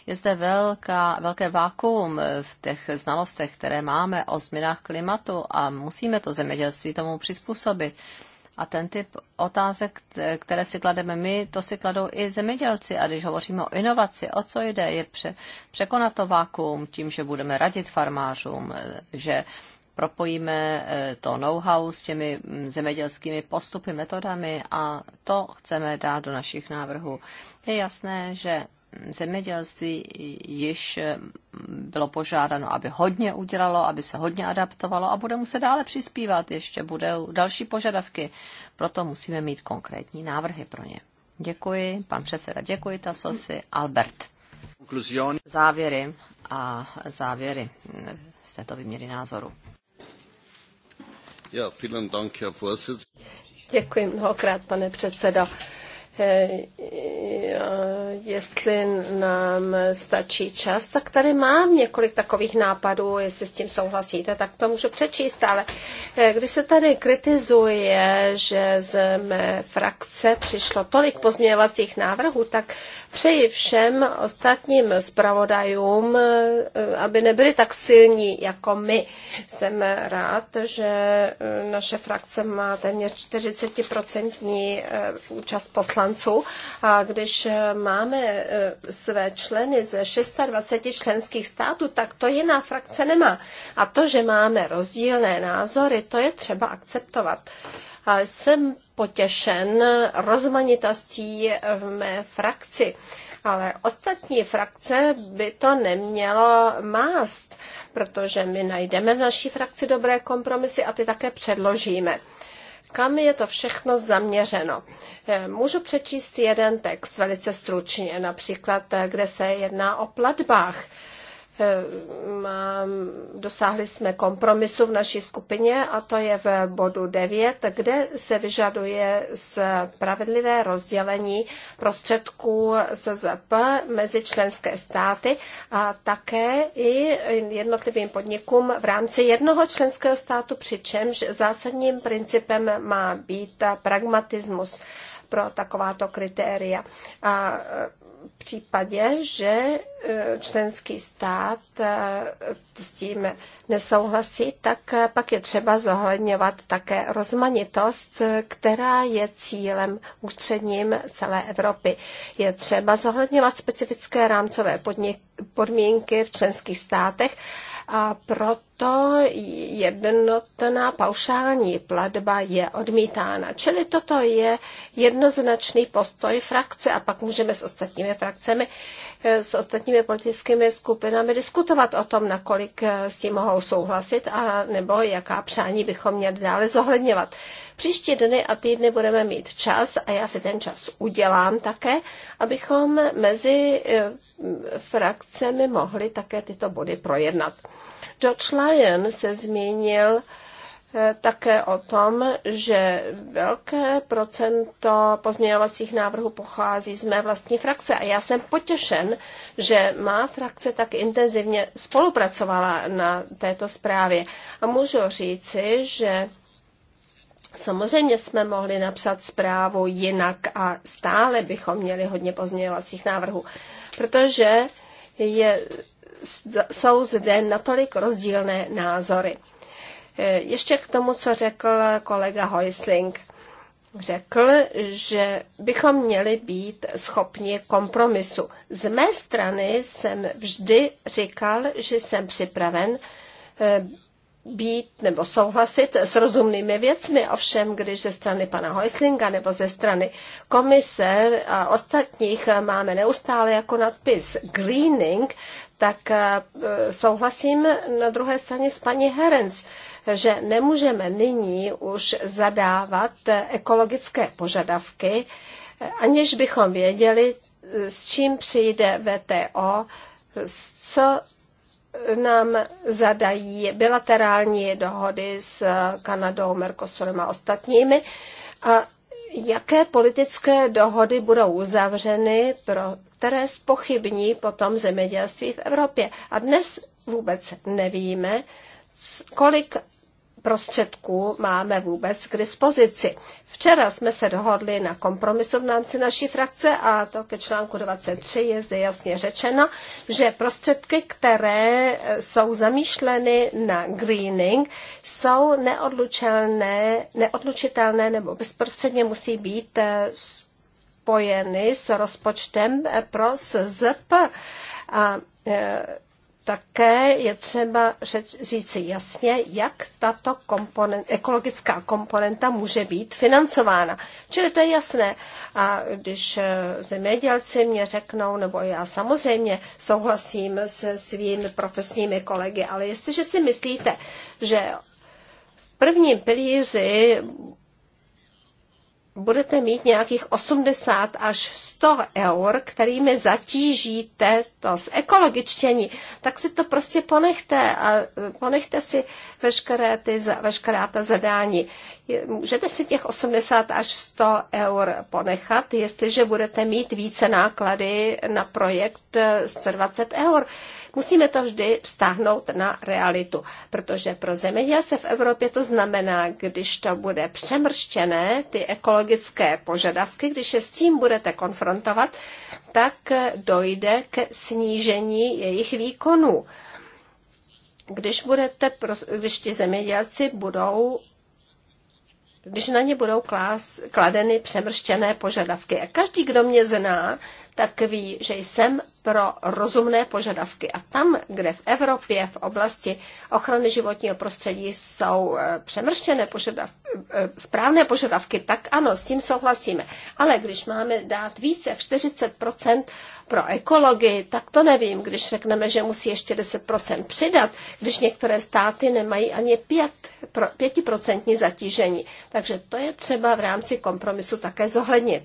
Je zde velká, velké vákuum eh, v těch znalostech, které máme o změnách klimatu a musíme to zemědělství tomu přizpůsobit. A ten typ otázek, které si klademe my, to si kladou i zemědělci. A když hovoříme o inovaci, o co jde, je pře- překonat to vákuum tím, že budeme radit farmářům, eh, že propojíme eh, to know-how s těmi mm, zemědělskými postupy, metodami a to chceme dát do našich návrhů. Je jasné, že mm, zemědělství již eh, mm, bylo požádáno, aby hodně udělalo, aby se hodně adaptovalo a bude muset dále přispívat. Ještě budou další požadavky, proto musíme mít konkrétní návrhy pro ně. Děkuji, pan předseda, děkuji, Tasosi, Albert. Závěry a závěry z této výměry názoru. Děkuji mnohokrát, pane předsedo. Eh, eh, jestli nám stačí čas, tak tady mám několik takových nápadů, jestli s tím souhlasíte, tak to můžu přečíst, ale eh, když se tady kritizuje, že z mé frakce přišlo tolik pozměňovacích návrhů, tak Přeji všem ostatním zpravodajům, eh, aby nebyli tak silní jako my. Jsem rád, že eh, naše frakce má téměř 40% eh, účast poslanců a když máme své členy ze 26 členských států, tak to jiná frakce nemá. A to, že máme rozdílné názory, to je třeba akceptovat. Jsem potěšen rozmanitostí v mé frakci, ale ostatní frakce by to nemělo mást, protože my najdeme v naší frakci dobré kompromisy a ty také předložíme kam je to všechno zaměřeno. Eh, můžu přečíst jeden text velice stručně, například, eh, kde se jedná o platbách. Eh, dosáhli jsme kompromisu v naší skupině a to je v bodu 9, kde se vyžaduje spravedlivé rozdělení prostředků SZP mezi členské státy a také i jednotlivým podnikům v rámci jednoho členského státu, přičemž zásadním principem má být pragmatismus pro takováto kritéria. A případě, že eh, členský stát eh, s tím nesouhlasí, tak eh, pak je třeba zohledňovat také rozmanitost, která je cílem ústředním celé Evropy. Je třeba zohledňovat specifické rámcové podmínky v členských státech a proto jednotná paušální platba je odmítána. Čili toto je jednoznačný postoj frakce a pak můžeme s ostatními frakcemi Eh, s ostatními politickými skupinami diskutovat o tom, nakolik eh, s tím mohou souhlasit a nebo jaká přání bychom měli dále zohledňovat. Příští dny a týdny budeme mít čas a já si ten čas udělám také, abychom mezi eh, frakcemi mohli také tyto body projednat. George Lyon se zmínil Eh, také o tom, že velké procento pozměňovacích návrhů pochází z mé vlastní frakce a já jsem potěšen, že má frakce tak intenzivně spolupracovala na této zprávě. A můžu říci, že Samozřejmě jsme mohli napsat zprávu jinak a stále bychom měli hodně pozměňovacích návrhů, protože je, jsou zde natolik rozdílné názory. Eh, ještě k tomu, co řekl kolega Heusling. Řekl, že bychom měli být schopni kompromisu. Z mé strany jsem vždy říkal, že jsem připraven eh, být nebo souhlasit s rozumnými věcmi, ovšem když ze strany pana Heuslinga nebo ze strany komise a ostatních máme neustále jako nadpis greening, tak eh, souhlasím na druhé straně s paní Herens, že nemůžeme nyní už zadávat ekologické požadavky, aniž bychom věděli, s čím přijde VTO, co nám zadají bilaterální dohody s Kanadou, Mercosurem a ostatními a jaké politické dohody budou uzavřeny, pro které spochybní potom zemědělství v Evropě. A dnes vůbec nevíme, kolik prostředků máme vůbec k dispozici. Včera jsme se dohodli na kompromisu v námci naší frakce a to ke článku 23 je zde jasně řečeno, že prostředky, které eh, jsou zamýšleny na greening, jsou neodlučelné, neodlučitelné nebo bezprostředně musí být eh, spojeny s rozpočtem eh, pro SZP. A, také je třeba říci jasně, jak tato komponent, ekologická komponenta může být financována. Čili to je jasné. A když eh, zemědělci mě řeknou, nebo já samozřejmě souhlasím se svými profesními kolegy, ale jestliže si myslíte, že v prvním pilíři budete mít nějakých 80 až 100 eur, kterými zatížíte to z ekologičtění, tak si to prostě ponechte a e, ponechte si veškeré ty, veškerá ta zadání. Můžete si těch 80 až 100 eur ponechat, jestliže budete mít více náklady na projekt 120 e, eur. Musíme to vždy stáhnout na realitu, protože pro zemědělce v Evropě to znamená, když to bude přemrštěné, ty ekologické požadavky, když se s tím budete konfrontovat, tak dojde k snížení jejich výkonů. Když, budete, když ti zemědělci budou když na ně budou klás, kladeny přemrštěné požadavky. A každý, kdo mě zná, tak ví, že jsem pro rozumné požadavky. A tam, kde v Evropě v oblasti ochrany životního prostředí jsou eh, přemrštěné požadavky, eh, správné požadavky, tak ano, s tím souhlasíme. Ale když máme dát více jak 40 pro ekologii, tak to nevím, když řekneme, že musí ještě 10 přidat, když některé státy nemají ani 5, 5 zatížení. Takže to je třeba v rámci kompromisu také zohlednit.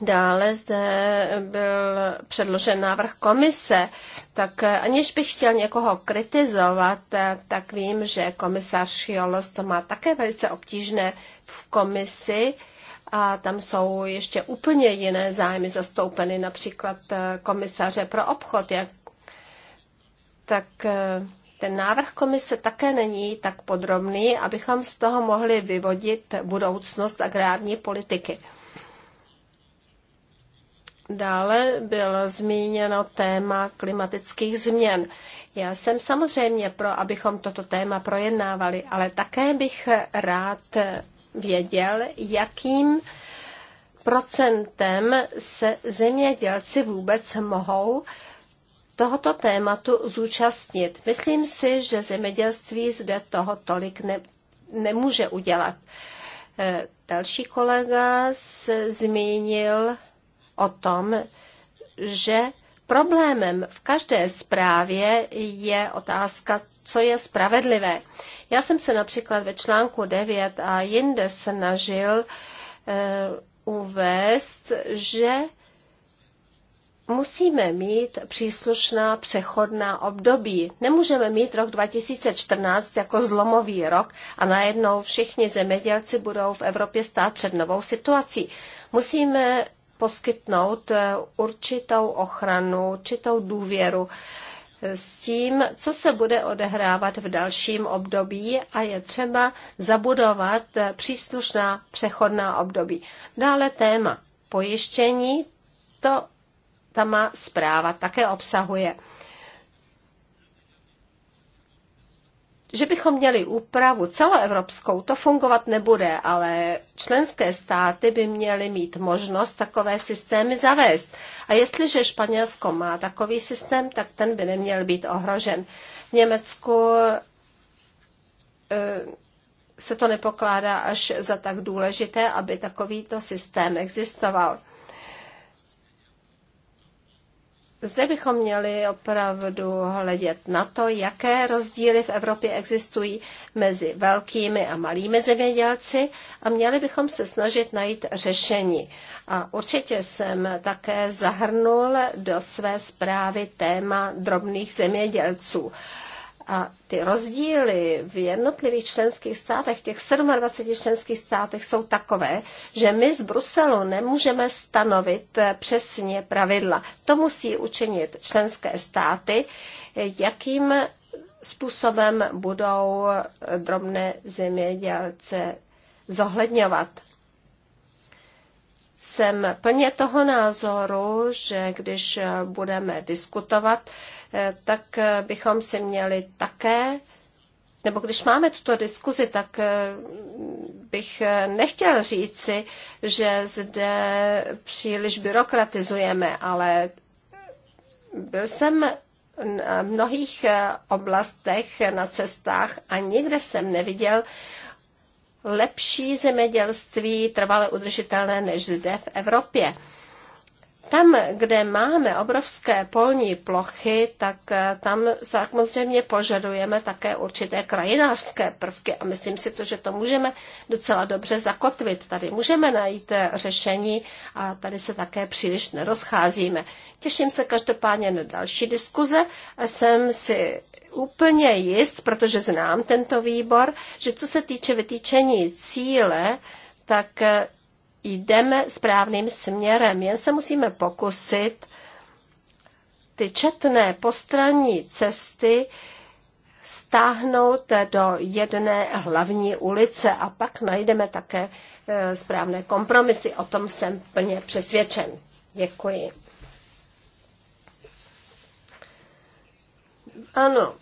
Dále zde byl předložen návrh komise, tak eh, aniž bych chtěl někoho kritizovat, eh, tak vím, že komisař Jolos to má také velice obtížné v komisi a tam jsou ještě úplně jiné zájmy zastoupeny, například eh, komisaře pro obchod, jak, tak ten návrh komise také není tak podrobný, abychom z toho mohli vyvodit budoucnost agrární politiky. Dále bylo zmíněno téma klimatických změn. Já jsem samozřejmě pro, abychom toto téma projednávali, ale také bych rád věděl, jakým procentem se zemědělci vůbec mohou tohoto tématu zúčastnit. Myslím si, že zemědělství zde toho tolik ne, nemůže udělat. E, další kolega se zmínil o tom, že problémem v každé zprávě je otázka, co je spravedlivé. Já jsem se například ve článku 9 a jinde snažil uh, uvést, že musíme mít příslušná přechodná období. Nemůžeme mít rok 2014 jako zlomový rok a najednou všichni zemědělci budou v Evropě stát před novou situací. Musíme poskytnout eh, určitou ochranu, určitou důvěru eh, s tím, co se bude odehrávat v dalším období a je třeba zabudovat eh, příslušná přechodná období. Dále téma pojištění, to ta má zpráva také obsahuje. že bychom měli úpravu celoevropskou, to fungovat nebude, ale členské státy by měly mít možnost takové systémy zavést. A jestliže Španělsko má takový systém, tak ten by neměl být ohrožen. V Německu eh, se to nepokládá až za tak důležité, aby takovýto systém existoval. Zde bychom měli opravdu hledět na to, jaké rozdíly v Evropě existují mezi velkými a malými zemědělci a měli bychom se snažit najít řešení. A určitě jsem také zahrnul do své zprávy téma drobných zemědělců. A ty rozdíly v jednotlivých členských státech, v těch 27 členských státech jsou takové, že my z Bruselu nemůžeme stanovit eh, přesně pravidla. To musí učinit členské státy, eh, jakým způsobem budou eh, drobné zemědělce zohledňovat. Jsem plně toho názoru, že když budeme diskutovat Eh, tak eh, bychom si měli také, nebo když máme tuto diskuzi, tak eh, bych nechtěl říci, že zde příliš byrokratizujeme, ale byl jsem na mnohých oblastech na cestách a nikde jsem neviděl lepší zemědělství trvale udržitelné než zde v Evropě. Tam, kde máme obrovské polní plochy, tak eh, tam samozřejmě požadujeme také určité krajinářské prvky a myslím si to, že to můžeme docela dobře zakotvit. Tady můžeme najít eh, řešení a tady se také příliš nerozcházíme. Těším se každopádně na další diskuze a jsem si úplně jist, protože znám tento výbor, že co se týče vytýčení cíle, tak eh, jdeme správným směrem, jen se musíme pokusit ty četné postranní cesty stáhnout do jedné hlavní ulice a pak najdeme také e, správné kompromisy. O tom jsem plně přesvědčen. Děkuji. Ano,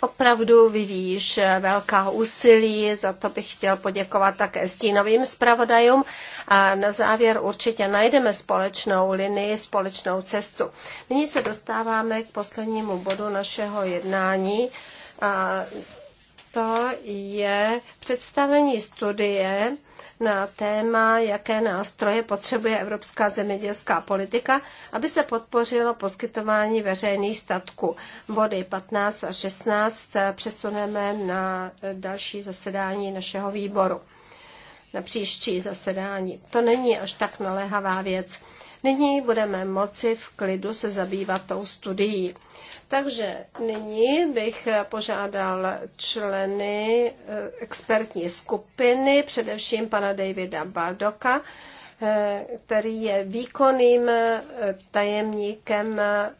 opravdu vyvíjíš velká úsilí, za to bych chtěl poděkovat také stínovým zpravodajům a na závěr určitě najdeme společnou linii, společnou cestu. Nyní se dostáváme k poslednímu bodu našeho jednání. A to je představení studie na téma, jaké nástroje potřebuje evropská zemědělská politika, aby se podpořilo poskytování veřejných statků. Body 15 a 16 přesuneme na další zasedání našeho výboru, na příští zasedání. To není až tak naléhavá věc. Nyní budeme moci v klidu se zabývat tou studií. Takže nyní bych požádal členy eh, expertní skupiny, především pana Davida Bardoka, který je výkonným eh, tajemníkem eh,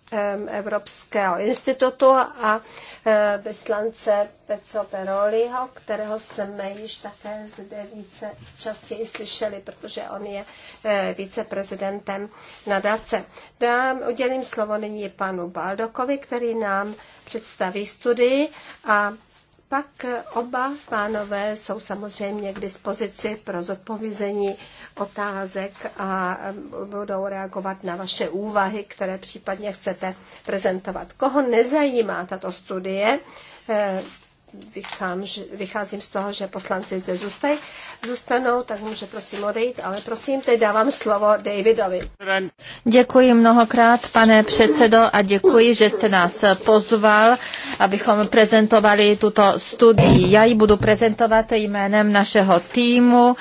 Evropského institutu a eh, vyslance Peco Peroliho, kterého jsme již také zde více častěji slyšeli, protože on je viceprezidentem nadace. Dám, udělím slovo nyní panu Baldokovi, který nám představí studii a pak eh, oba pánové jsou samozřejmě k dispozici pro zodpovězení otázek a eh, budou reagovat na vaše úvahy, které případně chcete prezentovat. Koho nezajímá tato studie, eh, vychám, že, vycházím z toho, že poslanci zde zůstaj, zůstanou, tak může prosím odejít, ale prosím, teď dávám slovo Davidovi. Děkuji mnohokrát, pane předsedo, a děkuji, že jste nás pozval, abychom prezentovali tuto studii. Já ji budu prezentovat jménem našeho týmu.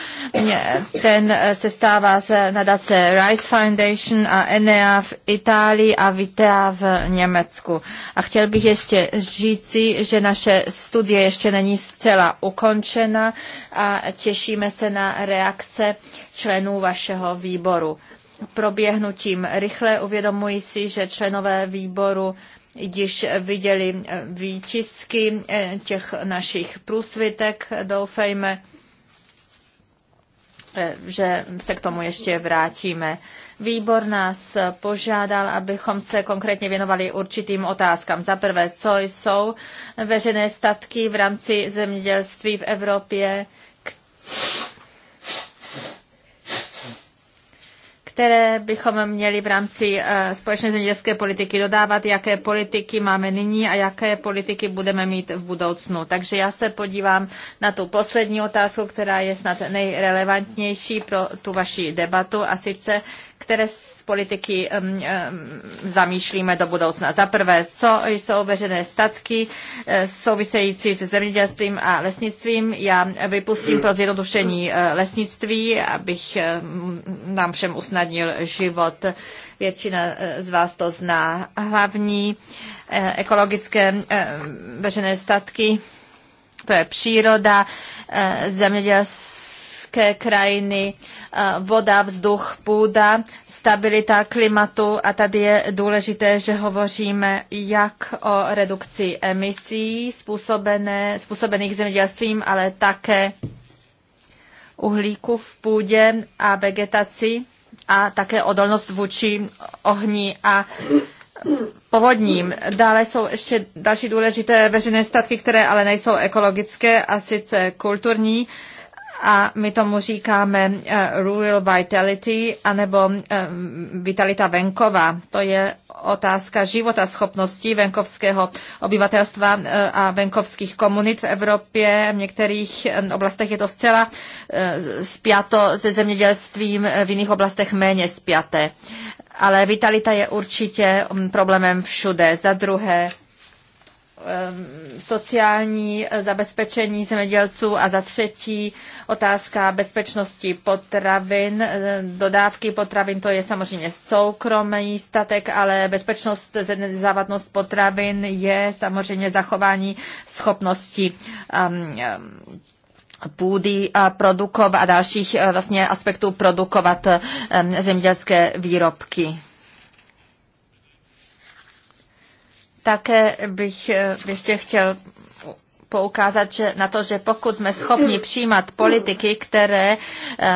Ten se stává z nadace Rice Foundation a Enea v Itálii a Vitea v Německu. A chtěl bych ještě říci, že naše studie studie ještě není zcela ukončena a těšíme se na reakce členů vašeho výboru. Proběhnutím rychle uvědomuji si, že členové výboru již viděli výčisky eh, těch našich průsvitek, doufejme, Eh, že se k tomu ještě vrátíme. Výbor nás požádal, abychom se konkrétně věnovali určitým otázkám. Za prvé, co jsou veřejné statky v rámci zemědělství v Evropě, které bychom měli v rámci eh, společné zemědělské politiky dodávat, jaké politiky máme nyní a jaké politiky budeme mít v budoucnu. Takže já se podívám na tu poslední otázku, která je snad nejrelevantnější pro tu vaši debatu a sice které z politiky zamýšlíme do budoucna. Za prvé, co jsou veřejné statky eh, související se zemědělstvím a lesnictvím. Já vypustím pro zjednodušení eh, lesnictví, abych eh, nám všem usnadnil život. Většina z vás to zná. Hlavní ekologické veřejné statky, to je příroda, zemědělství, lidské krajiny, eh, voda, vzduch, půda, stabilita klimatu a tady je důležité, že hovoříme jak o redukci emisí způsobené, způsobených zemědělstvím, ale také uhlíku v půdě a vegetaci a také odolnost vůči ohni a povodním. Dále jsou ještě další důležité veřejné statky, které ale nejsou ekologické a sice kulturní a my tomu říkáme eh, rural vitality anebo eh, vitalita venkova. To je otázka života schopnosti venkovského obyvatelstva eh, a venkovských komunit v Evropě. V některých oblastech je to zcela spjato se zemědělstvím, v jiných oblastech méně spjaté. Ale vitalita je určitě mm, problémem všude. Za druhé, Eh, sociální zabezpečení zemědělců a za třetí otázka bezpečnosti potravin, eh, dodávky potravin, to je samozřejmě soukromý statek, ale bezpečnost, závadnost potravin je samozřejmě zachování schopnosti ehm, ehm, půdy a produkov a dalších eh, vlastně aspektů produkovat ehm, zemědělské výrobky. Také bych eh, ještě chtěl poukázat že na to, že pokud jsme schopni přijímat politiky, které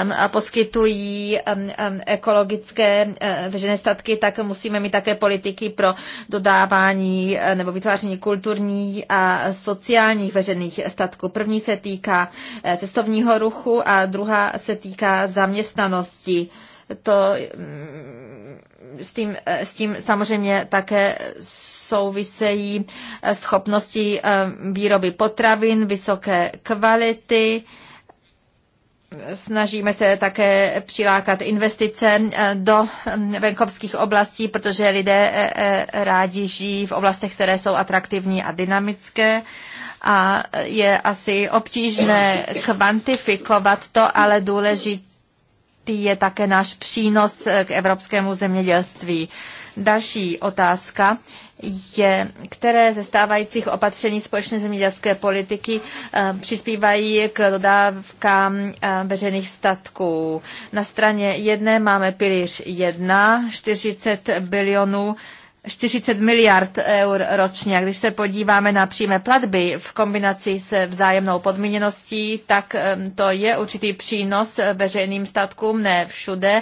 um, poskytují um, um, ekologické uh, veřejné statky, tak musíme mít také politiky pro dodávání uh, nebo vytváření kulturních a sociálních veřejných statků. První se týká uh, cestovního ruchu a druhá se týká zaměstnanosti. To um, s tím, eh, s tím samozřejmě také souvisejí eh, schopnosti eh, výroby potravin, vysoké kvality, Snažíme se také přilákat investice do venkovských oblastí, protože lidé rádi žijí v oblastech, které jsou atraktivní a dynamické. A je asi obtížné kvantifikovat to, ale důležité je také náš přínos eh, k evropskému zemědělství. Další otázka je, které ze stávajících opatření společné zemědělské politiky eh, přispívají k dodávkám eh, veřejných statků. Na straně jedné máme pilíř 1, 40 bilionů 40 miliard eur ročně. A když se podíváme na přímé platby v kombinaci s vzájemnou podmíněností, tak to je určitý přínos veřejným statkům, ne všude,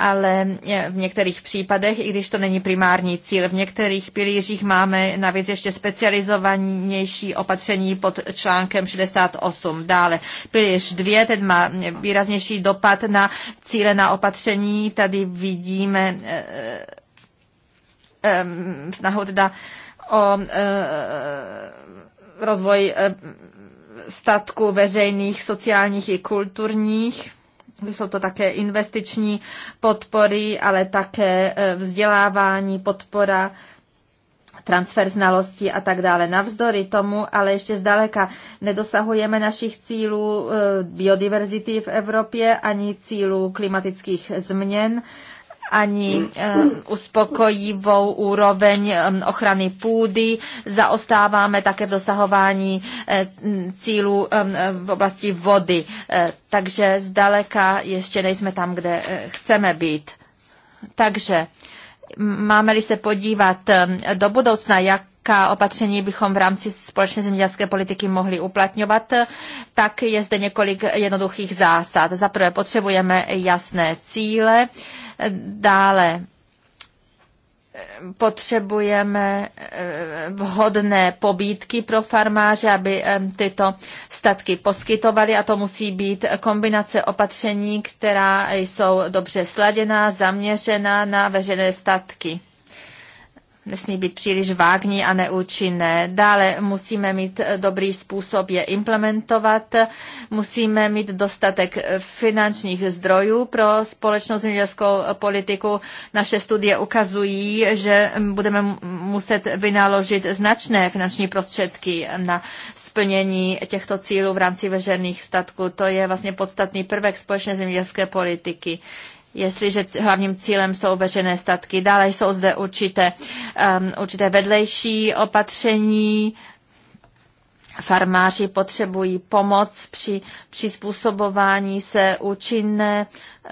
ale e, v některých případech, i když to není primární cíl, v některých pilířích máme navíc ještě specializovanější opatření pod článkem 68. Dále pilíř 2, ten má výraznější dopad na cíle na opatření. Tady vidíme e, snahou teda o rozvoj statku veřejných, sociálních i kulturních. Jsou to také investiční podpory, ale také vzdělávání, podpora transfer znalostí a tak dále. Navzdory tomu, ale ještě zdaleka nedosahujeme našich cílů eh, biodiverzity v Evropě ani cílů klimatických změn ani eh, uspokojivou úroveň eh, ochrany půdy. Zaostáváme také v dosahování eh, cílů v oblasti vody. Takže zdaleka ještě nejsme tam, kde chceme být. Takže máme-li se podívat do budoucna, jak jaká opatření bychom v rámci společné zemědělské politiky mohli uplatňovat, tak je zde několik jednoduchých zásad. Za prvé potřebujeme jasné cíle, dále eh, potřebujeme eh, vhodné pobídky pro farmáře, aby eh, tyto statky poskytovaly a to musí být kombinace opatření, která jsou dobře sladěná, zaměřená na veřejné statky nesmí být příliš vágní a neúčinné. Dále musíme mít dobrý způsob je implementovat, musíme mít dostatek finančních zdrojů pro společnou zemědělskou politiku. Naše studie ukazují, že budeme muset vynaložit značné finanční prostředky na splnění těchto cílů v rámci veřejných statků. To je vlastně podstatný prvek společné zemědělské politiky jestliže hlavním cílem jsou veřejné statky. Dále jsou zde určité, um, určité vedlejší opatření. Farmáři potřebují pomoc při přizpůsobování se účinné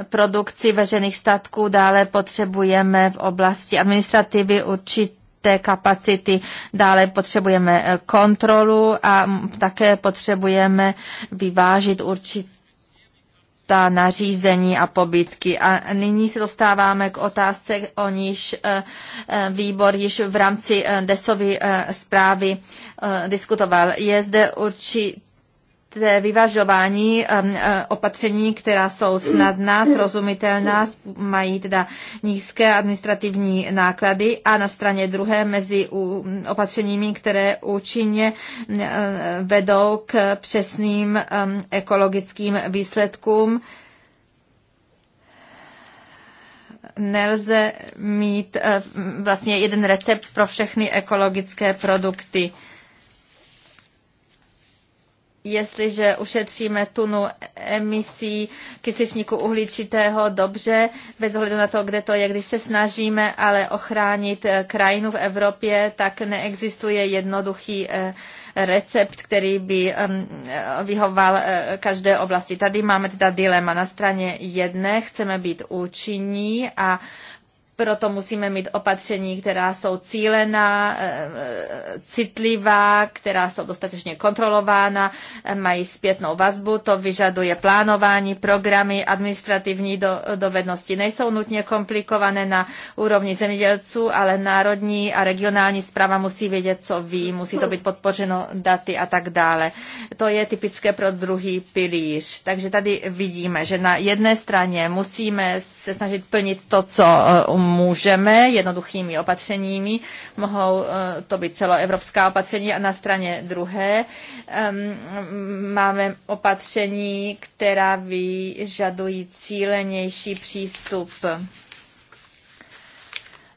produkci veřejných statků. Dále potřebujeme v oblasti administrativy určitě kapacity. Dále potřebujeme eh, kontrolu a také potřebujeme vyvážit určitě ta nařízení a pobytky. A nyní se dostáváme k otázce, o níž eh, eh, výbor již v rámci eh, DESovy zprávy diskutoval. Je zde určitě vyvažování um, eh, opatření, která jsou snadná, srozumitelná, mají teda nízké administrativní náklady a na straně druhé mezi opatřeními, které účinně eh, vedou k přesným um, ekologickým výsledkům, nelze mít eh, vlastně jeden recept pro všechny ekologické produkty jestliže ušetříme tunu emisí kysličníku uhličitého dobře, bez ohledu na to, kde to je, když se snažíme ale ochránit eh, krajinu v Evropě, tak neexistuje jednoduchý eh, recept, který by eh, vyhoval každé oblasti. Tady máme teda dilema. Na straně jedné chceme být účinní a proto musíme mít opatření, která jsou cílená, eh, eh, citlivá, která jsou dostatečně kontrolována, eh, mají zpětnou vazbu, to vyžaduje plánování, programy, administrativní dovednosti. Nejsou nutně komplikované na úrovni zemědělců, ale národní a regionální zpráva musí vědět, co ví, musí to být podpořeno daty a tak dále. To je typické pro druhý pilíř. Takže tady vidíme, že na jedné straně musíme se snažit plnit to, co um můžeme jednoduchými opatřeními. Mohou eh, to být celoevropská opatření a na straně druhé ehm, máme opatření, která vyžadují cílenější přístup.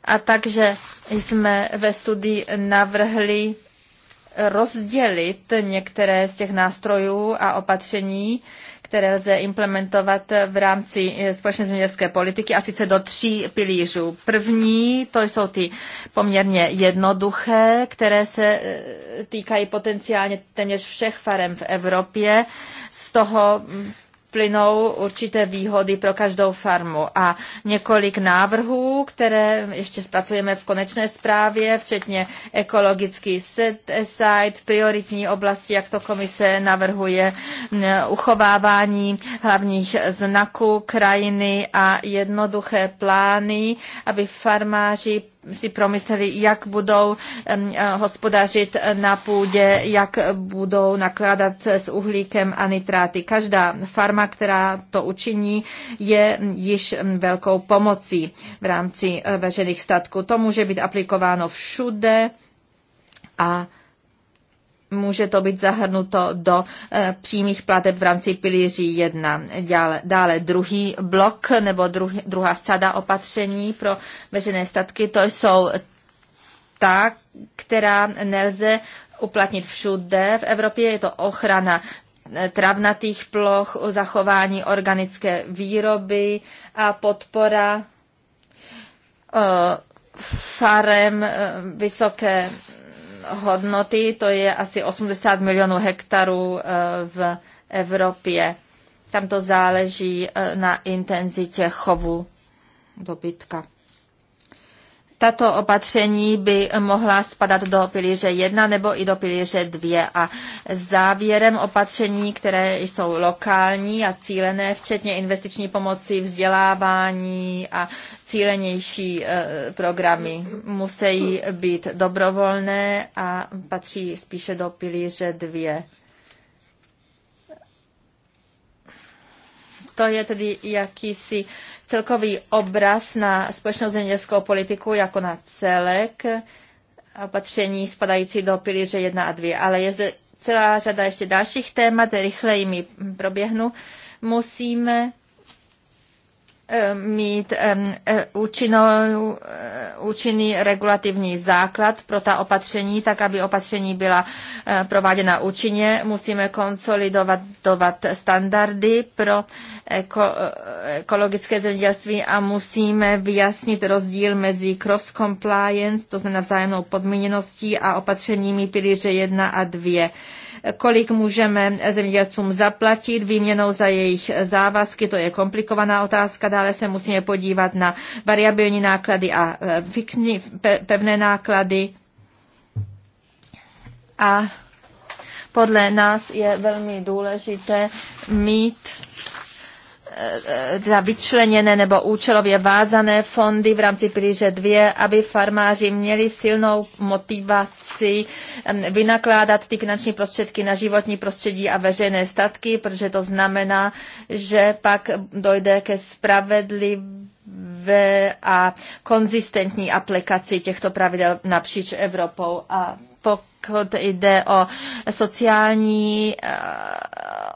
A takže jsme ve studii navrhli rozdělit některé z těch nástrojů a opatření, které lze implementovat v rámci eh, společné zemědělské politiky, a sice do tří pilířů. První, to jsou ty poměrně jednoduché, které se eh, týkají potenciálně téměř všech farem v Evropě. Z toho hm, plynou určité výhody pro každou farmu a několik návrhů, které ještě zpracujeme v konečné zprávě, včetně ekologický set aside, prioritní oblasti, jak to komise navrhuje, uchovávání hlavních znaků krajiny a jednoduché plány, aby farmáři si promysleli, jak budou eh, hospodařit na půdě, jak budou nakládat s uhlíkem a nitráty. Každá farma, která to učiní, je již velkou pomocí v rámci eh, veřejných statků. To může být aplikováno všude a může to být zahrnuto do eh, přímých plateb v rámci pilíří 1. Dále, dále druhý blok nebo druh, druhá sada opatření pro veřejné statky, to jsou ta, která nelze uplatnit všude. V Evropě je to ochrana eh, travnatých ploch, zachování organické výroby a podpora eh, farem vysoké hodnoty, to je asi 80 milionů hektarů eh, v Evropě. Tam to záleží eh, na intenzitě chovu dobytka. Tato opatření by mohla spadat do pilíře 1 nebo i do pilíře 2 a závěrem opatření, které jsou lokální a cílené, včetně investiční pomoci, vzdělávání a cílenější e, programy, musí být dobrovolné a patří spíše do pilíře 2. to je tedy jakýsi celkový obraz na společnou zemědělskou politiku jako na celek, opatření spadající do pilíře 1 a 2, ale je zde celá řada ještě dalších témat, rychleji mi proběhnu. Musíme mít e, účinnou, e, účinný regulativní základ pro ta opatření, tak aby opatření byla e, prováděna účinně. Musíme konsolidovat standardy pro ekologické zemědělství a musíme vyjasnit rozdíl mezi cross-compliance, to znamená vzájemnou podmíněností a opatřeními pilíře 1 a 2 kolik můžeme zemědělcům zaplatit výměnou za jejich závazky, to je komplikovaná otázka. Dále se musíme podívat na variabilní náklady a e, fixní, pevné náklady. A podle nás je velmi důležité mít teda vyčleněné nebo účelově vázané fondy v rámci pilíře 2, aby farmáři měli silnou motivaci vynakládat ty finanční prostředky na životní prostředí a veřejné statky, protože to znamená, že pak dojde ke spravedlivé a konzistentní aplikaci těchto pravidel napříč Evropou. A pokud jde o sociální eh,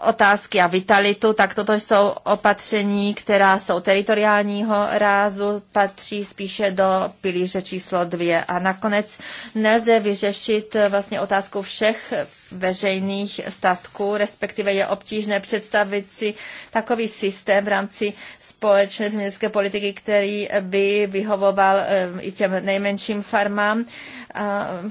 otázky a vitalitu, tak toto jsou opatření, která jsou teritoriálního rázu, patří spíše do pilíře číslo dvě. A nakonec nelze vyřešit vlastně otázku všech veřejných statků, respektive je obtížné představit si takový systém v rámci společné zemědělské politiky, který by vyhovoval eh, i těm nejmenším farmám,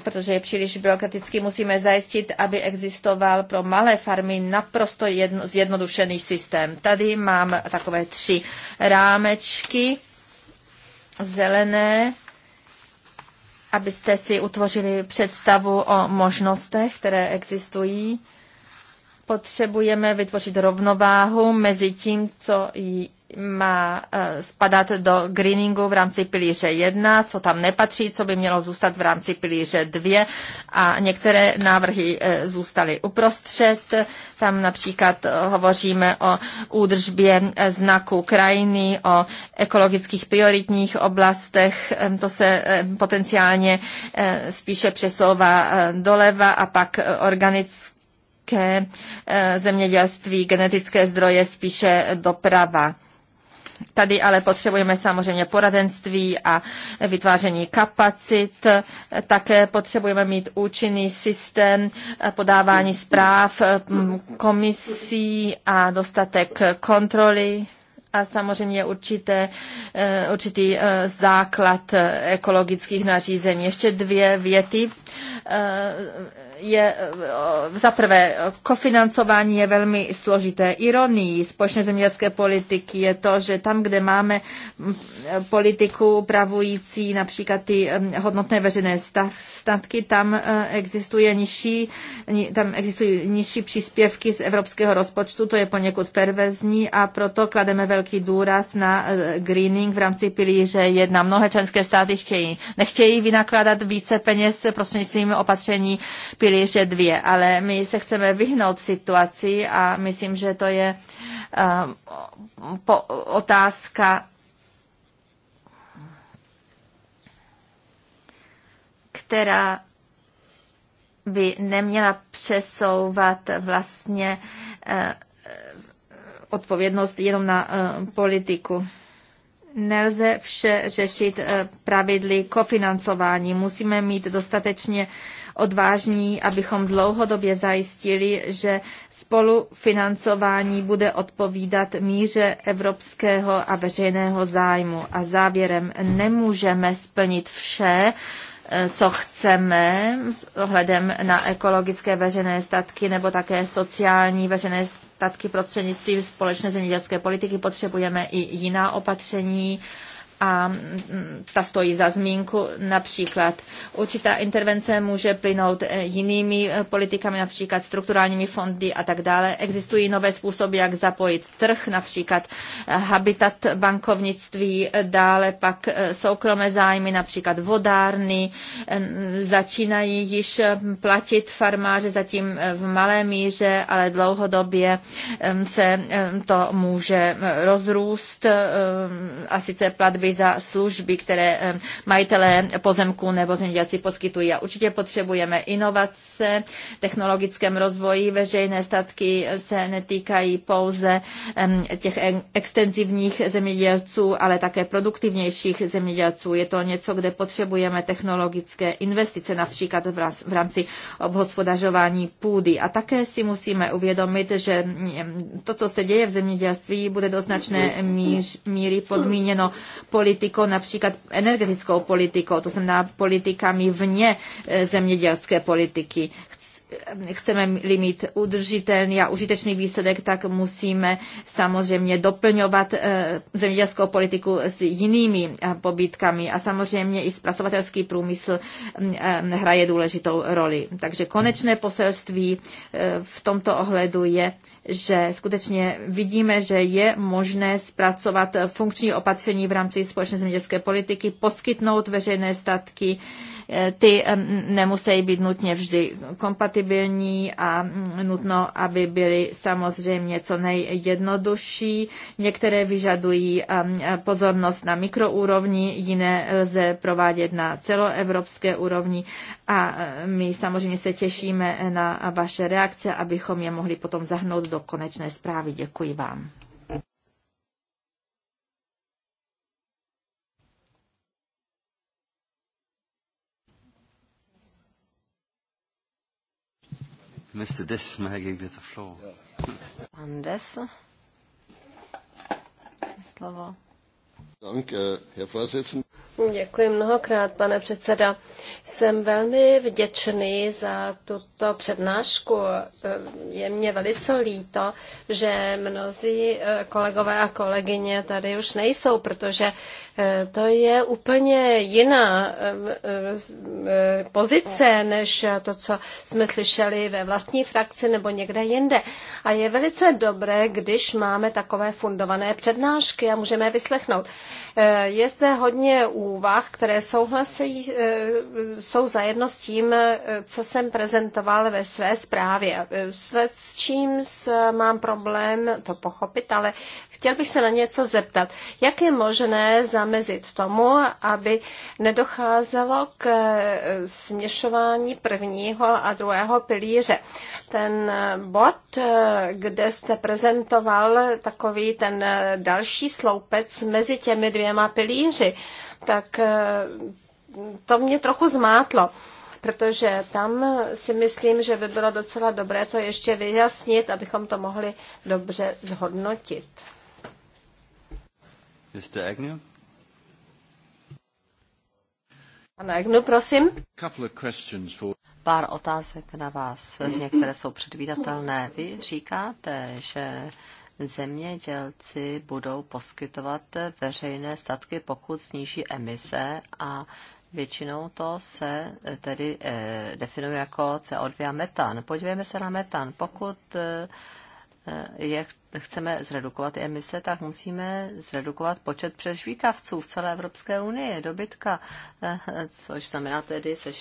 protože je příliš byrokraticky. Musíme zajistit, aby existoval pro malé farmy naprosto jedno, zjednodušený systém. Tady mám takové tři rámečky zelené, abyste si utvořili představu o možnostech, které existují potřebujeme vytvořit rovnováhu mezi tím, co má eh, spadat do greeningu v rámci pilíře 1, co tam nepatří, co by mělo zůstat v rámci pilíře 2 a některé návrhy eh, zůstaly uprostřed. Tam například eh, hovoříme o údržbě znaku krajiny, o ekologických prioritních oblastech. To se potenciálně spíše přesouvá doleva a pak organické zemědělství, genetické zdroje, spíše doprava. Tady ale potřebujeme samozřejmě poradenství a vytváření kapacit. Také potřebujeme mít účinný systém podávání zpráv mm, komisí a dostatek kontroly a samozřejmě určité, eh, určitý eh, základ ekologických nařízení. Ještě dvě věty. Eh, je eh, za prvé kofinancování je velmi složité. Ironií společné zemědělské politiky je to, že tam, kde máme mm, politiku upravující například ty mm, hodnotné veřejné statky, tam eh, existuje nižší, tam existují nižší příspěvky z evropského rozpočtu, to je poněkud pervezní a proto klademe velký důraz na eh, greening v rámci pilíře jedna Mnohé členské státy chtějí, nechtějí vynakládat více peněz prostřednictvím opatření pilíře pilíře dvě, ale my se chceme vyhnout situaci a myslím, že to je um, po, otázka která by neměla přesouvat vlastně uh, odpovědnost jenom na uh, politiku. Nelze vše řešit uh, pravidly kofinancování. Musíme mít dostatečně odvážní, abychom dlouhodobě zajistili, že spolufinancování bude odpovídat míře evropského a veřejného zájmu. A závěrem nemůžeme splnit vše, eh, co chceme s ohledem na ekologické veřejné statky nebo také sociální veřejné statky prostřednictvím společné zemědělské politiky. Potřebujeme i jiná opatření, a ta stojí za zmínku. Například určitá intervence může plynout eh, jinými eh, politikami, například strukturálními fondy a tak dále. Existují nové způsoby, jak zapojit trh, například eh, habitat bankovnictví, dále pak soukromé zájmy, například vodárny, začínají již platit farmáře zatím v malé míře, ale dlouhodobě se to může rozrůst a sice platby za služby, které majitelé pozemku nebo zemědělci poskytují. A určitě potřebujeme inovace, technologickém rozvoji, veřejné statky se netýkají pouze těch extenzivních zemědělců, ale také produktivnějších zemědělců. Je to něco, kde potřebujeme technologické investice, například v rámci obhospodařování půdy. A také si musíme uvědomit, že to, co se děje v zemědělství, bude do značné míř, míry podmíněno politikou, například energetickou politikou, to znamená politikami vně eh, zemědělské politiky chceme-li mít udržitelný a užitečný výsledek, tak musíme samozřejmě doplňovat eh, zemědělskou politiku s jinými eh, pobítkami a samozřejmě i zpracovatelský průmysl mm, eh, hraje důležitou roli. Takže konečné poselství v tomto ohledu je, že skutečně vidíme, že je možné zpracovat funkční opatření v rámci společné zemědělské politiky, poskytnout veřejné statky, ty nemusí být nutně vždy kompatibilní a mm, nutno, aby byly samozřejmě co nejjednodušší. Některé vyžadují pozornost na mikroúrovni, jiné lze provádět na celoevropské úrovni a my samozřejmě se těšíme na vaše reakce, abychom je mohli potom zahrnout do konečné zprávy. Děkuji vám. Mr. Dess, may I give you the floor? Pan Dess. Slovo. Eh, Děkuji mnohokrát, pane předseda. Jsem velmi vděčný za tuto přednášku. Je mě velice líto, že mnozí eh, kolegové a kolegyně tady už nejsou, protože Eh, to je úplně jiná eh, eh, pozice, než to, co jsme slyšeli ve vlastní frakci nebo někde jinde. A je velice dobré, když máme takové fundované přednášky a můžeme je vyslechnout. Je zde hodně úvah, které souhlasí, jsou zajedno s tím, co jsem prezentoval ve své zprávě. S čím mám problém to pochopit, ale chtěl bych se na něco zeptat. Jak je možné za zamezit tomu, aby nedocházelo k eh, směšování prvního a druhého pilíře. Ten eh, bod, eh, kde jste prezentoval takový ten další sloupec mezi těmi dvěma pilíři, tak to mě trochu zmátlo protože tam si myslím, že by bylo docela dobré to ještě vyjasnit, abychom to mohli dobře zhodnotit. Mr. Agnew? Egnu, prosím. Pár otázek na vás. Některé jsou předvídatelné. Vy říkáte, že zemědělci budou poskytovat veřejné statky, pokud sníží emise a Většinou to se tedy eh, definuje jako CO2 a metan. Podívejme se na metan. Pokud e, eh, je chceme zredukovat emise, tak musíme zredukovat počet přežvíkavců v celé Evropské unii, dobytka, eh, což znamená tedy se,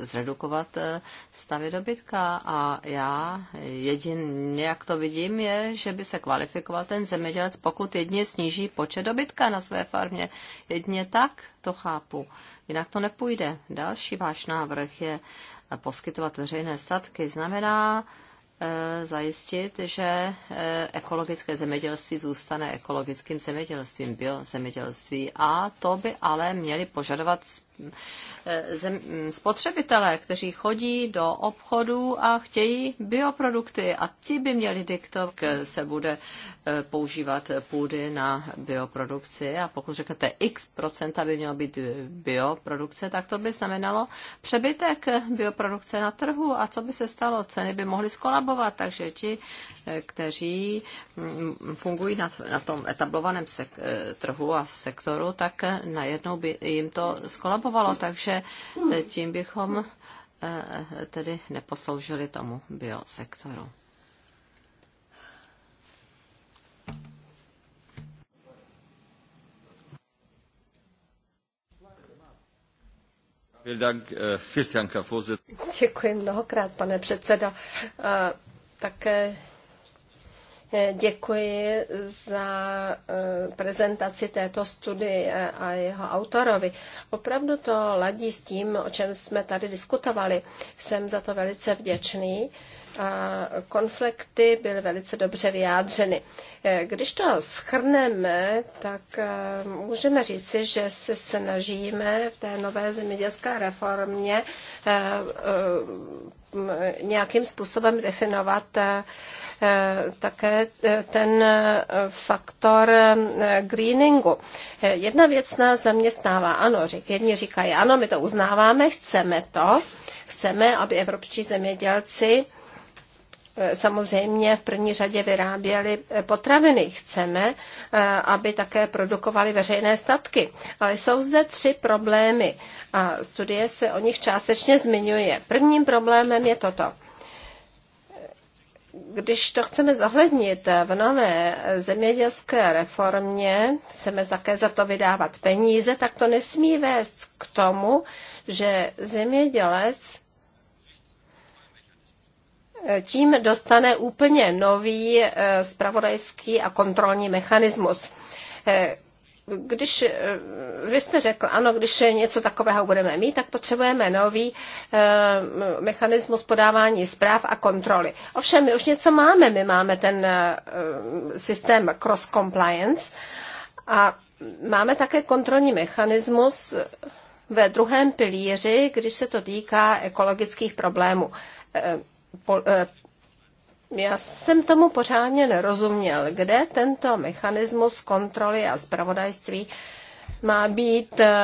zredukovat eh, stavy dobytka. A já jedině, jak to vidím, je, že by se kvalifikoval ten zemědělec, pokud jedně sníží počet dobytka na své farmě. Jedně tak to chápu. Jinak to nepůjde. Další váš návrh je poskytovat veřejné statky. Znamená, Eh, zajistit, že eh, ekologické zemědělství zůstane ekologickým zemědělstvím, biozemědělství. A to by ale měly požadovat zem, spotřebitelé, kteří chodí do obchodů a chtějí bioprodukty a ti by měli diktovat, se bude eh, používat půdy na bioprodukci a pokud řeknete x procenta by mělo být bioprodukce, tak to by znamenalo přebytek bioprodukce na trhu a co by se stalo? Ceny by mohly skolabovat, takže ti, eh, kteří mm, fungují na, na tom etablovaném sek, eh, trhu a sektoru, tak najednou by jim to skolabovalo nezachovalo, takže eh, tím bychom eh, tedy neposloužili tomu biosektoru. Eh, Děkuji mnohokrát, pane předsedo. Také Eh, děkuji za eh, prezentaci této studie a jeho autorovi. Opravdu to ladí s tím, o čem jsme tady diskutovali. Jsem za to velice vděčný a konflikty byly velice dobře vyjádřeny. Eh, když to schrneme, tak eh, můžeme říci, že se snažíme v té nové zemědělské reformě eh, nějakým způsobem definovat také ten faktor greeningu. Jedna věc nás zaměstnává. Ano, jedni říkají, ano, my to uznáváme, chceme to, chceme, aby evropští zemědělci samozřejmě v první řadě vyráběli potraviny. Chceme, eh, aby také produkovali veřejné statky. Ale jsou zde tři problémy a studie se o nich částečně zmiňuje. Prvním problémem je toto když to chceme zohlednit v nové zemědělské reformě, chceme také za to vydávat peníze, tak to nesmí vést k tomu, že zemědělec tím dostane úplně nový spravodajský eh, a kontrolní mechanismus. Eh, když eh, vy jste řekl, ano, když něco takového budeme mít, tak potřebujeme nový mechanismus podávání zpráv a kontroly. Ovšem, my už něco máme. My máme ten systém cross-compliance a máme také kontrolní mechanismus ve druhém pilíři, když se to týká ekologických problémů po, eh, já jsem tomu pořádně nerozuměl, kde tento mechanismus kontroly a zpravodajství má být eh,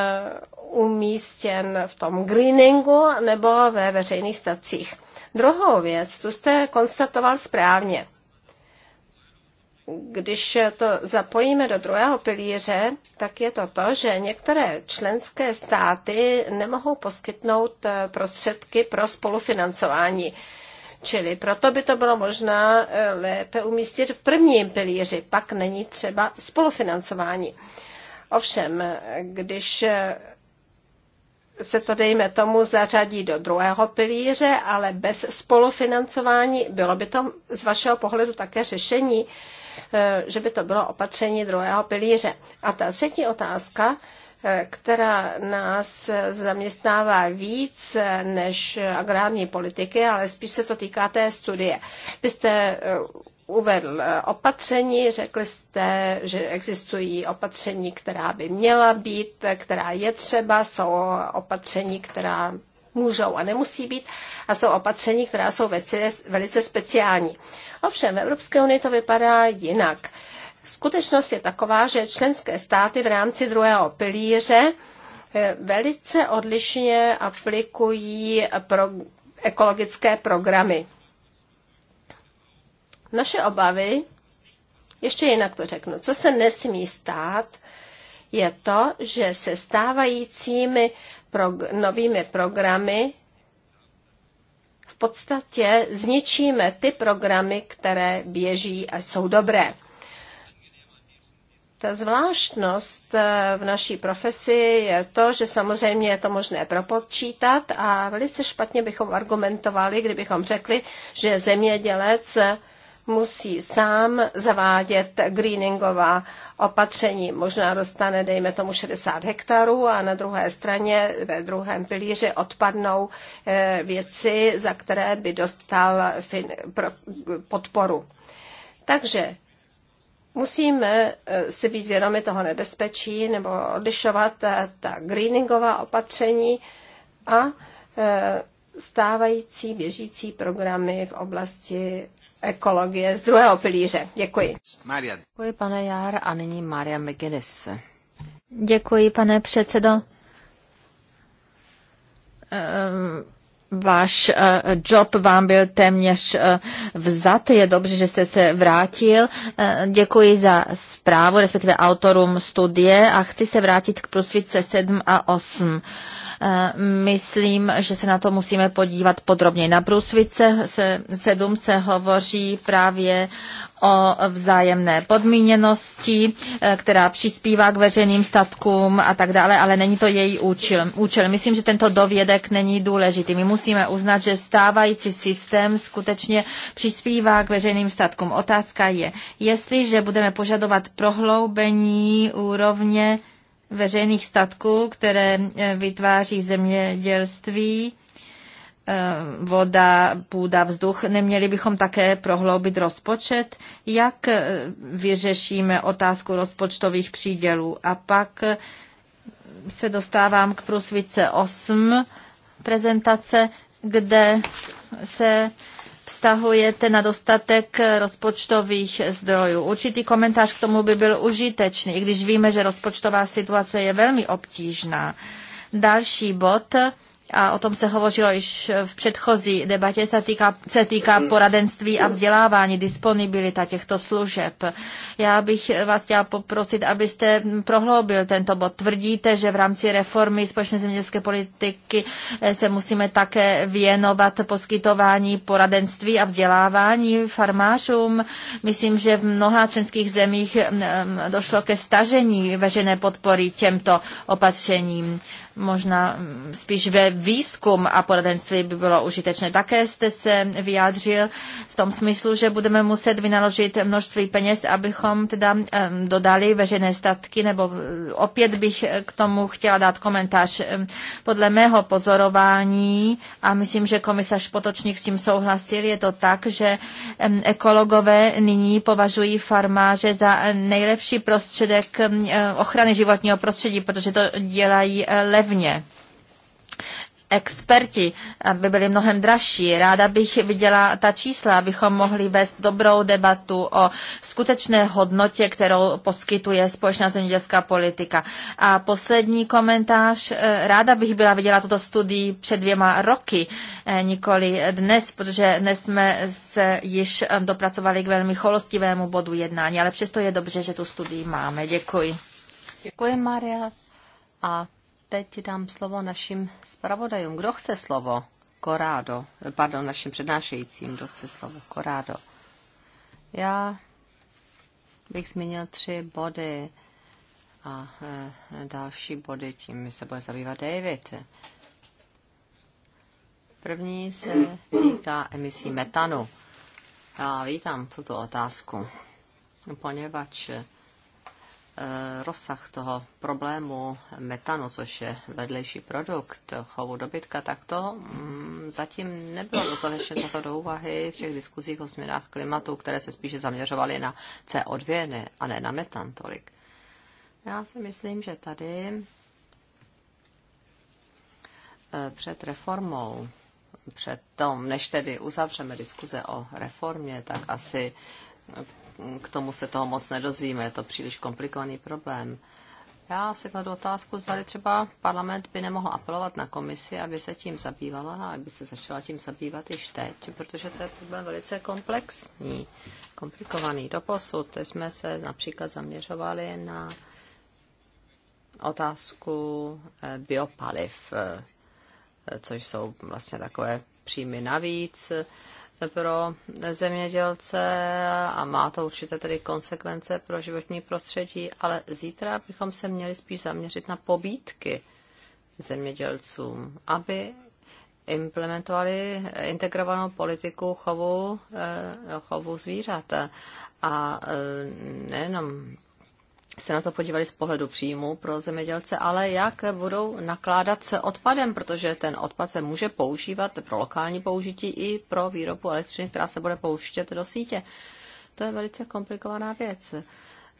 umístěn v tom greeningu nebo ve veřejných stacích. Druhou věc, tu jste konstatoval správně. Když to zapojíme do druhého pilíře, tak je to to, že některé členské státy nemohou poskytnout eh, prostředky pro spolufinancování. Čili proto by to bylo možná eh, lépe umístit v prvním pilíři, pak není třeba spolufinancování. Ovšem, když eh, se to, dejme tomu, zařadí do druhého pilíře, ale bez spolufinancování, bylo by to z vašeho pohledu také řešení, eh, že by to bylo opatření druhého pilíře. A ta třetí otázka která nás zaměstnává víc než agrární politiky, ale spíš se to týká té studie. Vy jste eh, uvedl eh, opatření, řekli jste, že existují opatření, která by měla být, která je třeba, jsou opatření, která můžou a nemusí být a jsou opatření, která jsou velice speciální. Ovšem, v Evropské unii to vypadá jinak. Skutečnost je taková, že členské státy v rámci druhého pilíře eh, velice odlišně aplikují pro ekologické programy. Naše obavy, ještě jinak to řeknu, co se nesmí stát, je to, že se stávajícími prog- novými programy v podstatě zničíme ty programy, které běží a jsou dobré. Ta zvláštnost eh, v naší profesi je to, že samozřejmě je to možné propočítat a velice špatně bychom argumentovali, kdybychom řekli, že zemědělec musí sám zavádět greeningová opatření. Možná dostane, dejme tomu, 60 hektarů a na druhé straně ve druhém pilíři odpadnou eh, věci, za které by dostal podporu. Takže Musíme eh, si být vědomi toho nebezpečí nebo odlišovat eh, ta greeningová opatření a eh, stávající běžící programy v oblasti ekologie z druhého pilíře. Děkuji. Maria. Děkuji, pane Jár, a nyní Maria McGinnis. Děkuji, pane předsedo. Um váš eh, job vám byl téměř eh, vzat. Je dobře, že jste se vrátil. Eh, děkuji za zprávu, respektive autorům studie a chci se vrátit k prosvědce 7 a 8. Eh, myslím, že se na to musíme podívat podrobně. Na Brusvice 7 se hovoří právě o vzájemné podmíněnosti, eh, která přispívá k veřejným statkům a tak dále, ale není to její účel. účel. Myslím, že tento dovědek není důležitý. My musíme uznat, že stávající systém skutečně přispívá k veřejným statkům. Otázka je, jestliže budeme požadovat prohloubení úrovně veřejných statků, které eh, vytváří zemědělství, eh, voda, půda, vzduch, neměli bychom také prohloubit rozpočet? Jak eh, vyřešíme otázku rozpočtových přídělů? A pak se dostávám k průsvitce 8 prezentace, kde se vztahujete na dostatek rozpočtových zdrojů. Určitý komentář k tomu by byl užitečný, i když víme, že rozpočtová situace je velmi obtížná. Další bod a o tom se hovořilo již v předchozí debatě, se týká, se týká poradenství a vzdělávání, disponibilita těchto služeb. Já bych vás chtěla poprosit, abyste prohloubil tento bod. Tvrdíte, že v rámci reformy společné zemědělské politiky eh, se musíme také věnovat poskytování poradenství a vzdělávání farmářům. Myslím, že v mnoha členských zemích mm, mm, došlo ke stažení veřejné podpory těmto opatřením možná spíš ve výzkum a poradenství by bylo užitečné. Také jste se vyjádřil v tom smyslu, že budeme muset vynaložit množství peněz, abychom teda dodali veřejné statky, nebo eh, opět bych eh, k tomu chtěla dát komentář. Podle mého pozorování, a myslím, že komisař Potočník s tím souhlasil, je to tak, že ekologové nyní považují farmáře za eh, nejlepší prostředek ochrany životního prostředí, protože to dělají levně levně experti, by byli mnohem dražší. Ráda bych viděla ta čísla, abychom mohli vést dobrou debatu o skutečné hodnotě, kterou poskytuje společná zemědělská politika. A poslední komentář. Eh, ráda bych byla viděla toto studii před dvěma roky, eh, nikoli dnes, protože dnes jsme se již eh, dopracovali k velmi cholostivému bodu jednání, ale přesto je dobře, že tu studii máme. Děkuji. Děkuji, Maria. A teď dám slovo našim zpravodajům. Kdo chce slovo? Korádo. Pardon, našim přednášejícím. Kdo chce slovo? Korádo. Já bych zmínil tři body a e, další body, tím se bude zabývat David. První se týká emisí metanu. Já vítám tuto otázku, poněvadž Eh, rozsah toho problému metanu, což je vedlejší produkt chovu dobytka, tak to mm, zatím nebylo dostatečně toto do úvahy v těch diskuzích o změnách klimatu, které se spíše zaměřovaly na CO2 ne, a ne na metan tolik. Já si myslím, že tady eh, před reformou, před tom, než tedy uzavřeme diskuze o reformě, tak asi k tomu se toho moc nedozvíme, je to příliš komplikovaný problém. Já si kladu otázku, zda třeba parlament by nemohl apelovat na komisi, aby se tím zabývala a aby se začala tím zabývat již teď, protože to je problém velice komplexní, komplikovaný. Doposud jsme se například zaměřovali na otázku eh, biopaliv, eh, což jsou vlastně takové příjmy navíc, pro zemědělce a má to určité tedy konsekvence pro životní prostředí, ale zítra bychom se měli spíš zaměřit na pobídky zemědělcům, aby implementovali integrovanou politiku chovu, eh, chovu zvířat. A eh, nejenom se na to podívali z pohledu příjmu pro zemědělce, ale jak budou nakládat se odpadem, protože ten odpad se může používat pro lokální použití i pro výrobu elektřiny, která se bude pouštět do sítě. To je velice komplikovaná věc.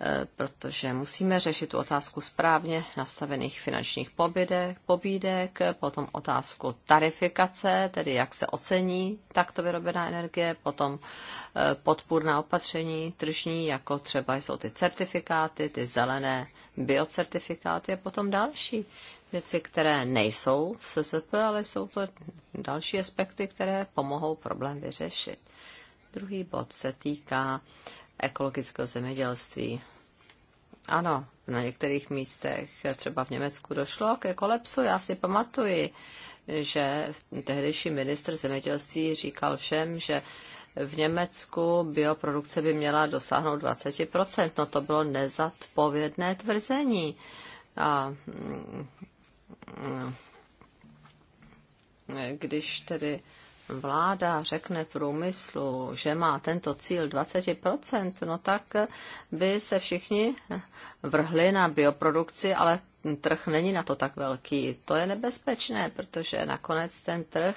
Eh, protože musíme řešit tu otázku správně nastavených finančních pobídek, pobídek, potom otázku tarifikace, tedy jak se ocení takto vyrobená energie, potom eh, podpůrná opatření tržní, jako třeba jsou ty certifikáty, ty zelené biocertifikáty a potom další věci, které nejsou v SSP, ale jsou to další aspekty, které pomohou problém vyřešit. Druhý bod se týká uh, ekologického zemědělství. Ano, na některých místech, třeba v Německu, došlo ke kolepsu. Já si pamatuji, že tehdejší minister zemědělství říkal všem, že v Německu bioprodukce by měla dosáhnout 20%. No to bylo nezadpovědné tvrzení. A mm, mm, když tedy vláda řekne průmyslu, že má tento cíl 20%, no tak by se všichni vrhli na bioprodukci, ale trh není na to tak velký. To je nebezpečné, protože nakonec ten trh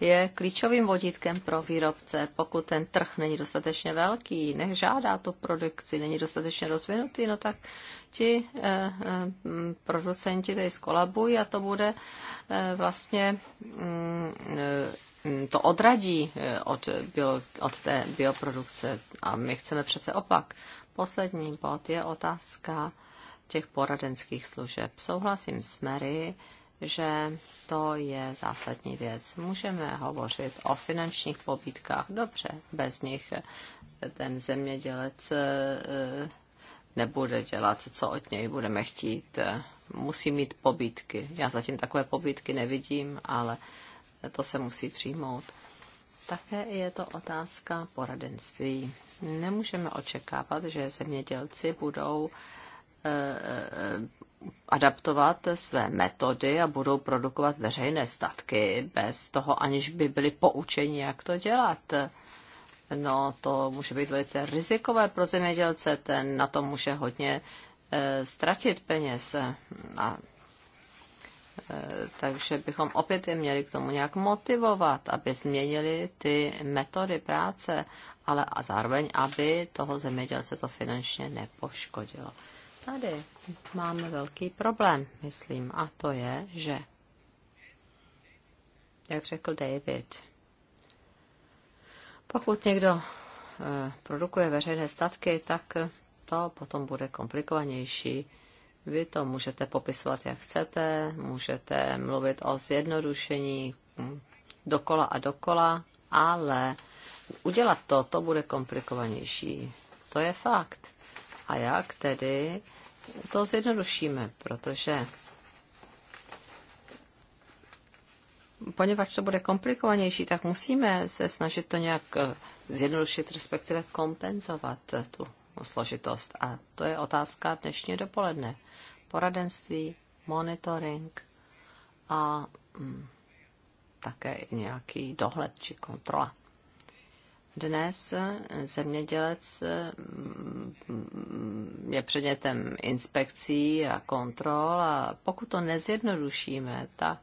je klíčovým vodítkem pro výrobce. Pokud ten trh není dostatečně velký, nežádá tu produkci, není dostatečně rozvinutý, no tak ti eh, eh producenti tady skolabují a to bude eh, vlastně mm, eh, Hm, to odradí eh, od, bio, od té bioprodukce a my chceme přece opak. Poslední bod je otázka těch poradenských služeb. Souhlasím s Mary, že to je zásadní věc. Můžeme hovořit o finančních pobítkách. dobře, bez nich ten zemědělec eh, nebude dělat, co od něj budeme chtít. Musí mít pobítky. Já zatím takové pobítky nevidím, ale to se musí přijmout. Také je to otázka poradenství. Nemůžeme očekávat, že zemědělci budou eh, eh, adaptovat své metody a budou produkovat veřejné statky bez toho, aniž by byli poučeni, jak to dělat. No, to může být velice rizikové pro zemědělce, ten na tom může hodně e, ztratit peněz. A Eh, takže bychom opět je měli k tomu nějak motivovat, aby změnili ty metody práce, ale a zároveň, aby toho zemědělce to finančně nepoškodilo. Tady máme velký problém, myslím, a to je, že, jak řekl David, pokud někdo eh, produkuje veřejné statky, tak to potom bude komplikovanější vy to můžete popisovat, jak chcete, můžete mluvit o zjednodušení dokola a dokola, ale udělat to, to bude komplikovanější. To je fakt. A jak tedy to zjednodušíme, protože poněvadž to bude komplikovanější, tak musíme se snažit to nějak zjednodušit, respektive kompenzovat tu složitost. A to je otázka dnešní dopoledne. Poradenství, monitoring a mm, také nějaký dohled či kontrola. Dnes zemědělec mm, je předmětem inspekcí a kontrol a pokud to nezjednodušíme, tak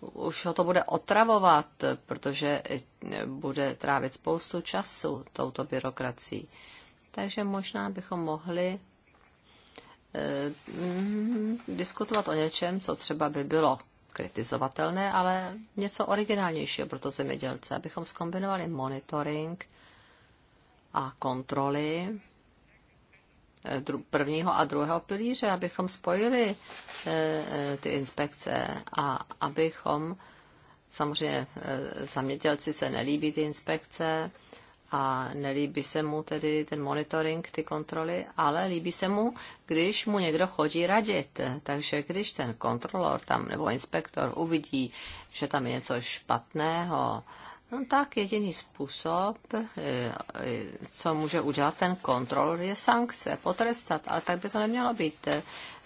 už ho to bude otravovat, protože bude trávit spoustu času touto byrokracií. Takže možná bychom mohli eh, mm, diskutovat o něčem, co třeba by bylo kritizovatelné, ale něco originálnějšího pro to zemědělce, abychom skombinovali monitoring a kontroly eh, prvního a druhého pilíře, abychom spojili eh, ty inspekce a abychom samozřejmě zemědělci se nelíbí ty inspekce, a nelíbí se mu tedy ten monitoring, ty kontroly, ale líbí se mu, když mu někdo chodí radit. Takže když ten kontrolor tam nebo inspektor uvidí, že tam je něco špatného, No tak jediný způsob, eh, eh, co může udělat ten kontrolor, je sankce, potrestat, ale tak by to nemělo být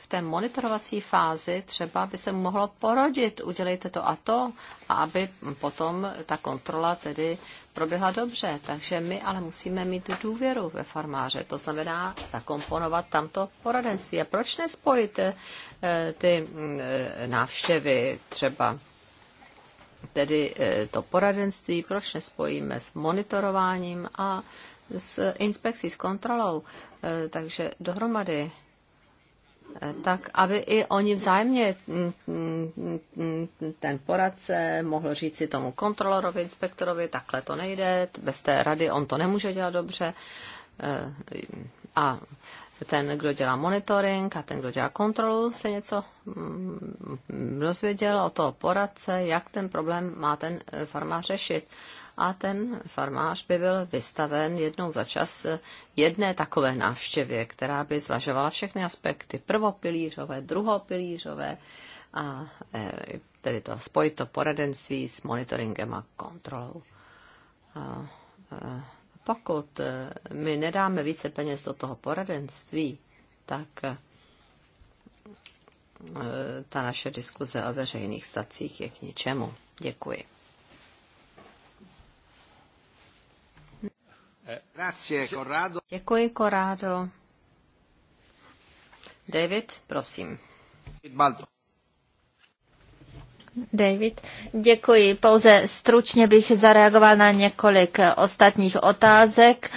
v té monitorovací fázi třeba by se mohlo porodit, udělejte to a to, a aby potom ta kontrola tedy proběhla dobře. Takže my ale musíme mít důvěru ve farmáře, to znamená zakomponovat tamto poradenství. A proč nespojit eh, ty eh, návštěvy třeba tedy eh, to poradenství, proč nespojíme s monitorováním a s inspekcí, s kontrolou. Takže dohromady tak aby i oni vzájemně, mm, mm, mm, ten poradce mohl říct si tomu kontrolorovi, inspektorovi, takhle to nejde, bez té rady on to nemůže dělat dobře. Eh, a ten, kdo dělá monitoring a ten, kdo dělá kontrolu, se něco dozvěděl o toho poradce, jak ten problém má ten eh, farmář řešit a ten farmář by byl vystaven jednou za čas jedné takové návštěvě, která by zvažovala všechny aspekty prvopilířové, druhopilířové a e, tedy to spojit to poradenství s monitoringem a kontrolou. A, a e, pokud e, my nedáme více peněz do toho poradenství, tak ta naše diskuze o veřejných stacích je k ničemu. Děkuji. Děkuji, Corrado. David, prosím. David, děkuji. Pouze stručně bych zareagoval na několik ostatních otázek,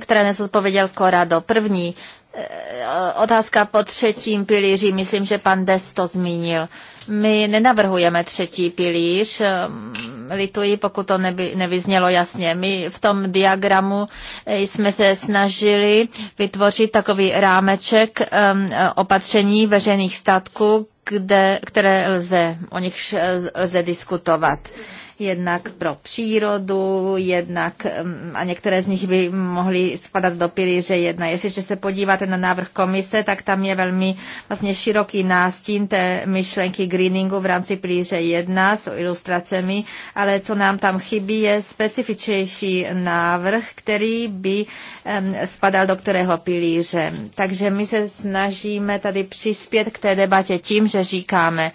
které nezodpověděl Corrado. První eh, otázka po třetím pilíři, myslím, že pan Des to zmínil. My nenavrhujeme třetí pilíř, lituji, pokud to neby, nevyznělo jasně. My v tom diagramu eh, jsme se snažili vytvořit takový rámeček ehm, opatření veřejných statků, kde, které lze, o nich eh, lze diskutovat jednak pro přírodu, jednak mm, a některé z nich by mohly spadat do pilíře jedna. Jestliže se podíváte na návrh komise, tak tam je velmi vlastně široký nástín té myšlenky greeningu v rámci pilíře jedna s ilustracemi, ale co nám tam chybí je specifičnější návrh, který by spadal do kterého pilíře. Takže my se snažíme tady přispět k té debatě tím, že říkáme,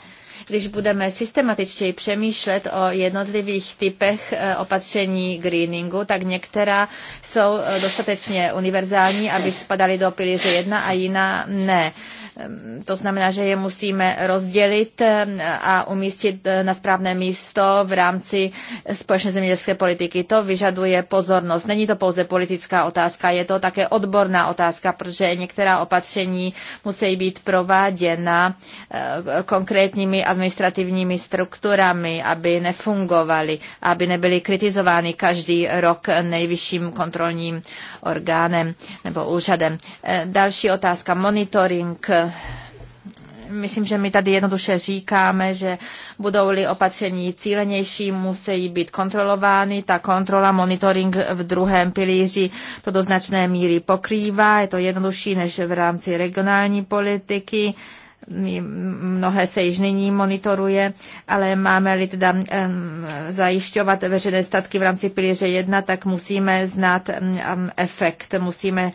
když budeme systematičtěji přemýšlet o jednotlivých typech eh, opatření greeningu, tak některá jsou eh, dostatečně univerzální, aby spadaly do pilíře jedna a jiná ne. Ehm, to znamená, že je musíme rozdělit ehm, a umístit eh, na správné místo v rámci společné zemědělské politiky. To vyžaduje pozornost. Není to pouze politická otázka, je to také odborná otázka, protože některá opatření musí být prováděna eh, konkrétními administrativními strukturami, aby nefungovaly, aby nebyly kritizovány každý rok nejvyšším kontrolním orgánem nebo úřadem. Eh, další otázka, monitoring Myslím, že my tady jednoduše říkáme, že budou-li opatření cílenější, musí být kontrolovány. Ta kontrola, monitoring v druhém pilíři to do značné míry pokrývá. Je to jednodušší než v rámci regionální politiky. Uh, mnohé se již nyní monitoruje, ale máme-li teda zajišťovat veřejné statky v rámci pilíře 1, tak musíme znát efekt, musíme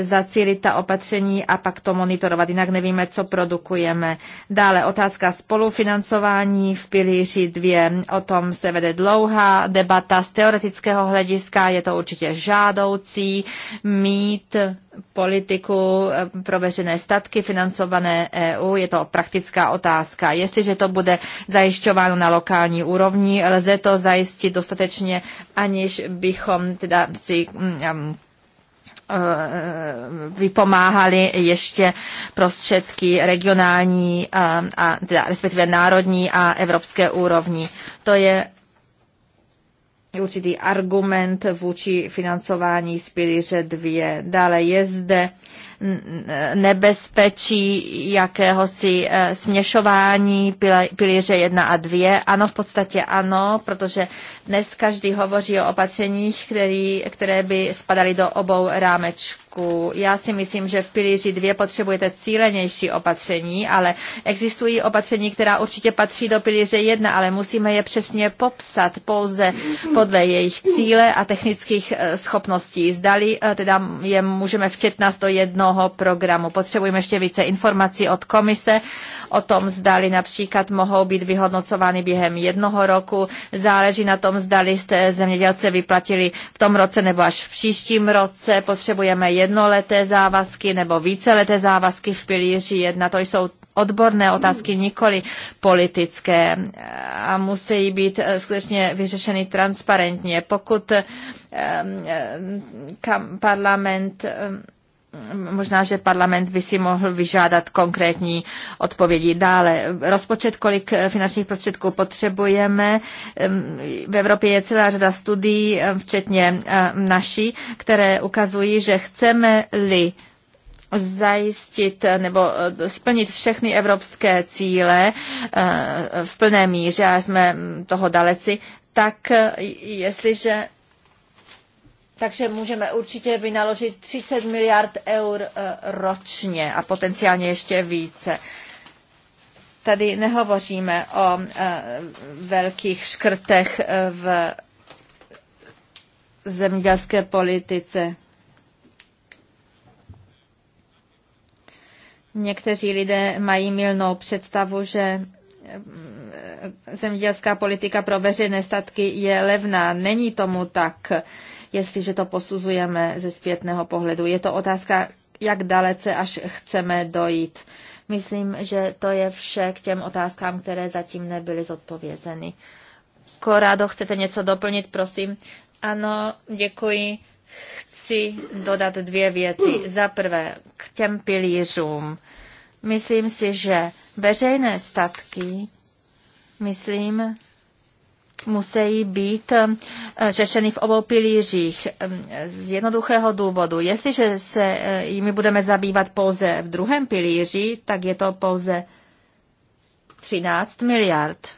zacílit ta opatření a pak to monitorovat, jinak nevíme, co produkujeme. Dále otázka spolufinancování v pilíři 2, o tom se vede dlouhá debata z teoretického hlediska, je to určitě žádoucí mít politiku eh, pro veřejné statky financované EU. Je to praktická otázka. Jestliže to bude zajišťováno na lokální úrovni, lze to zajistit dostatečně, aniž bychom teda si mm, mm, eh, vypomáhali ještě prostředky regionální a, eh, a teda respektive národní a evropské úrovni. To je určitý argument vůči financování z pilíře dvě. Dále je zde nebezpečí jakéhosi eh, směšování pilíře jedna a dvě. Ano, v podstatě ano, protože dnes každý hovoří o opatřeních, který, které by spadaly do obou rámečků. Já si myslím, že v pilíři dvě potřebujete cílenější opatření, ale existují opatření, která určitě patří do pilíře jedna, ale musíme je přesně popsat pouze podle jejich cíle a technických eh, schopností. Zdali eh, teda je můžeme nás do jednoho programu. Potřebujeme ještě více informací od komise o tom, zdali například mohou být vyhodnocovány během jednoho roku. Záleží na tom, zdali jste zemědělce vyplatili v tom roce nebo až v příštím roce. Potřebujeme jednoleté závazky nebo víceleté závazky v pilíři jedna. To jsou odborné otázky, nikoli politické a musí být eh, skutečně vyřešeny transparentně. Pokud eh, eh, parlament možná, že parlament by si mohl vyžádat konkrétní odpovědi. Dále, rozpočet, kolik finančních prostředků potřebujeme. Ehm, v Evropě je celá řada studií, včetně naší, které ukazují, že chceme-li zajistit eh, nebo eh, splnit všechny evropské cíle eh, v plné míře a jsme mm, toho daleci, tak jestliže takže můžeme určitě vynaložit 30 miliard eur ročně a potenciálně ještě více. Tady nehovoříme o velkých škrtech v zemědělské politice. Někteří lidé mají milnou představu, že eh, zemědělská politika pro veřejné statky je levná. Není tomu tak, jestliže to posuzujeme ze zpětného pohledu. Je to otázka, jak dalece až chceme dojít. Myslím, že to je vše k těm otázkám, které zatím nebyly zodpovězeny. Korado, chcete něco doplnit, prosím? Ano, děkuji chci dodat dvě věci. Za prvé, k těm pilířům. Myslím si, že veřejné statky, myslím, musí být eh, řešeny v obou pilířích eh, z jednoduchého důvodu. Jestliže se eh, jimi budeme zabývat pouze v druhém pilíři, tak je to pouze 13 miliard.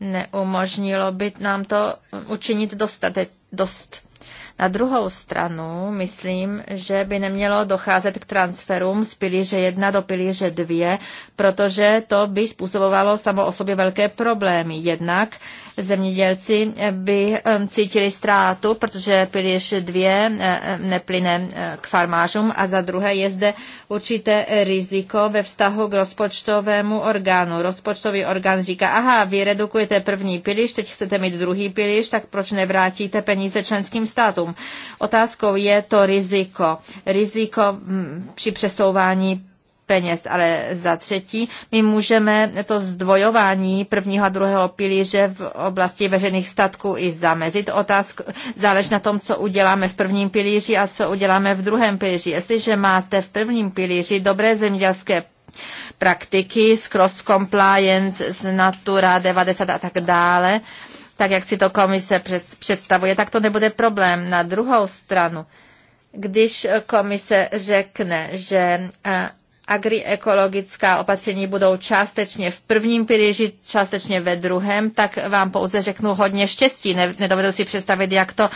Neumožnilo by nám to učinit dostatek, dost na druhou stranu myslím, že by nemělo docházet k transferům z pilíře 1 do pilíře 2, protože to by způsobovalo samo o sobě velké problémy. Jednak zemědělci by cítili ztrátu, protože pilíř 2 neplyne k farmářům a za druhé je zde určité riziko ve vztahu k rozpočtovému orgánu. Rozpočtový orgán říká, aha, vy redukujete první pilíř, teď chcete mít druhý pilíř, tak proč nevrátíte peníze členským státům? Otázkou je to riziko. Riziko mm, při přesouvání peněz. Ale za třetí, my můžeme to zdvojování prvního a druhého pilíře v oblasti veřejných statků i zamezit. Otázka záleží na tom, co uděláme v prvním pilíři a co uděláme v druhém pilíři. Jestliže máte v prvním pilíři dobré zemědělské praktiky s cross compliance, s Natura 90 a tak dále, tak jak si to komise představuje, tak to nebude problém. Na druhou stranu, když komise řekne, že eh, agriekologická opatření budou částečně v prvním pilíři, částečně ve druhém, tak vám pouze řeknu hodně štěstí. nedovedu si představit, jak to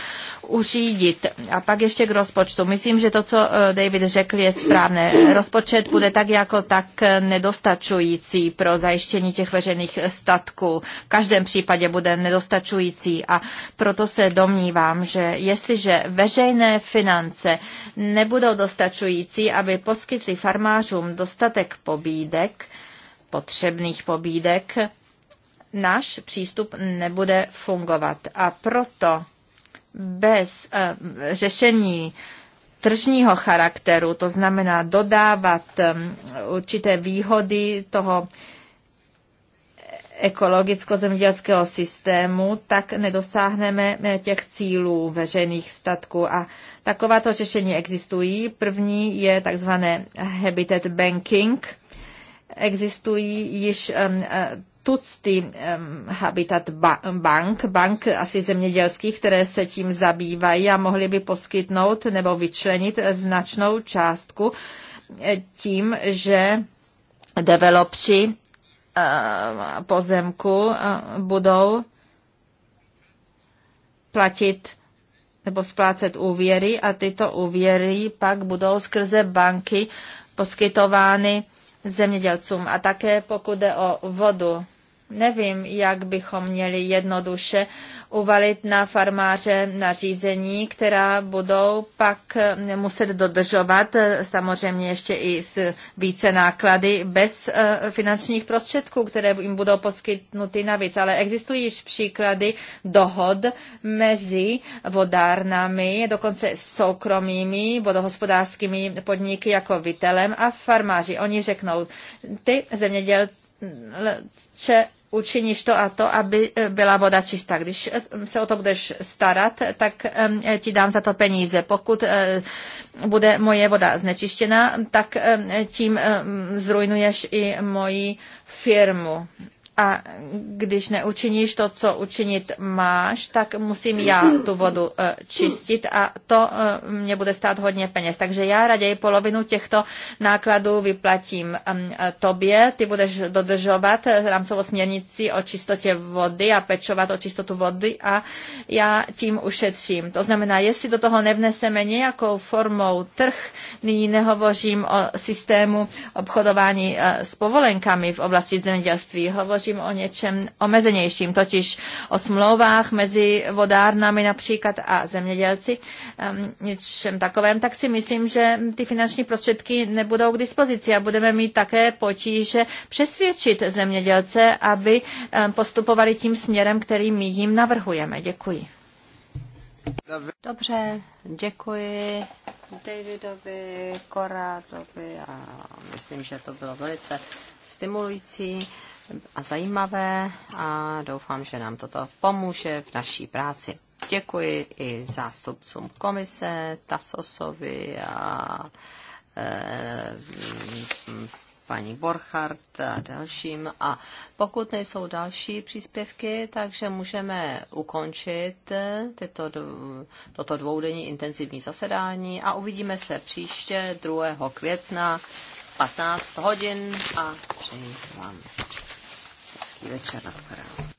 uřídit. A pak ještě k rozpočtu. Myslím, že to, co eh, David řekl, je správné. Rozpočet bude tak jako tak nedostačující pro zajištění těch veřejných statků. V každém případě bude nedostačující a proto se domnívám, že jestliže veřejné finance nebudou dostačující, aby poskytly farmářům státům dostatek pobídek, potřebných pobídek, náš přístup nebude fungovat. A proto bez eh, řešení tržního charakteru, to znamená dodávat eh, určité výhody toho ekologicko-zemědělského systému, tak nedosáhneme eh, těch cílů veřejných statků. A takováto řešení existují. První je tzv. habitat banking. Existují již eh, tucty habitat bank, bank asi zemědělských, které se tím zabývají a mohly by poskytnout nebo vyčlenit značnou částku eh, tím, že developři Eh, pozemku eh, budou platit nebo splácet úvěry a tyto úvěry pak budou skrze banky poskytovány zemědělcům. A také pokud jde o vodu, Nevím, jak bychom měli jednoduše uvalit na farmáře nařízení, která budou pak muset dodržovat, samozřejmě ještě i s více náklady, bez eh, finančních prostředků, které jim budou poskytnuty navíc. Ale existují již příklady dohod mezi vodárnami, dokonce soukromými vodohospodářskými podniky jako Vitelem a farmáři. Oni řeknou, ty zemědělci Učiníš to a to, aby eh, byla voda čistá. Když eh, se o to budeš starat, tak ehm, eh, ti dám za to peníze. Pokud bude moje voda znečištěna, tak ehm, tím ehm, zrujnuješ i moji firmu. A když neučiníš to, co učinit máš, tak musím já tu vodu eh, čistit a to eh, mě bude stát hodně peněz. Takže já raději polovinu těchto nákladů vyplatím ehm, eh, tobě, ty budeš dodržovat rámcovou směrnici o čistotě vody a pečovat o čistotu vody a já tím ušetřím. To znamená, jestli do toho nevneseme nějakou formou trh, nyní nehovořím o systému obchodování s povolenkami v oblasti zemědělství, hovořím hovořím o něčem omezenějším, totiž o smlouvách mezi vodárnami například a zemědělci, ehm, něčem takovém, tak si myslím, že ty finanční prostředky nebudou k dispozici a budeme mít také potíže přesvědčit zemědělce, aby ehm, postupovali tím směrem, který my jim navrhujeme. Děkuji. Dobře, děkuji Davidovi, Korátovi, a myslím, že to bylo velice stimulující a zajímavé a doufám, že nám toto pomůže v naší práci. Děkuji i zástupcům komise, Tasosovi a e, paní Borchardt a dalším. A pokud nejsou další příspěvky, takže můžeme ukončit e, tyto, toto dvoudenní intenzivní zasedání a uvidíme se příště 2. května 15 hodin a přeji vám. Hezký večer, nashledanou.